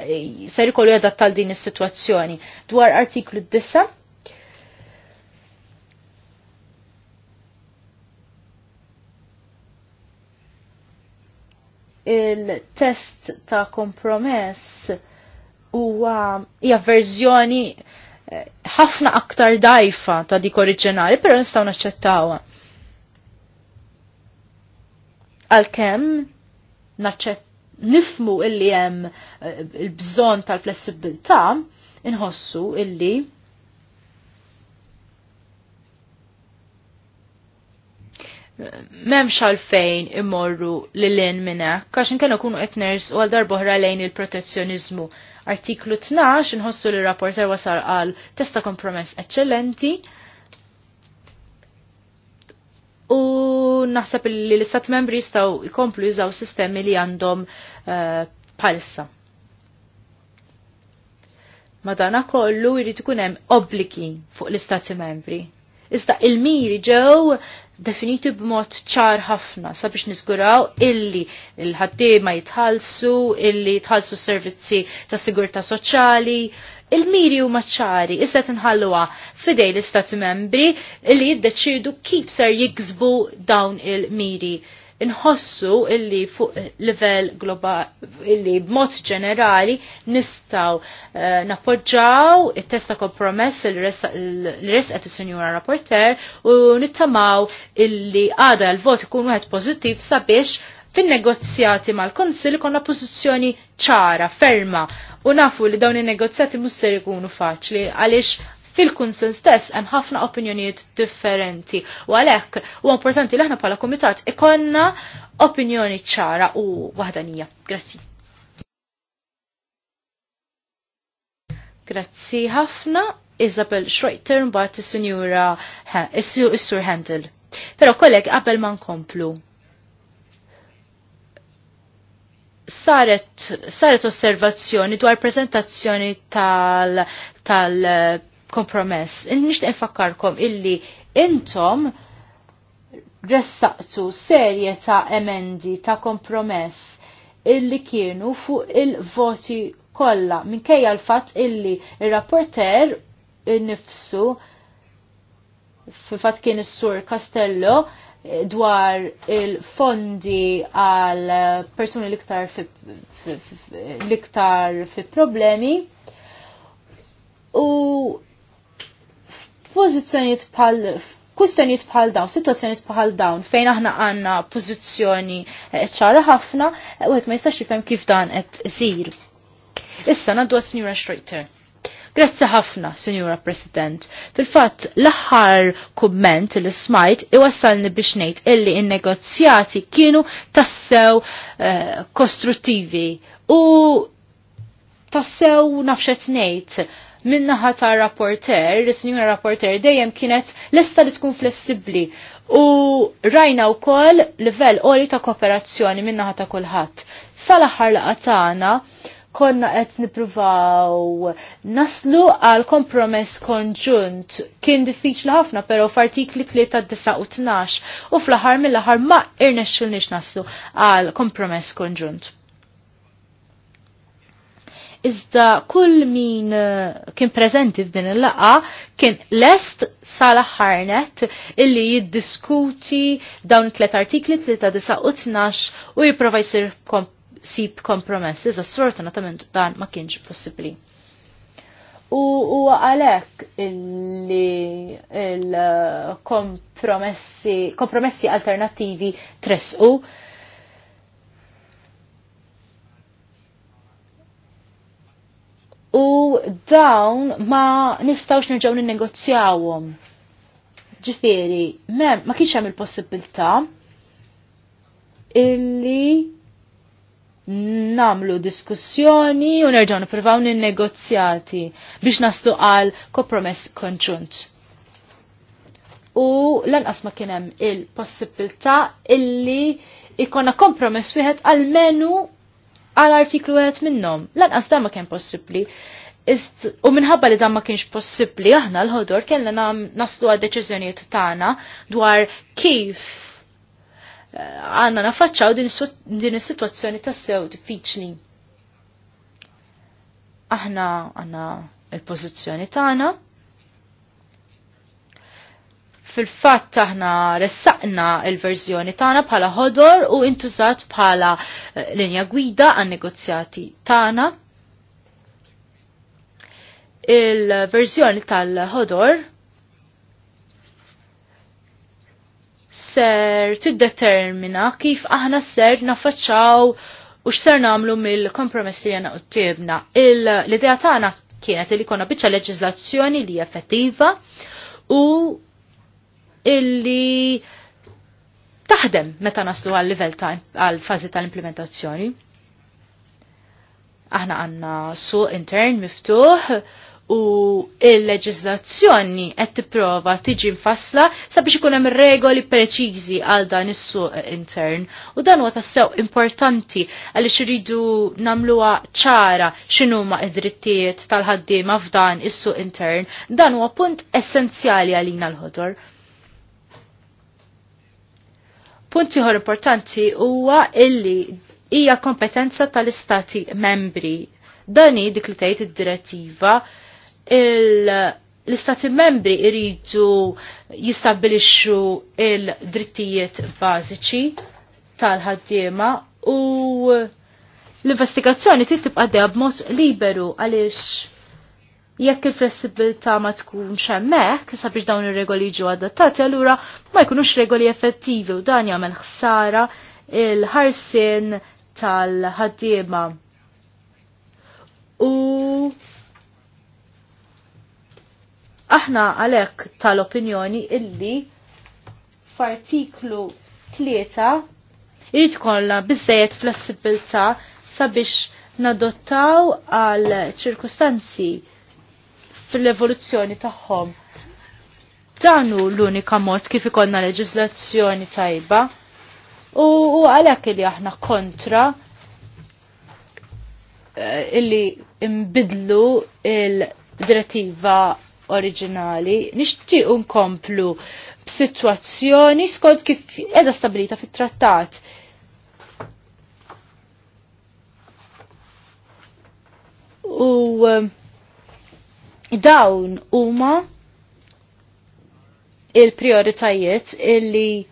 sir kollu jadattal din is-sitwazzjoni. Dwar artiklu 9 il-test ta' kompromess huwa hija verżjoni eh, ħafna aktar dajfa ta' dik oriġinali, però nistgħu naċċettawha. Għalkemm naċċett nifmu illi hemm eh, il-bżonn tal-flessibilità, inħossu illi memx għalfejn immorru l-lin minna, kax nkenu kunu etners u għal-darbohra lejn il-protezzjonizmu. Artiklu 12 nħossu li rapporter wasal għal testa kompromess eccellenti u naħseb li l-istat membri jistaw ikomplu jużaw sistemi li għandhom uh, eh, palsa. Madana kollu jrid ikun hemm obbligi fuq l-istati membri Iżda il-miri ġew definiti b'mod ċar ħafna sabiex niżguraw illi l-ħaddiema jitħallsu, illi jitħallsu servizzi ta' sigurta soċjali, il-miri huma ċari, issa tinħalluha fidej l-istati membri li jiddeċidu kif ser jiksbu dawn il-miri inħossu illi fuq livell globali, illi b'mod ġenerali nistaw uh, nappoġġaw it-testa kompromess l-resqet is-sinjura Rapporter u nittamaw illi għada l-vot ikun wieħed pożittiv sabiex fin-negozjati mal kunsill konna pożizzjoni ċara, ferma, u nafu li dawn in-negozjati mhux ser ikunu faċli għaliex fil-kunsil stess hemm ħafna opinjonijiet differenti. U għalhekk huwa importanti li aħna bħala kumitat ikonna opinjoni ċara u waħdanija. Grazzi. Grazzi ħafna Isabel Schreiter mbagħad is-Sinjura is-Sur Handel. Però kollek qabel ma nkomplu. saret, saret osservazzjoni dwar prezentazzjoni tal, tal kompromess. Nixtieq infakkarkom illi intom ressaqtu serje ta' emendi ta' kompromess illi kienu fuq il-voti kollha minkejja l-fatt illi il rapporter il nifsu fil-fatt kien is-sur Castello dwar il-fondi għal persuni liktar fi, liktar fi problemi u f'pożizzjonijiet bħal kustjonijiet bħal dawn, situazzjonijiet bħal dawn, fejn aħna għanna pożizzjoni eh, ċara ħafna, eh, u ma jistax jifhem kif dan qed isir. Issa naddu għas-Sinjura Schreiter. Grazzi ħafna, Signora President. Fil-fatt, l-aħħar kumment li smajt iwassalni biex ngħid illi n-negozjati kienu tassew eh, kostruttivi u tassew nafxet ngħid minnaħa ta' rapporter, l sinjura rapporter dejjem kienet lista li tkun flessibli u rajna u koll livell oli ta' kooperazzjoni minnaħa ta' kullħat. Salaħar aħħar laqatana konna qed nipruvaw naslu għal kompromess konġunt kien diffiċli ħafna però f'artikli 3 u 12 u fl-aħħar mill-aħħar ma irnexxulniex naslu għal kompromess konġunt iżda kull min eh, kien prezenti f'din il-laqa kien lest sala ħarnet illi jiddiskuti dawn tlet artikli 3 u tnax u jiprofa jisir kom sib kompromess, iżda sfortunatament dan ma kienx possibbli. U għalek illi il eh, kompromessi alternativi tresqu u dawn ma nistawx nerġaw ninnegozjawhom. Ġifieri, mem ma kienx hemm il-possibilità illi namlu diskussjoni u nerġaw nippruvaw ninnegozjati biex naslu għal kompromess konġunt. U lanqas ma kien hemm il-possibilità illi ikonna kompromess wieħed għal menu għal artiklu għet minnom. Lanqas da ma kien possibli. Ist, u minħabba li dan ma kienx possibli aħna l-ħodor kellna naslu għad deċiżjonijiet tagħna dwar kif eh, għanna nafacċaw din is-sitwazzjoni tassew diffiċli. Aħna għanna il-pożizzjoni tagħna fil-fatt aħna ressaqna il-verżjoni tagħna bħala ħodor u intużat bħala eh, linja gwida għan negozjati tagħna. Il-verżjoni tal-ħodor ser tiddetermina kif aħna ser nafaċċaw u x'ser nagħmlu mill-kompromessi li għana tibna. L-idea tagħna kienet li konna biċċa leġizlazzjoni li effettiva u illi taħdem meta naslu għal livell ta' għal fażi tal-implementazzjoni. Aħna għanna suq intern miftuħ u il-leġislazzjoni qed tipprova tiġi mfassla sabiex ikun hemm regoli preċiżi għal dan is-suq intern u dan huwa tassew importanti għaliex iridu nagħmluha ċara x'inhuma id-drittijiet tal-ħaddiema f'dan is-suq intern dan huwa punt essenzjali għalina l-ħodor. Punt ieħor importanti huwa illi hija kompetenza tal-istati membri. Dani dik li tgħid id-direttiva l-istati membri iridu jistabilixxu il-drittijiet bażiċi tal-ħaddiema u l-investigazzjoni trid tibqa' b'mod liberu għaliex jekk il-flessibilità ma tkun xemmek, sabiex dawn ir-regoli ġu adattati, allura ma jkunux regoli effettivi u dan jagħmel ħsara il-ħarsin tal-ħaddiema. U aħna għalek tal-opinjoni illi f'artiklu tlieta irid kollha biżejjed flessibilità sabiex nadottaw għal ċirkustanzi fil-evoluzzjoni tagħhom. Dan hu l-unika mod kif ikonna leġislazzjoni tajba u għalhekk li aħna kontra eh, illi imbidlu il-direttiva oriġinali nixtieq nkomplu b'sitwazzjoni skont kif qiegħda stabilita fit-trattat. U um, Dawn huma il-prioritajiet illi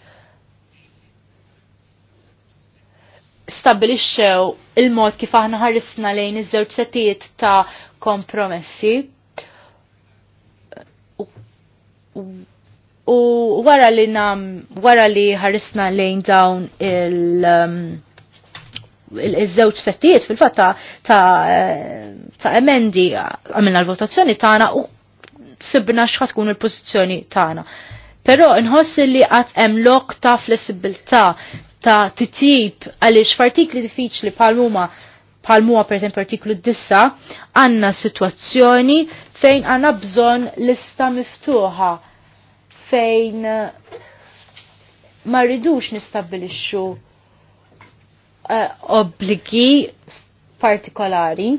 stabilixxew il-mod kif aħna ħarisna lejn iż-żewġ setijiet ta' kompromessi. U, wara li nam wara li ħarisna lejn dawn il- um, il-żewġ settijiet fil fat ta' ta' emendi għamilna l-votazzjoni tagħna u sibna x'ħad tkun il-pożizzjoni tagħna. Però nħoss li qatt hemm lok ta' flessibilità ta' titjib għaliex f'artikli diffiċli bħal bħalmuha bħal per esempio artiklu 9 għanna situazzjoni fejn għanna bżon lista miftuħa fejn ma rridux nistabilixxu Eh, obbligi partikolari.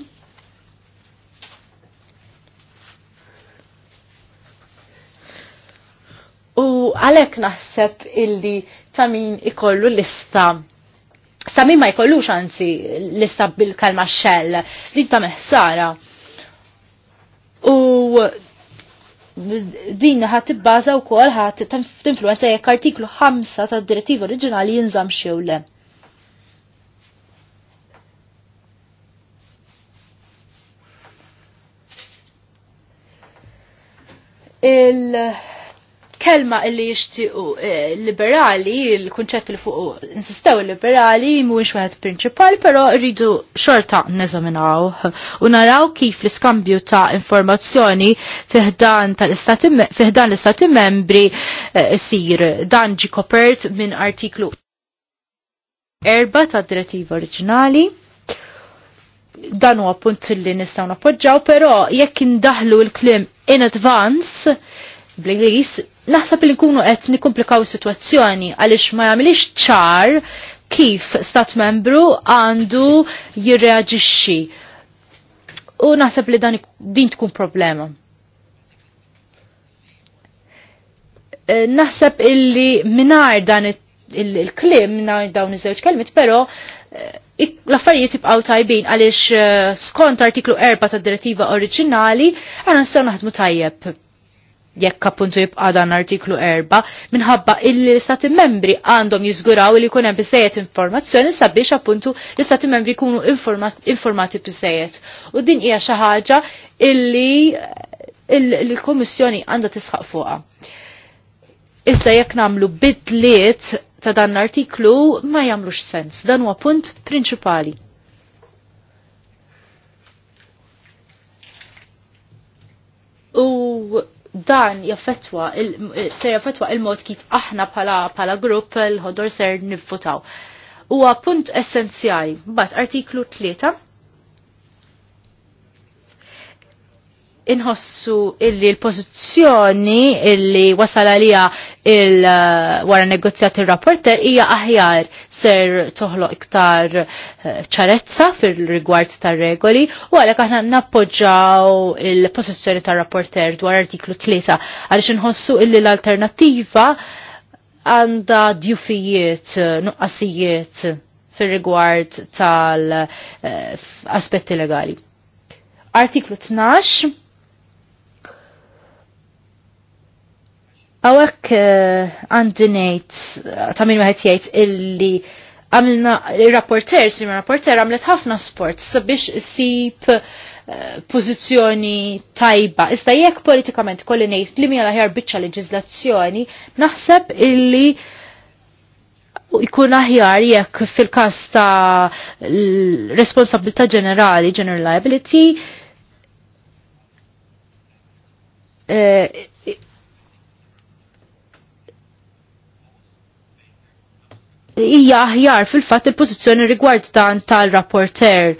U għalek naħseb illi tamin ikollu lista Samin ma jkollux anzi lista bil-kalma xell, li ta' meħsara. U din ħat tibbaza u kol ħat tinfluenza jekk artiklu 5 ta' direttiva oriġinali jinżam xewle. Il-kelma illi jishtiqu eh, liberali, il-kunċett li fuq insistew liberali mhuwiex wieħed prinċipali, però rridu xorta neżaminaw u naraw kif l-iskambju ta' informazzjoni fiħdan l-istati membri eh, sir dan ġi kopert minn artiklu erba ta' direttiva oriġinali dan huwa punt li nistgħu nappoġġaw, però jekk indaħlu il klim in advance bl-Inglis, naħseb li nkunu qed nikkomplikaw is-sitwazzjoni għaliex ma jagħmilix ċar kif stat membru għandu jirreaġixxi. U naħseb li dan din tkun problema. Eh, naħseb illi minar dan il-klim, minar dawn iż-żewġ kelmiet, però Eh, l-affarijiet tibqaw tajbin għaliex eh, skont artiklu 4 ta' direttiva oriġinali għana nistaw naħdmu tajjeb jekk appuntu jibqa' dan artiklu 4 minħabba l istati membri għandhom jiżguraw li jkun hemm biżejjed informazzjoni sabiex appuntu l-istati membri jkunu informati biżejjed. U din hija xi ħaġa illi eh, l-Kummissjoni għandha tisħaq fuqha. Iżda jekk nagħmlu bidliet ta' dan l-artiklu ma jagħmlux sens. Dan huwa punt prinċipali. U dan jaffetwa se jaffetwa il-mod kif aħna pala, pala grupp l-ħodor ser nivvotaw. Huwa punt essenzjali. Bat artiklu 3 inħossu illi l-pozizjoni illi wasal għalija il-wara uh, negozjat il-rapporter hija aħjar ser toħloq iktar uh, ċarezza fil-rigward tar regoli u għalek aħna nappoġġaw il-pożizzjoni tar-rapporter dwar artiklu 3 għaliex inħossu illi l-alternattiva għandha djufijiet, uh, nuqqasijiet fil-rigward tal-aspetti legali. Artiklu 12 Għawek eh, għandinejt, ta' minn meħet jgħid illi għamilna il-rapporter, sim rapporter għamlet ħafna sport sabiex sip eh, pozizjoni tajba. Iżda jekk politikament kolli ngħid li mija l-aħjar biċċa naħseb illi jkun aħjar jekk fil-każ ta' responsabilità ġenerali, general liability, eh, hija aħjar fil-fatt il-pożizzjoni rigward dan tal-rapporter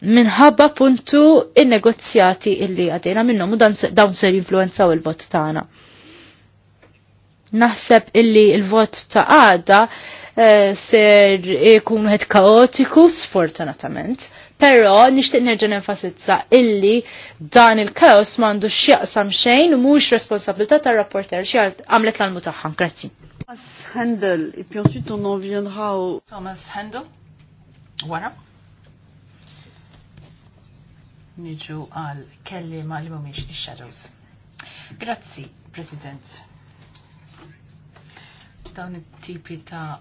minħabba puntu il negozjati illi għadina minnhom u dawn ser influenzaw il-vot tagħna. Naħseb illi il-vot ta' għada eh, ser ikun għed kaotiku sfortunatament, però nixtieq nerġa' nenfasizza illi dan il-kaos m'għandux x'jaqsam xejn u mux responsabilità tar-rapporter xi għamlet l-almu tagħha. Grazzi. Thomas Handel, et puis ensuite on en viendra au... Thomas Handel, voilà. Niġu għal kelli ma li mumiex il-shadows. Grazzi, President. Dawn it-tipi ta'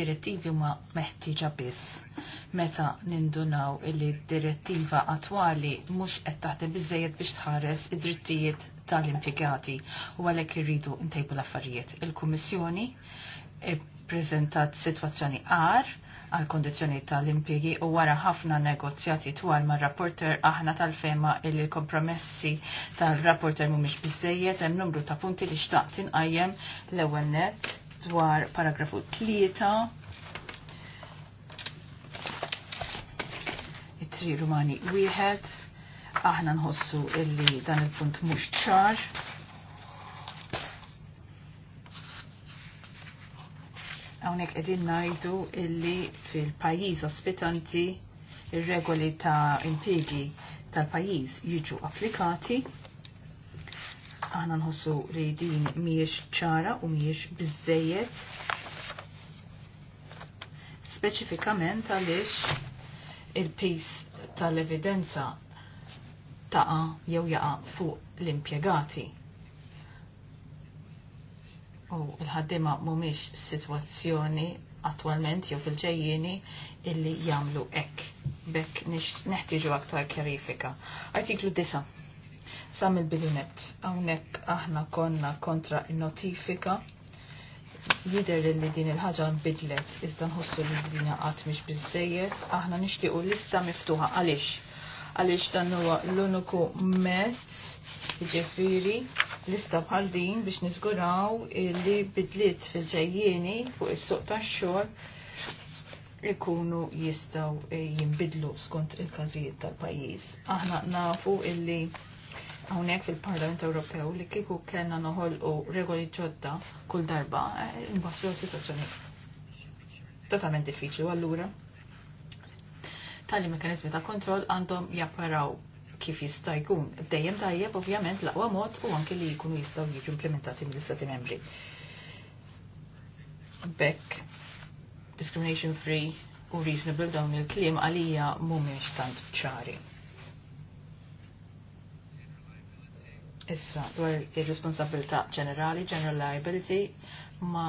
direttivi ma meħtieġa biss. Meta nindunaw illi direttiva attwali mhux qed taħdem biżejjed biex tħares id-drittijiet tal-impjegati u għalhekk irridu ntejbu l-affarijiet. Il-Kummissjoni ppreżentat sitwazzjoni għar għal kondizjoni tal-impjegi u wara ħafna negozjati twal ma' rapporter aħna tal-fema illi kompromessi tal-rapporter mumiex bizzejiet hemm numru ta' punti li xtaqt inqajjem l-ewwel net dwar paragrafu 3 it-tri rumani wieħed aħna nħossu illi dan il-punt mhux ċar hawnhekk qegħdin ngħidu illi fil-pajjiż ospitanti ir-regoli ta' impjiegi tal-pajjiż jiġu applikati Aħna nħossu li din miex ċara u miex bizzejiet. Speċifikament għaliex il-pis tal-evidenza taqa jew jaqa fuq l-impjegati. U l-ħaddima mumiex situazzjoni attualment jew fil ġejjini illi jagħmlu hekk. Bekk neħtieġu aktar kjarifika. Artiklu 9 sam il bidunet Hawnhekk aħna konna kontra notifika jider li din il-ħaġa nbidlet iżda nħossu li din għat mhix biżejjed, aħna nixtiequ lista miftuħa għaliex. Għaliex dan huwa l-uniku met, ġifiri lista bħal din biex niżguraw li bidliet fil-ġejjieni fuq is-suq tax-xogħol ikunu jistaw eh, jimbidlu skont il-każijiet tal-pajjiż. Aħna nafu illi hawnhekk fil-Parlament Ewropew li kieku kellna noħolqu regoli ġodda kull darba nbasslu eh, situazzjoni totalment diffiċli u allura tali mekanizmi ta' kontroll għandhom japparaw kif jista' jkun dejjem tajjeb ovvjament l-aqwa mod u anke li jkunu jistgħu jiġu implementati mill-Istati Membri. Bekk, discrimination free u reasonable dawn il-kliem għalija mhumiex tant ċari. Issa, dwar il-responsabilità ġenerali, general liability, ma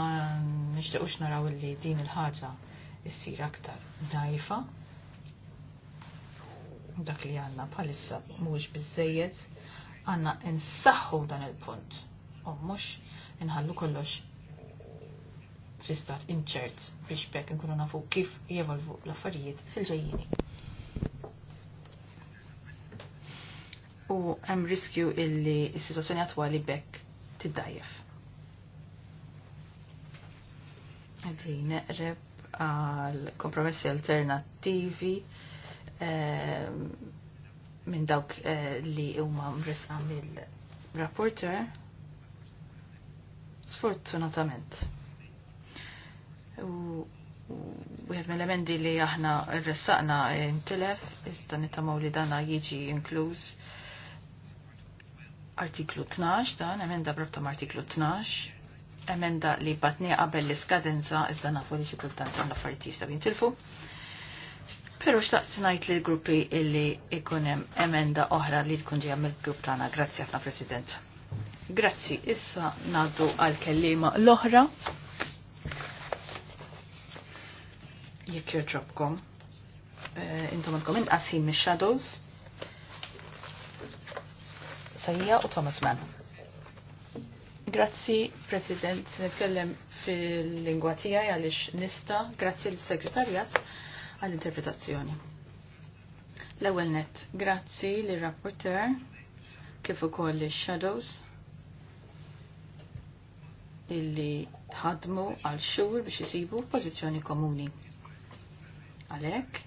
ux naraw li din il-ħaġa jissir aktar dajfa. Dak li għanna bħalissa mux biżejjed, għanna insaħħu dan il-punt. U mhux inħallu kollox fi stat inċert biex bekk nkunu nafu kif jevolvu l-affarijiet fil-ġejjini. u hemm riskju illi s-situazzjoni għatwali bekk tiddajjef. Għadġi neqreb għal kompromessi alternattivi ehm, minn dawk eh, li huma mresqa mill-rapporter. Sfortunatament. U Wieħed mill emendi li aħna rressaqna intilef, iżda nitamaw li dana jiġi inkluż Artiklu 12 dan, emenda brabta ma' artiklu 12, emenda li batni qabel l-iskadenza, iżda nafu li xikultant għanna fariti jista' tilfu. Pero xtaqt snajt li l-gruppi illi ikunem emenda oħra li tkun ġejja mill-grupp tagħna. Grazzi ħafna President. Grazzi, issa ngħaddu għal kellima l-oħra. Jekk joġobkom. Eh, intom għandkom inqasim mix-shadows. Sajja u Thomas Mann. Grazzi, President, nitkellem fil-lingwa tiegħi għaliex nista, grazzi l-Segretarjat għall-interpretazzjoni. L-ewwel net, grazzi li rapporteur kif ukoll ix-shadows illi ħadmu għal xhur biex isibu pożizzjoni komuni. Għalhekk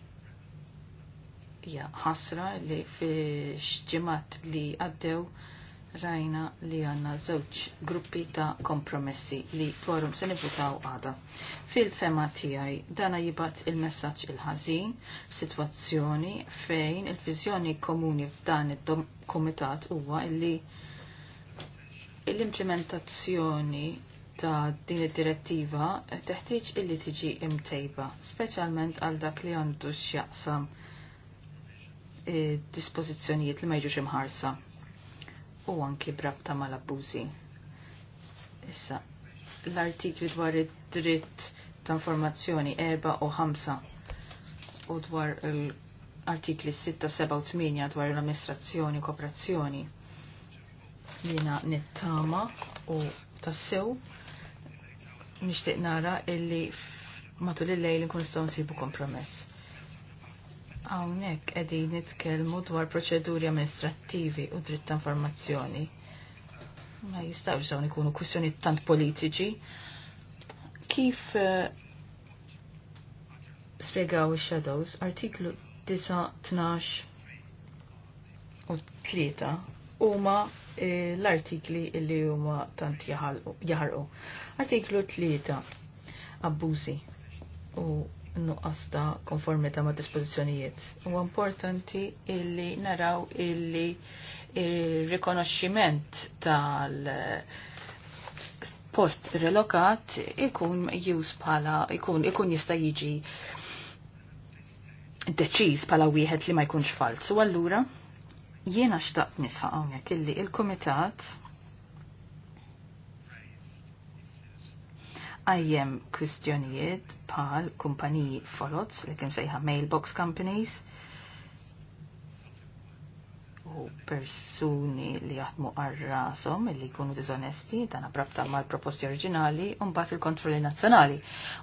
hija ħasra li fi xġimat li għaddew rajna li għanna żewġ gruppi ta' kompromessi li forum se nivvutaw għada. Fil-fema tijaj, dana jibat il messaċ il-ħazin, situazzjoni fejn il-vizjoni komuni f'dan il-komitat huwa li l-implementazzjoni ta' din id-direttiva teħtieġ illi tiġi imtejba, speċjalment għal dak li għandu x'jaqsam dispożizzjonijiet li ma jiġux imħarsa u anki brabta mal-abbużi. Issa, l-artikli dwar id-dritt ta' informazzjoni 4 u 5 u dwar l-artikli 6, 7 u 8 dwar l-amministrazzjoni u kooperazzjoni jina nittama u tassew nishtiq nara illi matul il-lejl nkun nistgħu nsibu kompromess. Hawnhekk qegħdin nitkellmu dwar proċeduri amministrattivi u dritt ta' informazzjoni. Ma jistawx dawn ikunu kwistjoni tant politiċi. Kif eh, spjegaw ix-shadows artiklu 19 u 3 huma eh, l-artikli li huma tant jaħarqu. Artiklu 3 abbużi u nuqqas ta' konformita ma' dispożizzjonijiet. U importanti illi naraw illi il-rikonoxximent tal- eh, post relokat ikun jus pala, ikun, ikun jista jiġi deċiż pala wieħed li ma jkunx fals. U allura jiena xtaqt nisħaq hawnhekk illi il-kumitat il komitat il kumitat għajjem kwistjonijiet pal kumpaniji folots li kien sejħa mailbox companies u persuni li jaħdmu għarrasom li jkunu dizonesti dan abrabta mal proposti oriġinali un bat il-kontrolli nazzjonali.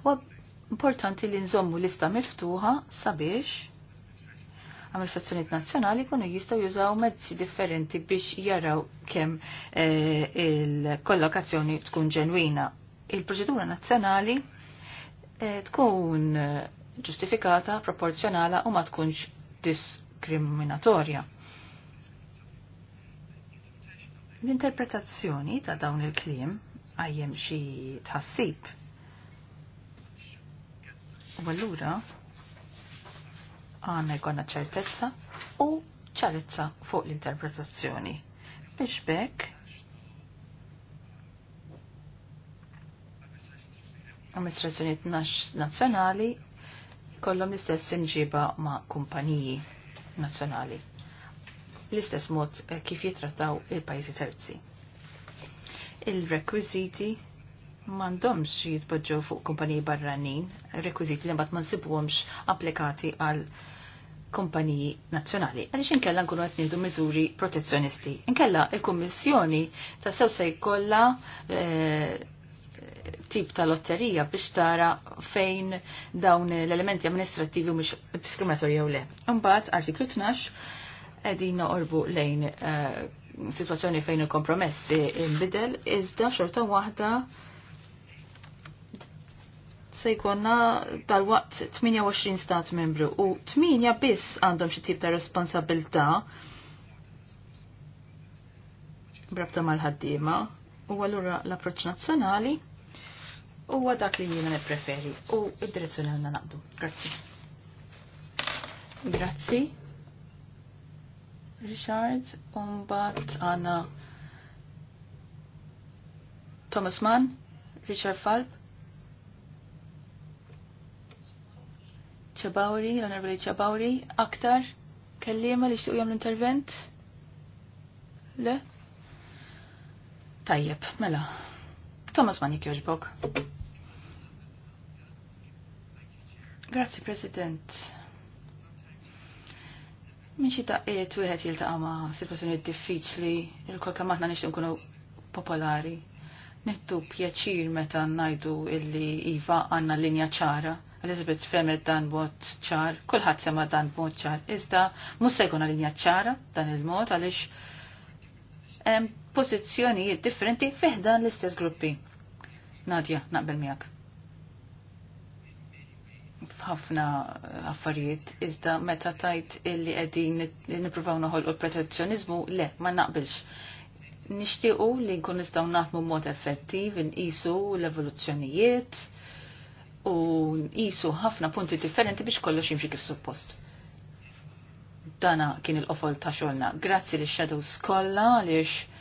U importanti li nżommu lista miftuħa sabiex amministrazzjoniet nazzjonali kunu jistaw jużaw mezzi differenti biex jaraw kemm eh, il-kollokazzjoni tkun ġenwina il-proċedura nazzjonali eh, tkun eh, ġustifikata, proporzjonala u ma tkunx diskriminatorja. L-interpretazzjoni ta' dawn il-kliem għajjem xi tħassib. U allura għanna jkollna ċertezza u ċarezza fuq l-interpretazzjoni. Biex bekk amministrazzjoniet nazzjonali kollhom l-istess imġiba ma' kumpaniji nazzjonali l istess mod eh, kif jitrattaw il-pajjiżi terzi. Il-rekwiżiti m'għandhomx jitpoġġew fuq kumpaniji barranin, rekwiżiti li mbagħad ma nsibuhomx applikati għal kumpaniji nazzjonali. Għaliex inkella nkunu qed nieħdu miżuri protezzjonisti. Inkella il-Kummissjoni ta' sew se jkollha eh, tip ta' lotterija biex tara fejn dawn l-elementi amministrativi mhux diskriminatorji jew le. Imbagħad artiklu 12 qegħdin noqorbu lejn uh, eh, situazzjoni fejn il kompromessi imbidel, iżda xorta waħda se jkonna tal-waqt 28 stat membru u 8 biss għandhom xi tip ta' responsabilità brabta mal-ħaddiema u allura l-approċċ nazzjonali huwa dak li jiena nippreferi u id-direzzjoni għandna naqdu. Grazzi. Grazzi. Richard, umbat Anna. Thomas Mann, Richard Falb, ċabawri, l-onorvali ċabawri, aktar, kellima li xtuq jom l-intervent? Le? Tajjeb, mela. Thomas Manik joġbok. Grazzi, President. Min xi daqqiet wieħed jiltaqa' ma' sitwazzjonijiet diffiċli, il-kol kemm aħna nixtieq nkunu popolari. Nittu pjaċir meta ngħidu illi iva għandna linja ċara. Elizabeth femet dan mod ċar, kulħadd sema dan mod ċar. Iżda mhux se jkun linja ċara dan il-mod għaliex hemm pożizzjonijiet differenti fih dan l-istess gruppi. Nadja, naqbel miegħek f'ħafna affarijiet, iżda meta tajt illi qegħdin nippruvaw noħolqu protezzjonizmu, le, ma naqbilx. Nixtiequ li nkun nistgħu naħdmu mod effettiv, nqisu l-evoluzzjonijiet u nqisu ħafna punti differenti biex kollox jimxi kif suppost. Dana kien il-qofol ta' xogħolna. Grazzi li shadows kollha għaliex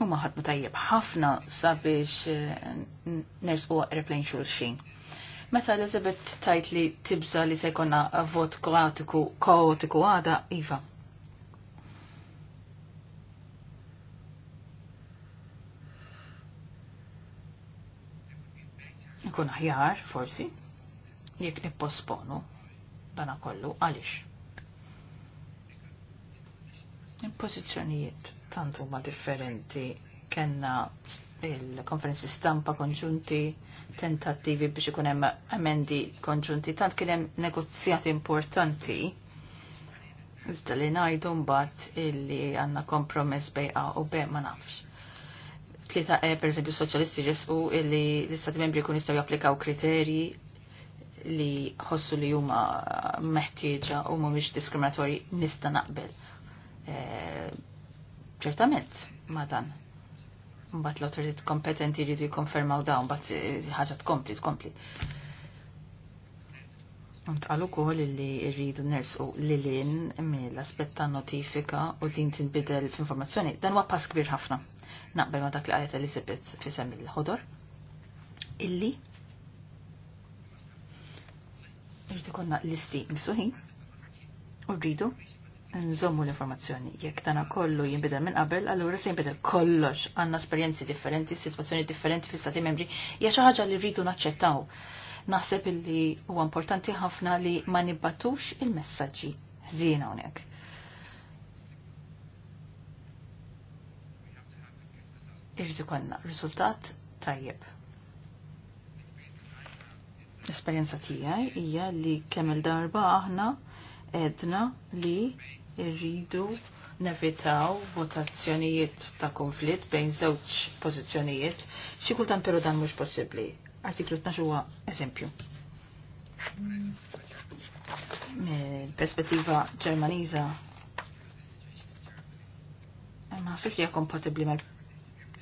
u maħat tajjeb ħafna sabiex eh, nersu airplane xulxin. Meta Elizabeth tajt li tibza li sekonna vot koatiku kaotiku għada, Iva. Ikun ħjar, forsi, jek nipposponu dana kollu, għalix. Impozizjonijiet tant huma differenti. Kenna il-konferenzi stampa konġunti, tentattivi biex ikun hemm emendi konġunti, tant kien hemm negozjati importanti. Iżda li ngħidu mbagħad illi għandna kompromess bej A u B ma nafx. Tlieta E pereżempju soċjalisti ġesqu illi l-istati membri jkun jistgħu japplikaw kriterji li ħossu li huma meħtieġa u mhumiex diskriminatorji nista' naqbel eh, ċertament ma dan. Mbagħad l autorit kompetenti jridu jikkonfermaw dawn mbagħad eh, ħaġa tkompli tkompli. Ntqal ukoll li rridu li lilin mill-aspett ta' notifika u din tinbidel f'informazzjoni. Dan huwa pass kbir ħafna. Naqbel ma dak li qalet Elizabeth fi sem il-ħodor. Illi rridu konna listi msuħin u rridu nżommu l-informazzjoni. Jekk dana kollu jinbidel minn qabel, allura se jinbidel kollox. Għandna esperjenzi differenti, situazzjoni differenti fil stati membri, hija xi ħaġa li rridu naċċettaw. Naħseb li huwa importanti ħafna li ma nibbatux il-messaġġi ħżiena hawnhekk. Irrid konna riżultat tajjeb. L-esperjenza tiegħi hija li kemm il-darba aħna edna li irridu nevitaw votazzjonijiet ta' konflitt bejn żewġ pożizzjonijiet, xi kultant però dan mhux possibbli. Artiklu 12 huwa eżempju. Mela, perspettiva Ġermaniża ma sif li kompatibbli mal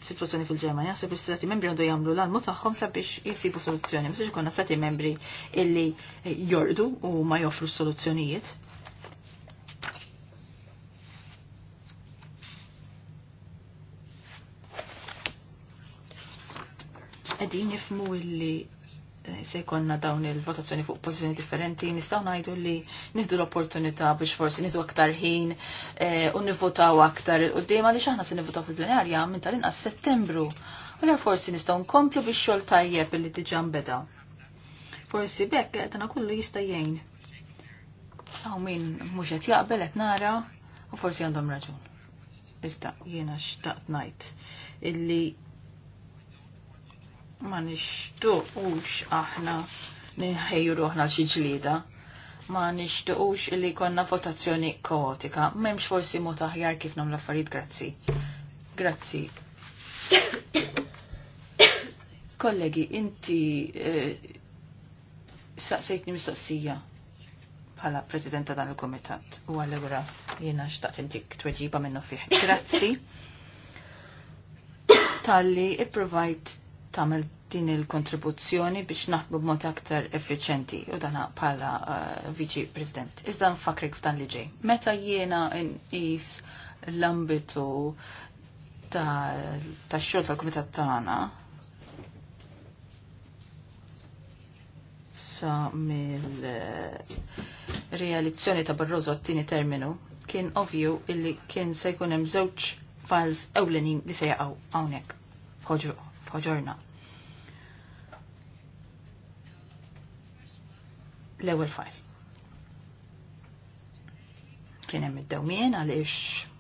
situazzjoni fil-Ġermanja, se bis stati membri għandu jagħmlu l-almu tagħhom sabiex jisibu soluzzjoni. Mhux ikun stati membri illi jordu u ma joffru soluzzjonijiet. qegħdin jifmu illi eh, se jkollna dawn il-votazzjoni fuq pożizzjoni differenti, nistgħu ngħidu li nieħdu l-opportunità biex forsi nieħdu aktar ħin eh, u nifvotaw aktar il-qudiem għaliex aħna se nivvotaw fil-plenarja minn tal-inqas Settembru. Wara forsi nistgħu nkomplu biex xogħol tajjeb li diġà nbeda. Forsi bekk tana eh, kollu jista' jgħin. Hawn min mhux qed jaqbel nara u forsi għandhom raġun. Iżda jiena xtaqt ngħid illi ma nixtuqux aħna nħejju ruħna xi ġlieda. Ma nixtuqux li konna votazzjoni kaotika. M'hemmx forsi mod aħjar kif nagħmlu affarijiet grazzi. Grazzi. Kollegi, inti eh, saqsejtni mistoqsija bħala Presidenta dan il-Komitat u għallura jiena xtaqt intik tweġiba minnu fih. Grazzi Talli li i tagħmel din il-kontribuzzjoni biex naħdmu b'mod aktar effiċenti u dana bħala uh, viċi president. Iżda nfakrik f'dan li ġej. Meta jiena nqis l-ambitu ta' xogħol tal-kumitat tagħna sa mill-realizzjoni eh, ta' Barroso t-tieni terminu kien ovju illi kien se jkun hemm żewġ files ewlenin li se jaqgħu hawnhekk. Ħoġru f'ħoġorna. L-ewwel fajl. Kien hemm id-dawmien għaliex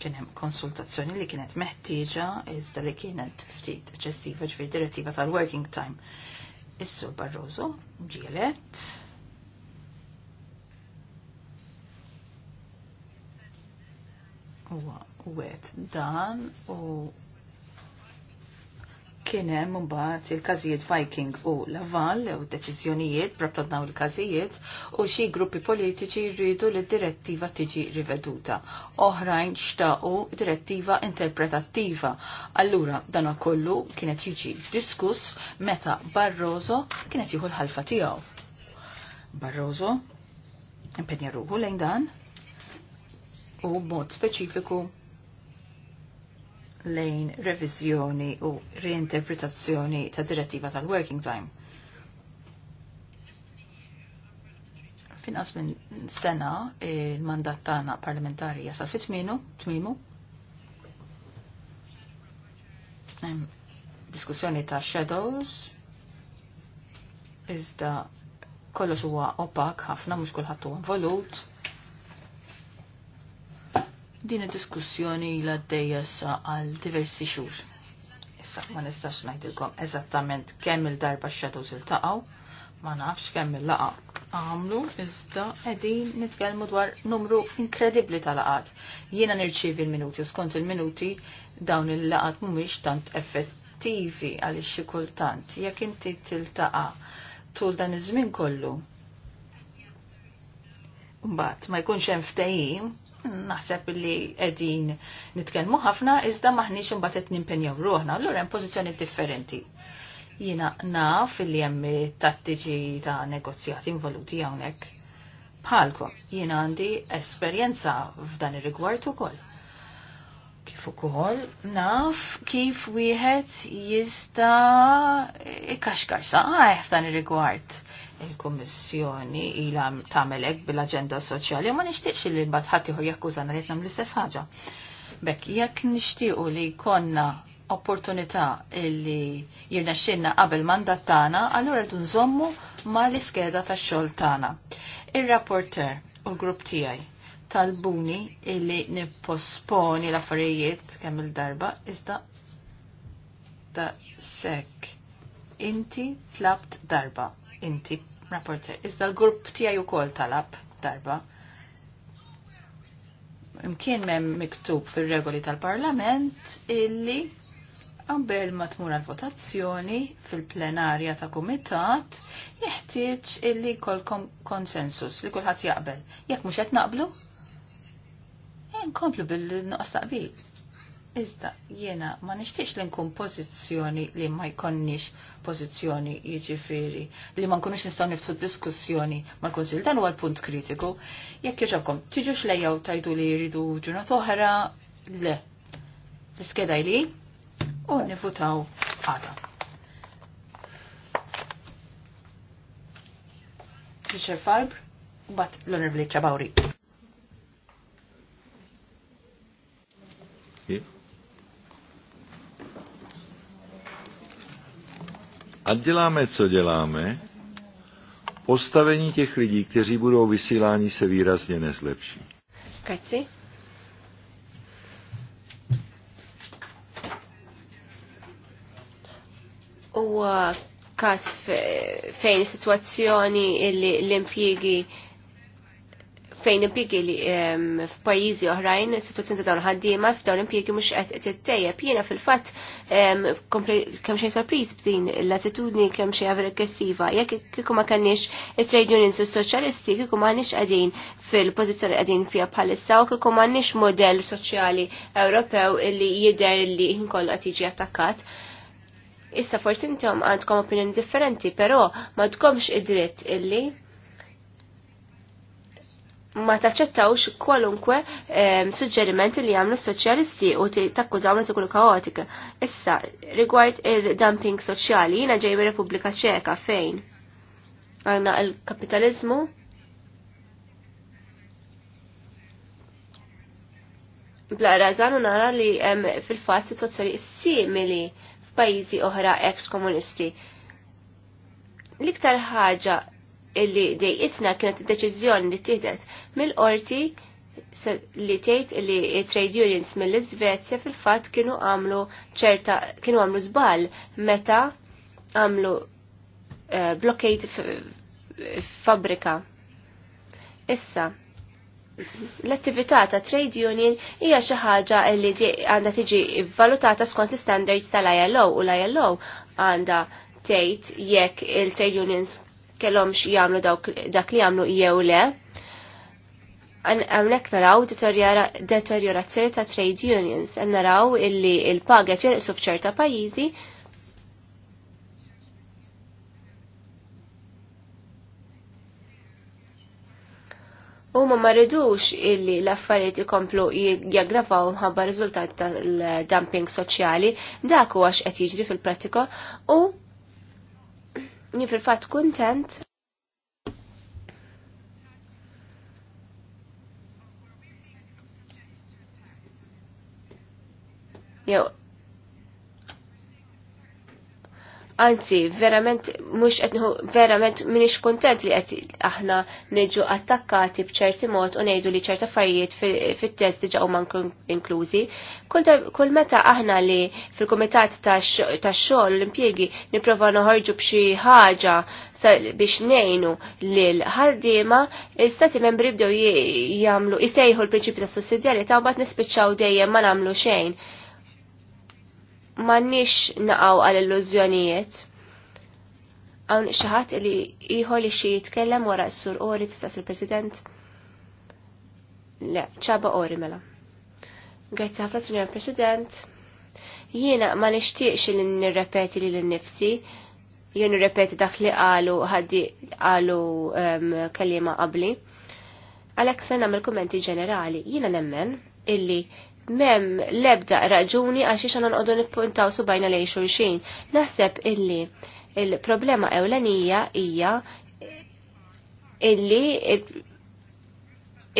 kien hemm konsultazzjoni li kienet meħtieġa iżda li kienet ftit eċessiva ġifier direttiva tal-working time. Is-sur Barroso ġielet Wow wet dan u kienem mbagħad il-każijiet Viking u Laval u deċiżjonijiet brabta dawn il-każijiet u xi gruppi politiċi rridu li d-direttiva tiġi riveduta. Oħrajn xtaqu direttiva interpretattiva. Allura dan kollu kienet jiġi diskus meta Barroso kienet jieħu l-ħalfa tiegħu. Barroso impenja ruħu lejn dan u b'mod speċifiku lejn revizjoni u reinterpretazzjoni ta' direttiva tal-working time. Finqas minn sena il-mandat tagħna parlamentari jasal fit tmienu, tmimu. Diskussjoni ta' shadows. Iżda kollox huwa opak ħafna mhux kulħadd huwa involut Din id-diskussjoni la d-dejja għal diversi xhur. Issa ma nistax ngħidilkom eżattament kemm il-darba x-shadows taqaw ma nafx kemm il-laqa għamlu, iżda qegħdin nitkellmu dwar numru inkredibbli ta' laqat. Jiena nirċievi l-minuti u skont il-minuti dawn il-laqat mhumiex tant effettivi għaliex xi kultant. Jekk inti tiltaqa' tul dan iż-żmien kollu. Mbagħad ma jkunx hemm ftehim naħseb li edin nitkelmu ħafna iżda maħniex imbagħad qed nimpenjaw ruħna, allura hemm pożizzjoni differenti. Jiena naf li hemm tattiġi ta' negozjati involuti hawnhekk. Bħalkom, jiena għandi esperjenza f'dan ir-rigward ukoll. Kif ukoll naf kif wieħed jista' ikkaxkar saqaj f'dan ir-rigward il-Kommissjoni ila tamelek bil-agenda soċjali ma nixtieqx li l ħadd ieħor jakkużana li qed l-istess ħaġa. Bekk jekk nixtiequ li jkollna opportunità li jirnexxinna qabel mandat tagħna, allura zommu nżommu mal-iskeda tax-xogħol tagħna. Ir-rapporter u l-grupp tiegħi talbuni illi nipposponi l-affarijiet kemm il-darba iżda ta' sekk inti tlabt darba inti rapporter. Iżda l-grupp tiegħi wkoll talab darba. Imkien m'hemm miktub fir-regoli tal-Parlament illi qabel ma tmur għall votazzjoni fil-plenarja ta' kumitat jeħtieġ illi jkollkom konsensus li kulħadd jaqbel. Jekk mhux qed naqblu, eh, nkomplu bil-nuqqas taqbil. Iżda, jiena ma nixtiex li nkun pożizzjoni li ma jkonnix pożizzjoni jiġifieri li ma nkunux nistgħu nifsu diskussjoni mal-Kunsill dan huwa l-punt kritiku. Jekk jogħġobkom, tiġux lejja tajdu li jridu ġurnat oħra, le. l li u nivutaw għada. Richard Falb, bat l-Onorevoli Ċabawri. A děláme, co děláme, postavení těch lidí, kteří budou vysíláni, se výrazně nezlepší. Kaci? U kas fejn situazzjoni li l-impjigi fejn impjegi li f'pajjiżi oħrajn situazzjoni ta' dawn ħaddiema f'dawn impjegi mhux qed tittejjeb. Jiena fil-fatt kemm xejn sorpriż b'din l-attitudni kemm xejn aggressiva. Jekk kieku ma kenniex it-trade unions u soċjalisti kieku m'għandniex qegħdin fil-pożizzjoni qegħdin fiha bħalissa u kieku m'għandniex modell soċjali Ewropew li jidher li nkollu qed jiġi attakkat. Issa forsi intom għandkom opinjoni differenti, però ma tkomx id-dritt illi ma taċċettawx kwalunkwe suġġerimenti li għamlu soċjalisti u li tikun kaotika. Issa, rigward il-dumping soċjali, jina ġej Repubblika Ċeka fejn? Għanna il-kapitalizmu? Bla rażanu nara li fil-fat situazzjoni simili f'pajjiżi oħra ex-komunisti. L-iktar ħaġa illi dejqitna kienet deċiżjoni li tieħdet mill-qorti li tgħid li trade unions mill-Iżvezja fil-fatt kienu għamlu ċerta kienu għamlu żball meta għamlu uh, blockade fabbrika. Issa, l-attività ta' trade union hija xi ħaġa li għandha tiġi valutata skont standards tal-ILO u l-ILO għandha tgħid jekk il-trade unions kellhomx jagħmlu dak li jagħmlu jew le. Għamlek naraw deteriorazzjoni ta' trade unions, naraw illi il-paget jonqsu f'ċerta pajjiżi U ma marridux illi l-affarijiet ikomplu jaggravaw mħabba riżultat tal-dumping soċjali, dak huwa x'qed jiġri fil-prattika u Nien fil-fatt kuntent jew Anzi, verament, mux etnħu, verament, minix kontent li għet aħna neġu attakkati bċerti mod u nejdu li ċerta farijiet fit-test diġa u man inklużi. Kull meta aħna li fil-komitat ta' xol l-impiegi niprofa noħorġu bxi ħaġa biex nejnu l-ħaldima, stati membri bdew jamlu, jisejħu l-prinċipi ta' sussidjarieta u bat nispiċċaw dejjem ma namlu xejn mannix naqaw għal illużjonijiet. Għawn xaħat li iħol li xie jitkellem wara s-sur ori t-istas il-president. Le, ċaba ori mela. Grazie ħafna il president. Jiena ma nixtieqx li nirrepeti li l-nifsi. Jien nirrepeti dak li qalu ħaddi qalu um, ehm, kalima qabli. Għalek se nagħmel kummenti ġenerali. Jiena nemmen illi mem lebda raġuni għax ixan għanqodu nippuntaw bajna lej xulxin. Naħseb illi il-problema ewlenija hija illi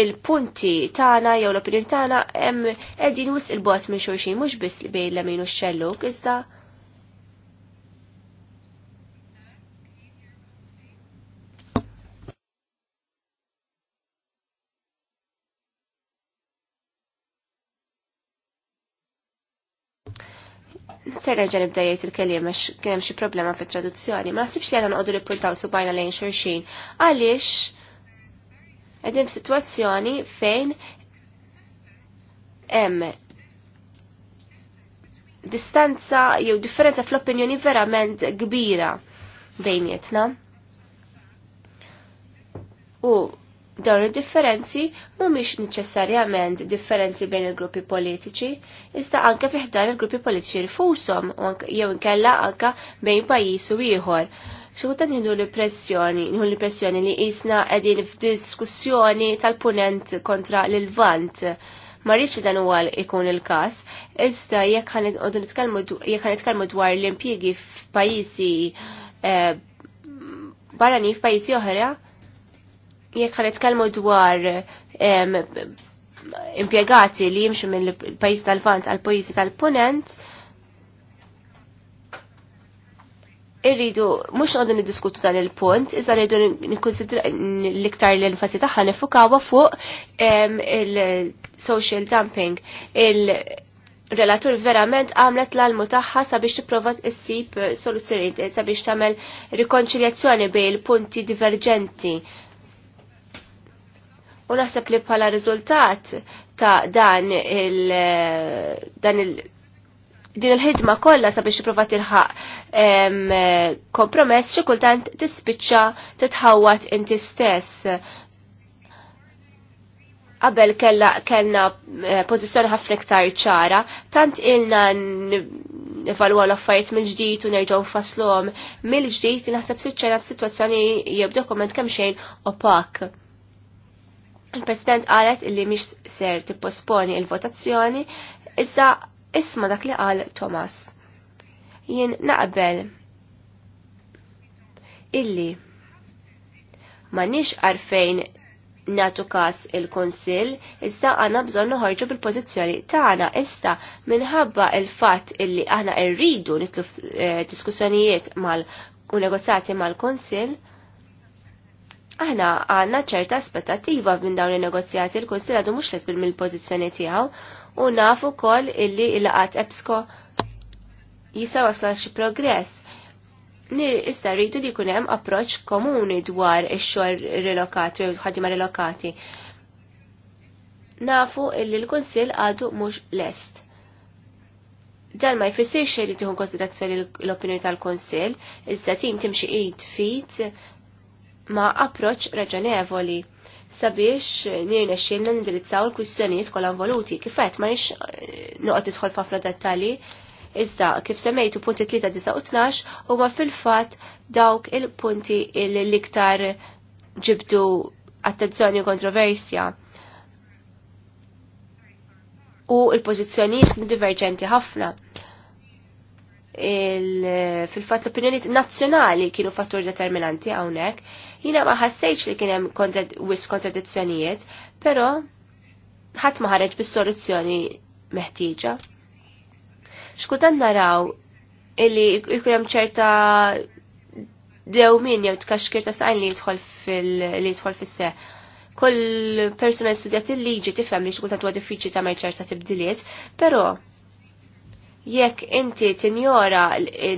il-punti tana jew l-opinjoni tana hemm qegħdin wisq il-bot minn xulxin mhux biss bejn l-amin u x iżda Ser nerġa' nibda jgħid il kelim għax kien hemm xi problema fit-traduzzjoni, ma nasibx li għandna noqogħdu nipppuntaw subajna lejn xulxin. Għaliex qegħdin f'sitwazzjoni fejn hemm distanza jew differenza fl-opinjoni verament kbira bejnietna. U Dawn id-differenzi mhumiex neċessarjament differenzi bejn il-gruppi politiċi, iżda anke fiħdan il-gruppi politiċi rifushom jew inkella anke bejn pajjiż u ieħor. Xogħta nħidu l-impressjoni, nieħu l-impressjoni li jisna qegħdin f'diskussjoni tal-punent kontra l-Vant. Ma rridx dan huwa ikun il-każ, iżda jekk ħanqogħdu nitkellmu dwar l-impjiegi f'pajjiżi eh, barranin f'pajjiżi oħra, jekk ħan nitkellmu dwar impjegati li jimxu minn il-pajis tal-Vant għal pajjiżi tal-Punent, irridu mhux għodu niddiskutu dan il-punt, iżda rridu nikkonsidra l-iktar l-enfasi tagħha nifukawa fuq il-social dumping. Il-relatur verament għamlet l-almu tagħha sabiex tipprova issib soluzzjoni sabiex tagħmel rikonċiljazzjoni bejn il-punti diverġenti U naħseb li bħala riżultat ta' dan il- dan il- din il-ħidma kollha sabiex tipprova tilħaq kompromess xi kultant tispiċċa titħawat inti stess qabel kella kellna eh, pożizzjoni ħafna iktar ċara, tant ilna nivalwa l-affarijiet mill-ġdid u nerġgħu nfasslhom mill-ġdid li naħseb siċċena f'sitwazzjoni jew dokument kemm xejn opak. Il-President qalet illi mhix ser tipposponi il-votazzjoni, iżda isma dak li qal Thomas. Jien naqbel illi ma nix għarfejn natu kas il-konsil, iżda għana bżon noħorġu bil-pozizjoni tagħna issa minħabba il-fatt illi aħna rridu nitlu eh, diskussjonijiet mal u negozjati mal-konsil, aħna għanna ċerta aspettativa minn dawn il-negozjati il-Kunsil għadu mux letbil mill-pozizjoni tijaw u nafu kol illi il għat EBSCO jisa wasla xi progress. Nir issa rridu kunem approċ komuni dwar ix-xogħol relokati u ħadima relokati. Nafu illi l-Kunsil għadu mhux lest. Dan ma jfissirx li tieħu konsiderazzjoni l-opinjoni tal-Kunsil, iżda tim timxi id fit ma' approċ raġonevoli sabiex nirna xilna nindirizzaw l-kwistjonijiet kollha involuti. Kifet, ma nix eh, noqgħod idħol f'ħafna dettalji, iżda kif semmejtu punti 3 u huma fil-fatt dawk il-punti l-iktar ġibdu attenzjoni u kontroversja. U l-pożizzjonijiet diverġenti ħafna fil-fat l opinjoni nazzjonali kienu fattur determinanti hawnhekk. Jiena ma ħassejx li kien hemm wis kontradizzjonijiet, però ħadd ma ħareġ bis-soluzzjoni meħtieġa. Xkutan naraw illi jkun hemm ċerta dewmin jew tkaxkir ta' sajn li jidħol fil-li jidħol kull persona studjat il-liġi tifhem li xkultant huwa diffiċli tagħmel ċerta tibdiliet, però jekk inti tinjora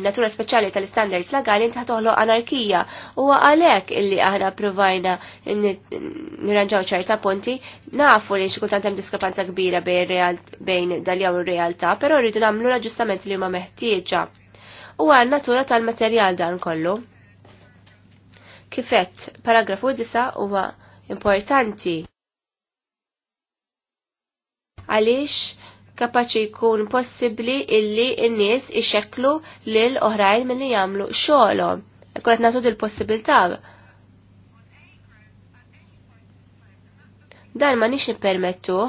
natura speċjali tal-standards legali inti ħatoħlo anarkija u għalhekk illi aħna provajna nirranġaw ċerta punti nafu li xikultant hemm diskrepanza kbira bejn dal jaw ir-realtà, però rridu nagħmlu l-aġġustament li huma meħtieġa. U għal natura tal-materjal dan kollu. Kifett, paragrafu 9 huwa importanti. Għaliex kapaċi jkun possibbli illi n-nies ixekklu lil oħrajn milli jagħmlu xogħolhom. Kolet nagħtu il possibilità Dan ma nix nippermettuh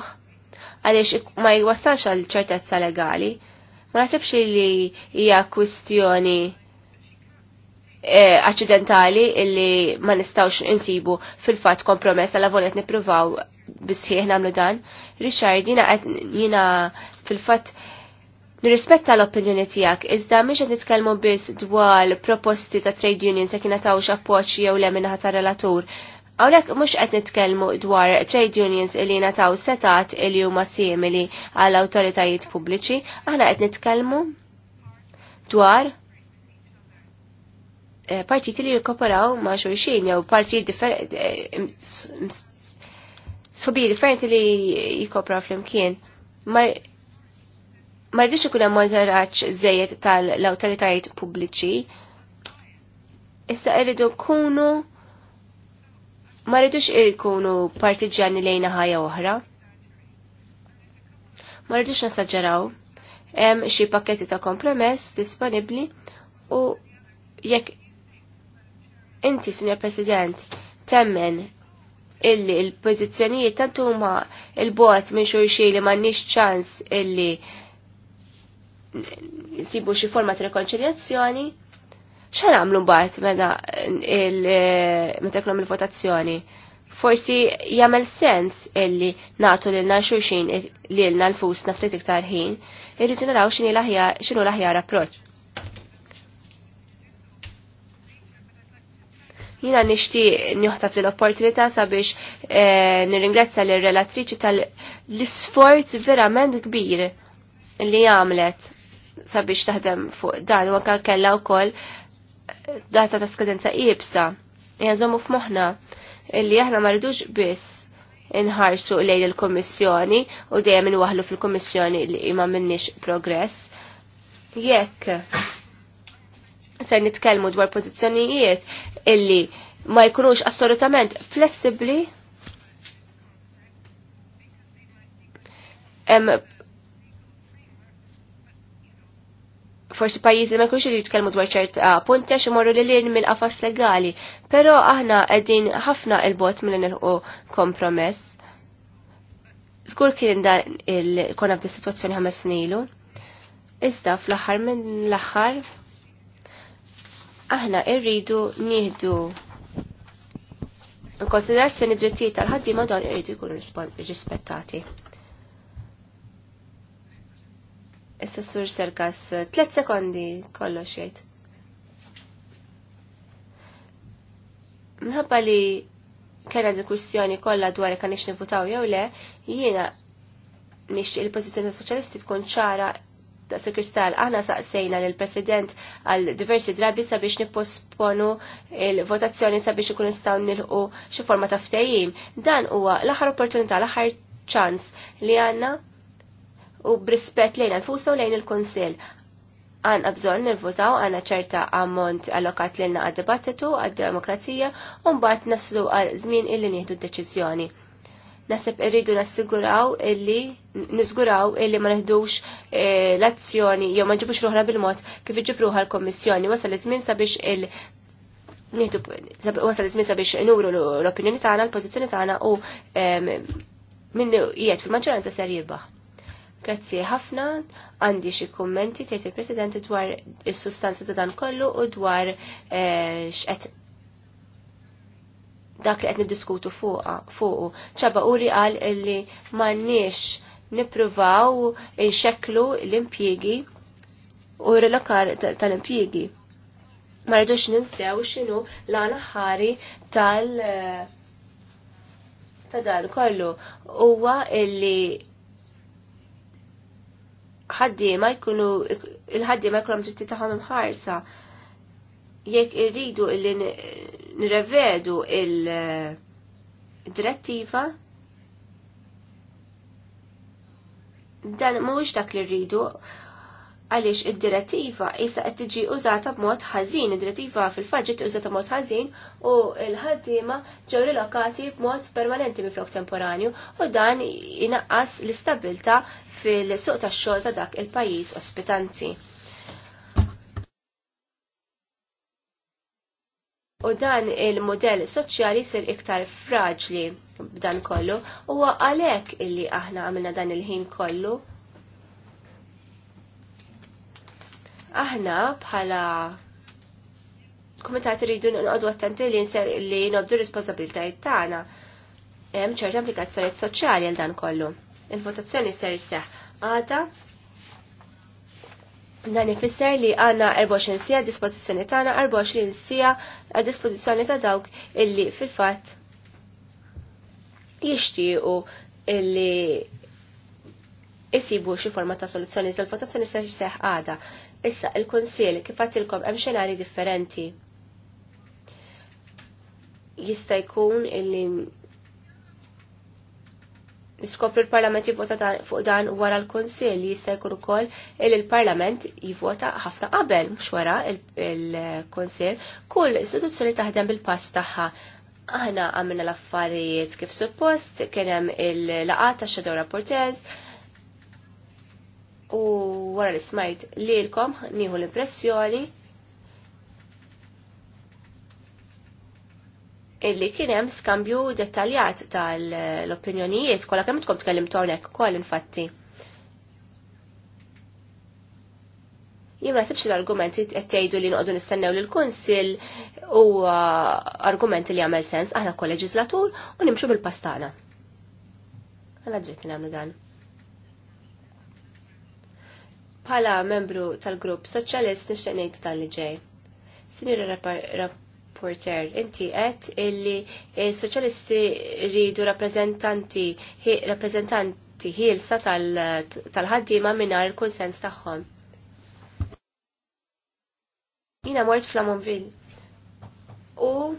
għaliex ma jwassalx għal ċertezza legali. Ma nasibx li hija kwistjoni eh, accidentali illi ma nistawx insibu fil-fat kompromessa la volet nipruvaw bisħieħ namlu dan. Richard, jina, jina fil-fat nirrispetta l-opinjoni tijak, iżda miex għed nitkelmu bis dwar proposti ta' trade unions jek natawx appoċ jew le minna ta' relatur. Għawnek mux għed nitkelmu dwar trade unions li nataw setat li huma simili għal autoritajiet pubbliċi, aħna għed nitkelmu dwar eh, partiti li jirkoporaw ma' xulxin jew partijiet differenti eh, sobi differenti li jikopra fl-imkien. Ma rridux ikun hemm monitoraġġ żejjed tal-awtoritajiet pubbliċi. Issa rridu nkunu ma rridux ikunu partiġjani lejna ħajja oħra. Ma rridux nasaġġeraw. Hemm xi pakketti ta' kompromess disponibbli u jekk inti, Sinjor President, temmen illi il-pozizjonijiet huma il-bot minn xurxin li m'għandniex ċans illi nsibu xi forma ta' rekonċiljazzjoni, xan għamlu mbagħad meta meta knom il-votazzjoni? Forsi jagħmel sens illi nagħtu lilna xulxin lilna l-fus naftit iktar ħin, irridu naraw x'inhi l-aħjar x'inhu l-aħjar approċċ. Jina nishti njuħtaf l-opportunità sabiex e, nirringrazzja l-relatriċi tal-sforz verament kbir li għamlet sabiex taħdem fuq dan u anka kella wkoll data ta' skadenza ibsa. Jażomu f'moħħna li aħna ma rridux biss inħarsu lejn il-Kommissjoni u dejjem inwaħlu fil-Kommissjoni li ma minnix progress. Jekk ser nitkellmu dwar pożizzjonijiet illi ma jkunux assolutament flessibli forsi pajjiżi ma jkunx jitkellmu dwar ċerta punti għax imorru l lin minn qafas legali, però aħna qegħdin ħafna il bot milli nilħu kompromess. Skur kien da il konab di situazzjoni ħames snilu. Iżda fl-aħħar minn l-aħħar aħna irridu nieħdu in konsiderazzjoni drittijiet tal-ħaddiema dawn irridu jkunu rispettati. Issa sur serkas tliet sekondi kollox jgħid. Minħabba li kena diskussjoni kollha dwar jekk għandix nivutaw jew le, jiena nixtieq il-pożizzjoni soċjalisti tkun ċara Ta' Sikristal aħna saqsejna lill president għal diversi drabi sabiex nipposponu il-votazzjoni sabiex ikun nistgħu nilħu xi forma ta' ftehim. Dan huwa l-aħħar opportunità, l-aħħar ċans li għandna u brispett lejn nfusna u lejn il-Kunsill għanna bżon nil-votaw għanna ċerta ammont allokat l inna għad-dibattitu, għad-demokrazija, un bat naslu għal zmin illi nieħdu d-deċizjoni. Nasib irridu nassiguraw illi, nisguraw illi ma neħdux eh, l-azzjoni, jew ma ġibux ruħna bil-mod kif iġibruħa l-Kommissjoni. Wasal iż-żmien sabiex il- wasal iż-żmien sabiex nuru l-opinjoni tagħna, l-pożizzjoni tagħna u minn qiegħed fil-maġġoranza ser jirbaħ. Grazzi ħafna, għandi xi kummenti tgħid il-President dwar is-sustanza ta' dan kollu u dwar eh, x'qed dak li qed niddiskutu fuq ċaba uri qal illi m'għandniex nippruvaw inxekklu l-impjiegi u rilokar lokar tal-impjiegi. Ma rridux ninsew x'inhu l-għana ħari tal- ta' dan kollu huwa illi ħaddiema jkunu il-ħaddiema jkunu trid tagħhom imħarsa jekk irridu illi Nirrevedu il-direttiva eh, dan mhuwiex dak li rridu għaliex id-direttiva issa qed tiġi użata b'mod ħażin, id-direttiva fil-faġġet użata b'mod ħażin u l-ħaddiema ġew rilokati b'mod permanenti miflok temporanju u dan inaqqas l-istabilta fil-suq tax-xogħol ta' dak il-pajjiż ospitanti. u dan il-modell soċjali ser iktar fraġli b'dan kollu u għalek illi aħna għamilna dan il-ħin kollu. Aħna bħala kumitat rridu n-għadu attenti li li nobdu responsabiltajiet tagħna. Hemm ċerta applikazzjonijiet soċjali għal dan kollu. Il-votazzjoni ser seħ għada Dan ifisser li għanna 24 sija dispożizzjoni tagħna 24 sija għad dispozizjoni ta' dawk illi fil-fatt jixtiequ illi isibu xi forma ta' soluzzjoni iżda l-votazzjoni se seħ għada. Issa il-Kunsill kif għatilkom hemm xenari differenti. Jista' jkun illi Niskopri l-Parlament jivvota fuq dan wara l-Konsil jista' jkun ukoll il l-Parlament jivvota ħafna qabel mhux wara il-Konsil. Kull istituzzjoni taħdem bil-pass tagħha. Aħna għamilna l-affarijiet kif suppost, kien hemm il laqgħat ta' Shadow Rapportez, u wara li smajt lilkom nieħu l-impressjoni illi kienem skambju dettaljat tal-opinjonijiet, kolla kemm tkom tkellim tonek, koll infatti. Jien ma sibx l-argumenti qed tgħidu li noqogħdu nistennew l kunsil u argumenti li għamel sens aħna kol-leġislatur u nimxu bil-pastana. Għala dritt nagħmlu dan. Bħala membru tal-grupp soċjalist nixtieq ngħid dan li ġej. Sinjura reporter, inti għed illi s-soċjalisti rridu rappreżentanti rappreżentanti ħielsa tal-ħaddiema tal mingħajr il konsens tagħhom. Jina mort fl-Amonville. U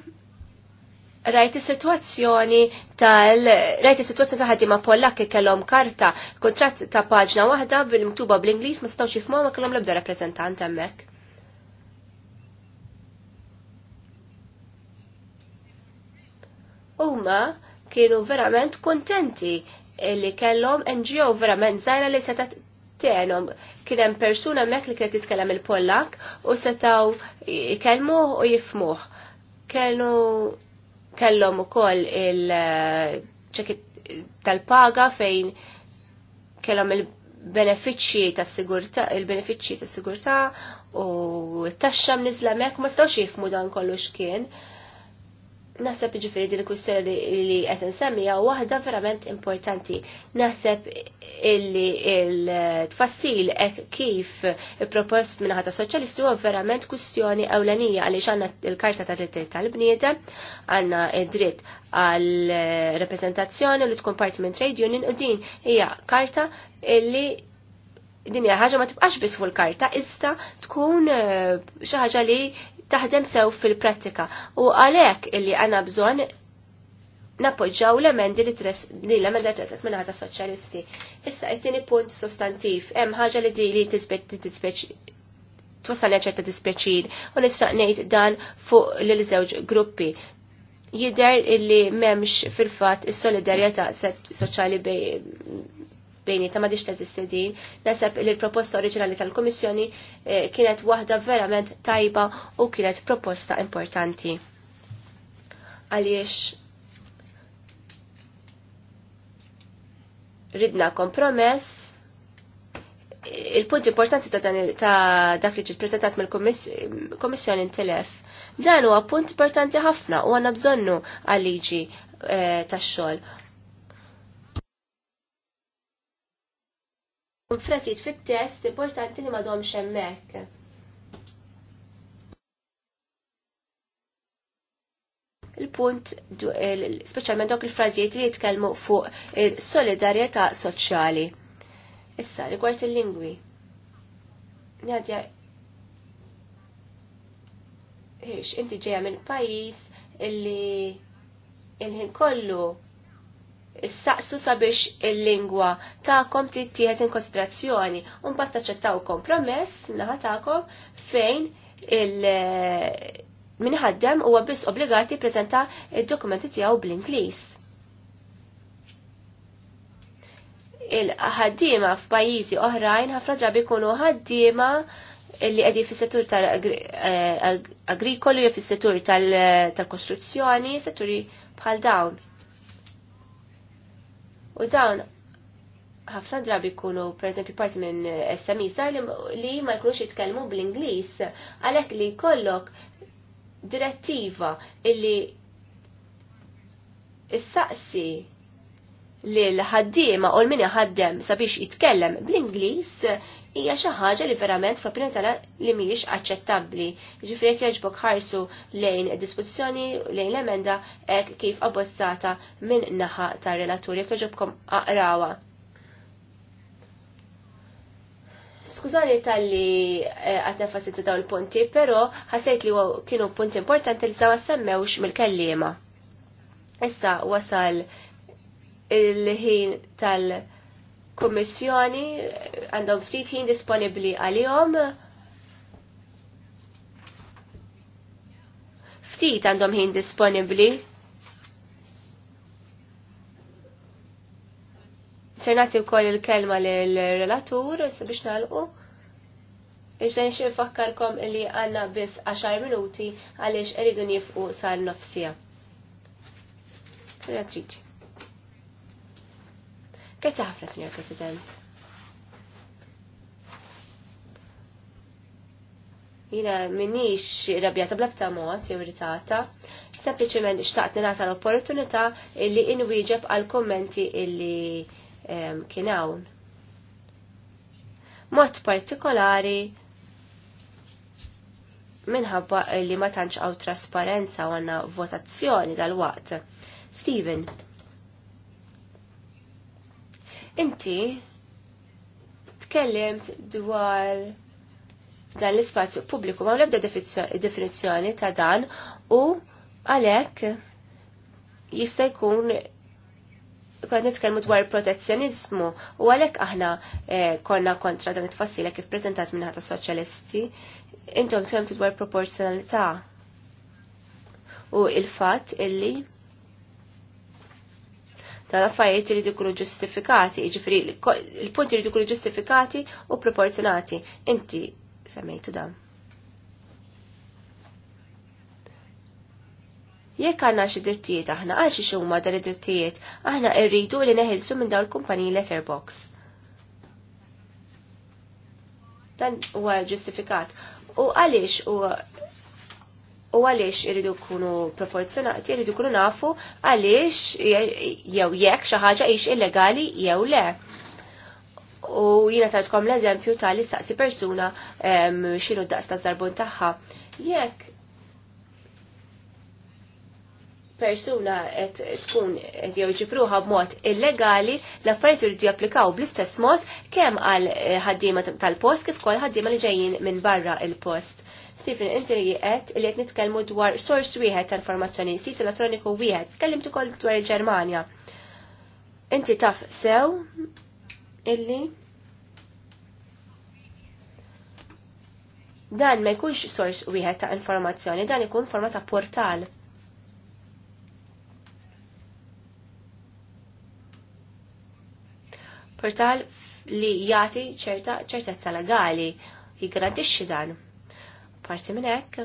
rajt is-sitwazzjoni tal rajt is-sitwazzjoni ta' ħaddiema Pollakki kellhom karta kontrat ta' paġna waħda bil-mtuba bl-Ingliż ma setgħux jifhmuha ma kellhom l-ebda rappreżentant hemmhekk. huma kienu verament kontenti li kellhom NGO verament żgħira li seta' tiegħhom kien hemm persuna hemmhekk li kienet titkellem il-Pollak u setgħu jkellmuh u jifmuh. Kellu kellhom ukoll il eh, tal-paga fejn kellhom il benefiċċji ta' sigurtà il-benefiċċji ta' sigurtà u t-taxxa mniżla mek ma stawx jifmu dan kollu x'kien. kien Naħseb ġifiri din il-kwistjoni li qed insemmija waħda verament importanti. Naħseb illi il-tfassil hekk kif propost minn ħata soċjalisti huwa verament kwistjoni ewlenija għaliex għandna l-Karta tad-Dritt tal-Bniedem, għandna id-dritt għal reprezentazzjoni li tkun parti minn trade union u din hija karta illi din hija ħaġa ma tibqax biss fuq il-karta, iżda tkun eh, xi ħaġa li taħdem sew fil-prattika u għalhekk illi għandna bżonn nappoġġaw l-emendi li tres li l-emenda li treset minn ħata soċjalisti. Issa jtini tieni punt sostantiv, hemm ħaġa li di li tisbeċ twassalja ċerta dispjaċin u nistaq ngħid dan fuq lil żewġ gruppi. Jider illi memx fil-fat is-solidarjetà soċjali bej bejni ta' madix teżisti din. Nasab li l-proposta oriġinali tal-Komissjoni eh, kienet waħda verament tajba u kienet proposta importanti. Għaliex ridna kompromess il-punt importanti ta', dan, ta dak li ġiet prezentat mill-Kommissjoni intilef. Dan huwa punt importanti ħafna u għandna bżonnu għal-liġi eh, tax-xogħol. u frażijiet fit-test importanti li m'għadhomx hemmhekk. il-punt, speċjalment dawk il-frażijiet li jitkellmu fuq solidarjetà soċjali. Issa, rigward il-lingwi. Nadja, Hiex inti ġeja minn pajis illi il-ħin kollu Is-saqsu sabiex il-lingwa ta'kom tittieħed in konsiderazzjoni u mbagħad taċċettaw kompromess naħa ta'kom fejn il- minħaddem huwa biss obbligati jippreżenta id-dokumenti tiegħu bl-Ingliż. Il-ħaddiema f'pajjiżi oħrajn ħafna drabi jkunu ħaddiema li qegħdi eh, fis-settur tal agrikoli jew fis-settur tal-kostruzzjoni, setturi bħal dawn. U dawn ħafna drabi jkunu pereżempju parti minn SMI e sar li ma jkunux jitkellmu bl-Ingliż għalhekk li jkollok direttiva illi issaqsi li l-ħaddiema u l mini ħaddem sabiex jitkellem bl-Ingliż hija xi ħaġa li verament fl-opinjoni tagħna li mhijiex aċċettabbli. Jiġifieri jekk jogħġbok ħarsu lejn id-dispożizzjoni lejn l-emenda hekk kif abbozzata minn naħa tar-relatur jekk jogħġobkom aqrawha. Skużani tal-li eh, għat ta' dawn il-punti, pero ħasajt li kienu punti importanti li sawa semmewx mill-kellima. Issa wasal il-ħin tal- kummissjoni eh, għandhom ftit ħin disponibbli għalihom. Ftit għandhom ħin disponibbli. Ser nagħti wkoll il-kelma lill-relatur biex nagħlqu. Iġdan xie fakkarkom li għanna bis 10 minuti għaliex eridu nifqu sal-nofsija. Relatriċi. Grazie ħafna, Signor President. Jina minix rabjata blabta mod, jew irritata, sempliciment xtaqt nata l-opportunità illi inwieġeb għal kommenti illi ehm, kien hawn. Mod partikolari minħabba li ma tantx għaw trasparenza u għanna votazzjoni dal-waqt. Steven, Inti tkellimt dwar dan l-ispazju pubbliku ma' ebda definizzjoni ta' dan u għalhekk jista' jkun kont nitkellmu dwar protezzjonizmu u għalhekk aħna eh, konna kontra dan it-tfassila kif prezentat minn ħata soċjalisti, intom tkellmu dwar proporzjonalità u il-fatt illi tal-affarijiet li jkunu ġustifikati, ġifri il-punti li jkunu ġustifikati u proporzjonati. Inti semmejtu dan. Jekk għandna xi drittijiet aħna għal xi huma dan id-drittijiet, aħna rridu li neħilsu minn dawn il-kumpaniji letterbox. Dan huwa ġustifikat. U għaliex u u għaliex iridu kunu proporzjonati, iridu kunu nafu għaliex jew jekk xi ħaġa illegali jew le. U jiena tajtkom l-eżempju tal istaqsi persuna xinu daqs ta' zarbun tagħha. Jekk persuna et tkun qed jew ġipruha b'mod illegali, l-affarijiet iridu japplikaw bl-istess mod kemm għal ħaddiema tal-post kif ukoll ħaddiema li ġejjin minn barra il-post Sifri, inti qed li qed nitkellmu dwar sors wieħed ta' informazzjoni, sit elettroniku wieħed. Tkellimt ukoll dwar il-Ġermanja. Inti taf sew illi dan ma jkunx sors wieħed ta' informazzjoni, dan ikun forma ta' portal. Portal li jagħti ċerta ċertezza legali, jiggarantixxi dan. Parti minn hekk.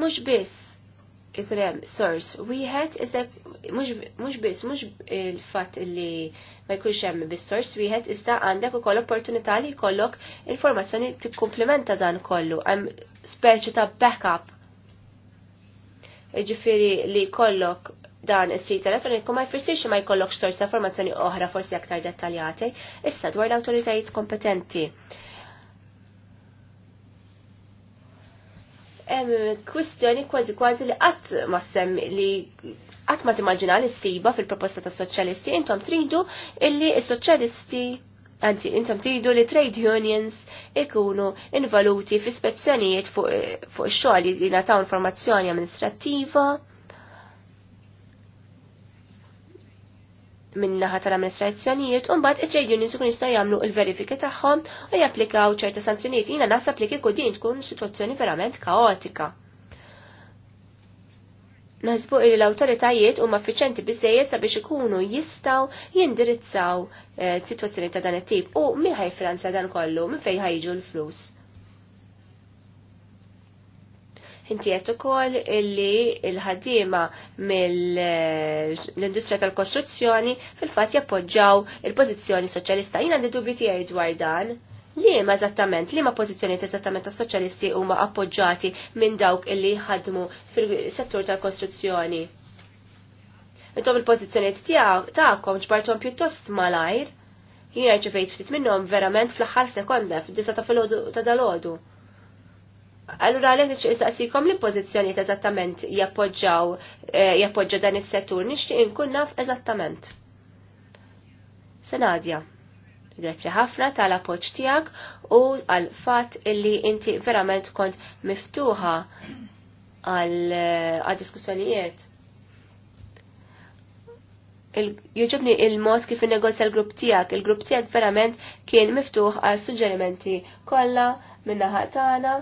Mhux biss ikun hemm source wieħed iżda mhux biss mhux il-fatt li ma jkunx hemm bis source wieħed iżda għandek ukoll opportunità li jkollok informazzjoni tikkumplimenta dan kollu hemm speċi ta' backup. Ġifieri li jkollok dan is-sit elettroniku ma jfissirx ma jkollokx sors ta' informazzjoni oħra forsi aktar dettaljati, issa dwar l-awtoritajiet kompetenti. Hemm kwistjoni kważi kważi li qatt ma sem li qatt ma timmaġina li ssiba fil-proposta ta' soċjalisti intom tridu illi s-soċjalisti Anzi, intom tridu li trade unions ikunu involuti fi spezzjonijiet fuq ix-xogħol li nataw informazzjoni amministrattiva min-naħa tal-amministrazzjonijiet u mbagħad it-trade unions ikun jista' jagħmlu l-verifika tagħhom u japplikaw ċerta sanzjonijiet jiena naħseb li kieku din tkun sitwazzjoni verament kaotika. Nasbu li l-awtoritajiet huma effiċenti biżejjed sabiex ikunu jistgħu jindirizzaw eh, sitwazzjoni ta' dan it-tip u min ħajfinanza dan kollu, minn fejn ħajġu l-flus. Inti qed ukoll illi l-ħaddiema mill-industrija tal-kostruzzjoni fil-fatt jappoġġaw il-pożizzjoni soċjalista. Jiena għandi dubi tiegħi dwar dan. Liema eżattament, liema pożizzjonijiet eżattament tas soċjalisti huma appoġġati minn dawk illi ħadmu fil-settur tal-kostruzzjoni? Intom il-pożizzjonijiet tagħkom ġbartom pjuttost malajr, jiena ġivejt ftit minnhom verament fl-aħħar sekonda, fid-disa ta' filgħodu ta' dalodu. Allura għalek nixtieq istaqsikom li pozizjoniet eżattament jappoġġaw eh, jappoġġa dan is-settur nixtieq inkun naf eżattament. Senadja, grazzi ħafna tal-appoġġ tiegħek u għal fatt illi inti verament kont miftuħa għal eh, diskussjonijiet jġibni il-mod kif innegozja l-grupp tijak. Il-grupp tijak verament kien miftuħ għal suġġerimenti kolla minna ħatana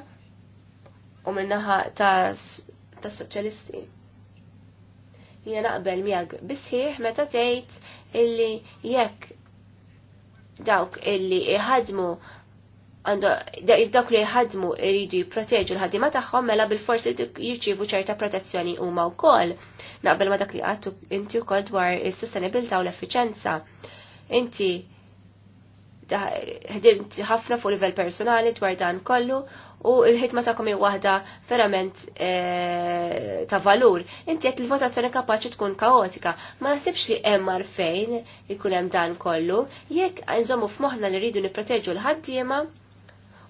u minnaħa ta' soċjalisti. Jina naqbel miegħek bisħiħ meta tgħid illi jekk dawk illi iħadmu dawk li jħadmu iridu jipproteġu l-ħadima tagħhom mela bil-forsi jirċievu ċerta protezzjoni huma wkoll. Naqbel ma dak li għattu inti wkoll dwar is-sostenibilità u l-effiċenza. Inti ħdimt ħafna fuq livell personali dwar dan kollu u l-ħidma ta' hija waħda verament e, ta' valur. Inti qed il-votazzjoni kapaċi tkun kaotika, ma nasibx li hemm fejn ikun hemm dan kollu, jekk nżommu f'moħħna li rridu nipproteġu l-ħaddiema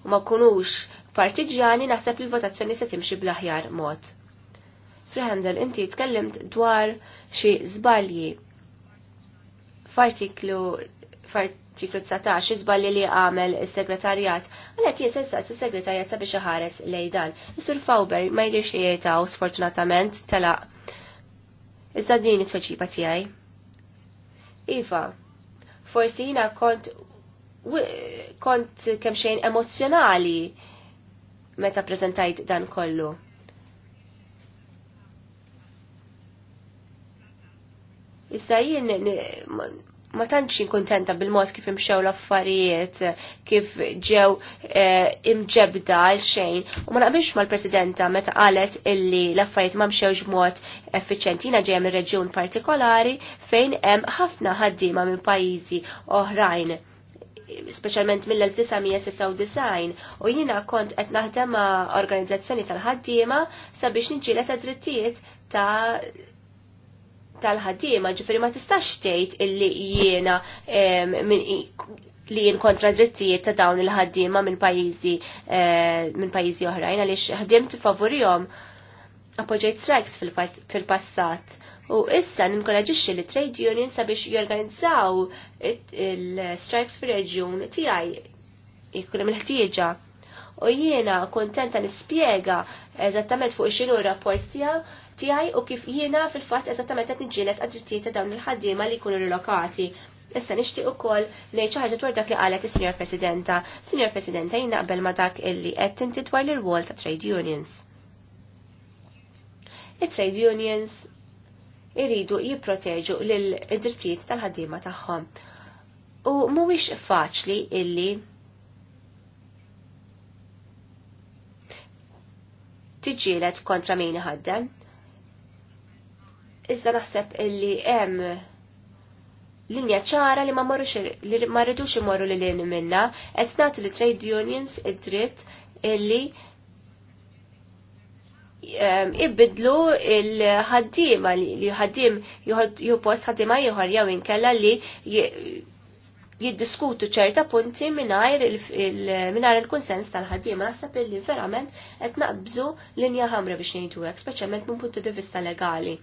u ma kunux partiġjani naħseb li l-votazzjoni se timxi bl-aħjar mod. Sriħandel, inti tkellimt dwar xi żbalji f'artiklu f'artiklu artiklu 19 iżballi li għamel is-segretarjat. Għalhekk jien sensat is-segretarjat sabiex iħares lej dan. Isur Fawber ma jidhirx li jgħetaw sfortunatament tala. Iżda din it tweċiba tiegħi. Iva, forsi jina kont kont kemxejn emozjonali meta prezentajt dan kollu. Issa jien ma tantx kontenta bil-mod kif imxew l-affarijiet, kif ġew eh, imġebda għal xejn u ma naqbilx mal-Presidenta meta qalet illi l-affarijiet ma mxewx b'mod effiċjenti jiena ġejja minn reġjun partikolari fejn hemm ħafna ħaddiema minn pajjiżi oħrajn speċjalment mill-1996 u jiena kont qed naħdem ma' organizzazzjoni tal-ħaddiema sabiex niġġiela ta' drittijiet ta' tal-ħaddiema, ġifiri ma tistax tgħid illi jiena li jien kontra drittijiet ta' dawn il-ħaddiema minn pajjiżi eh, minn pajjiżi oħrajn għaliex ħaddim tifavorihom appoġġejt strikes fil-passat. U issa ninkoraġixxi li trade union sabiex jorganizzaw il-strikes fir-reġjun tiegħi jkun hemm il-ħtieġa. U jiena kontenta nispjega eżattament fuq xinu rapport tiegħu tiegħi u kif jiena fil-fatt eżattament qed niġġieled għad-drittijiet ta' dawn il-ħaddiema li jkunu rilokati. Issa nixtieq ukoll ngħid xi ħaġa dwar dak li qalet is-Sinjor Presidenta. Sinjor Presidenta jien naqbel ma' dak illi qed tinti dwar l wol ta' trade unions. Il-trade unions iridu jipproteġu lil drittijiet tal-ħaddiema tagħhom. U mhuwiex faċli illi tiġġielet kontra min ħaddem. Iżda naħseb illi hemm linja ċara li ma marrux li ma rridux imorru li lin minna, qed nagħtu li trade unions id-dritt illi ehm, ibidlu il-ħaddim li ħaddim ju post ħaddima ieħor jew inkella li jiddiskutu ċerta punti minnajr il-konsens tal-ħaddim. Naħseb illi verament qed naqbżu linja ħamra biex ngħidu hekk, speċjalment minn puntu di vista legali.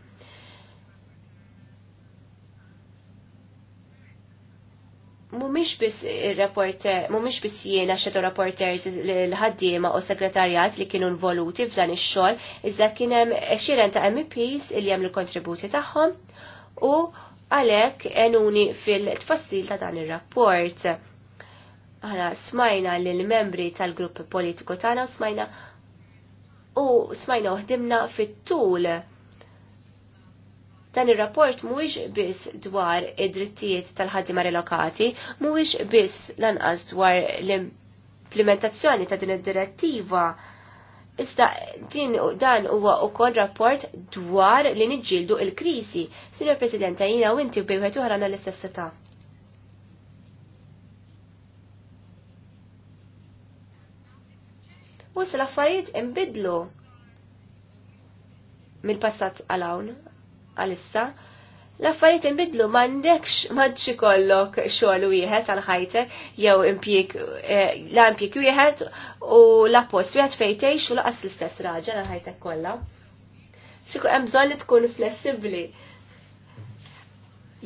mumiex biss il-reporter, mumiex biss jiena xetu reporters l-ħaddiema u segretarjat li kienu involuti f'dan ix-xogħol, iżda kien hemm xiren ta' MEPs li jagħmlu kontributi tagħhom u għalhekk enuni fil-tfassil ta' dan ir-rapport. Aħna smajna lil membri tal-grupp politiku tagħna u smajna u smajna uħdimna fit-tul Dan ir-rapport mhuwiex biss dwar id-drittijiet tal ħaddima relokati, mhuwiex biss lanqas dwar l-implementazzjoni ta' din id-direttiva. Iżda din dan huwa wkoll rapport dwar li niġġieldu il-krisi. Sinjor Presidenta, jiena u inti bejwet oħra l-istess età. U l-affarijiet imbidlu mill-passat għal hawn għalissa. L-affarijiet inbidlu m'għandekx m'għandx ikollok xogħol wieħed għal ħajtek jew impjieg eh, la impjieg wieħed u l appost wieħed fejn tgħix u laqas l-istess raġel għal ħajtek kollha. Xiku hemm bżonn li tkun flessibbli.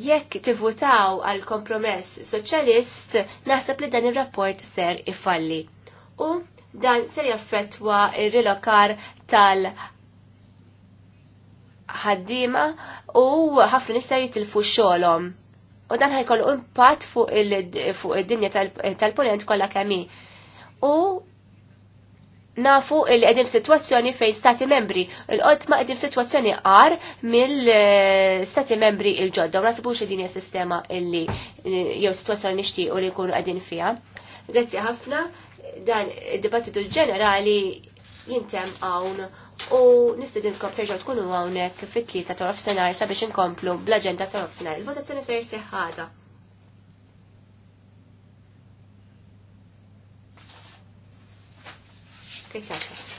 Jekk tivutaw għal kompromess soċjalist, naħseb li dan ir-rapport ser ifalli. U dan ser jaffettwa ir-rilokar tal- ħaddima u ħafna nistar jitilfu xolom. U dan ħajkollu impatt fuq id-dinja tal-ponent kollha kemmi. U nafu il qedim situazzjoni fejn stati membri. Il-qod ma qedim situazzjoni għar mill-stati membri il-ġodda. U nasibu xedinja sistema illi jew situazzjoni nixtiequ li jkunu qegħdin fiha. Grazzi ħafna dan id-dibattitu ġenerali jintem hawn u nistidinkom terġaw tkunu għawnek fit-tlieta ta' senar sabiex inkomplu bl-agenda ta' senar. Il-votazzjoni jirsi ħada. Grazie.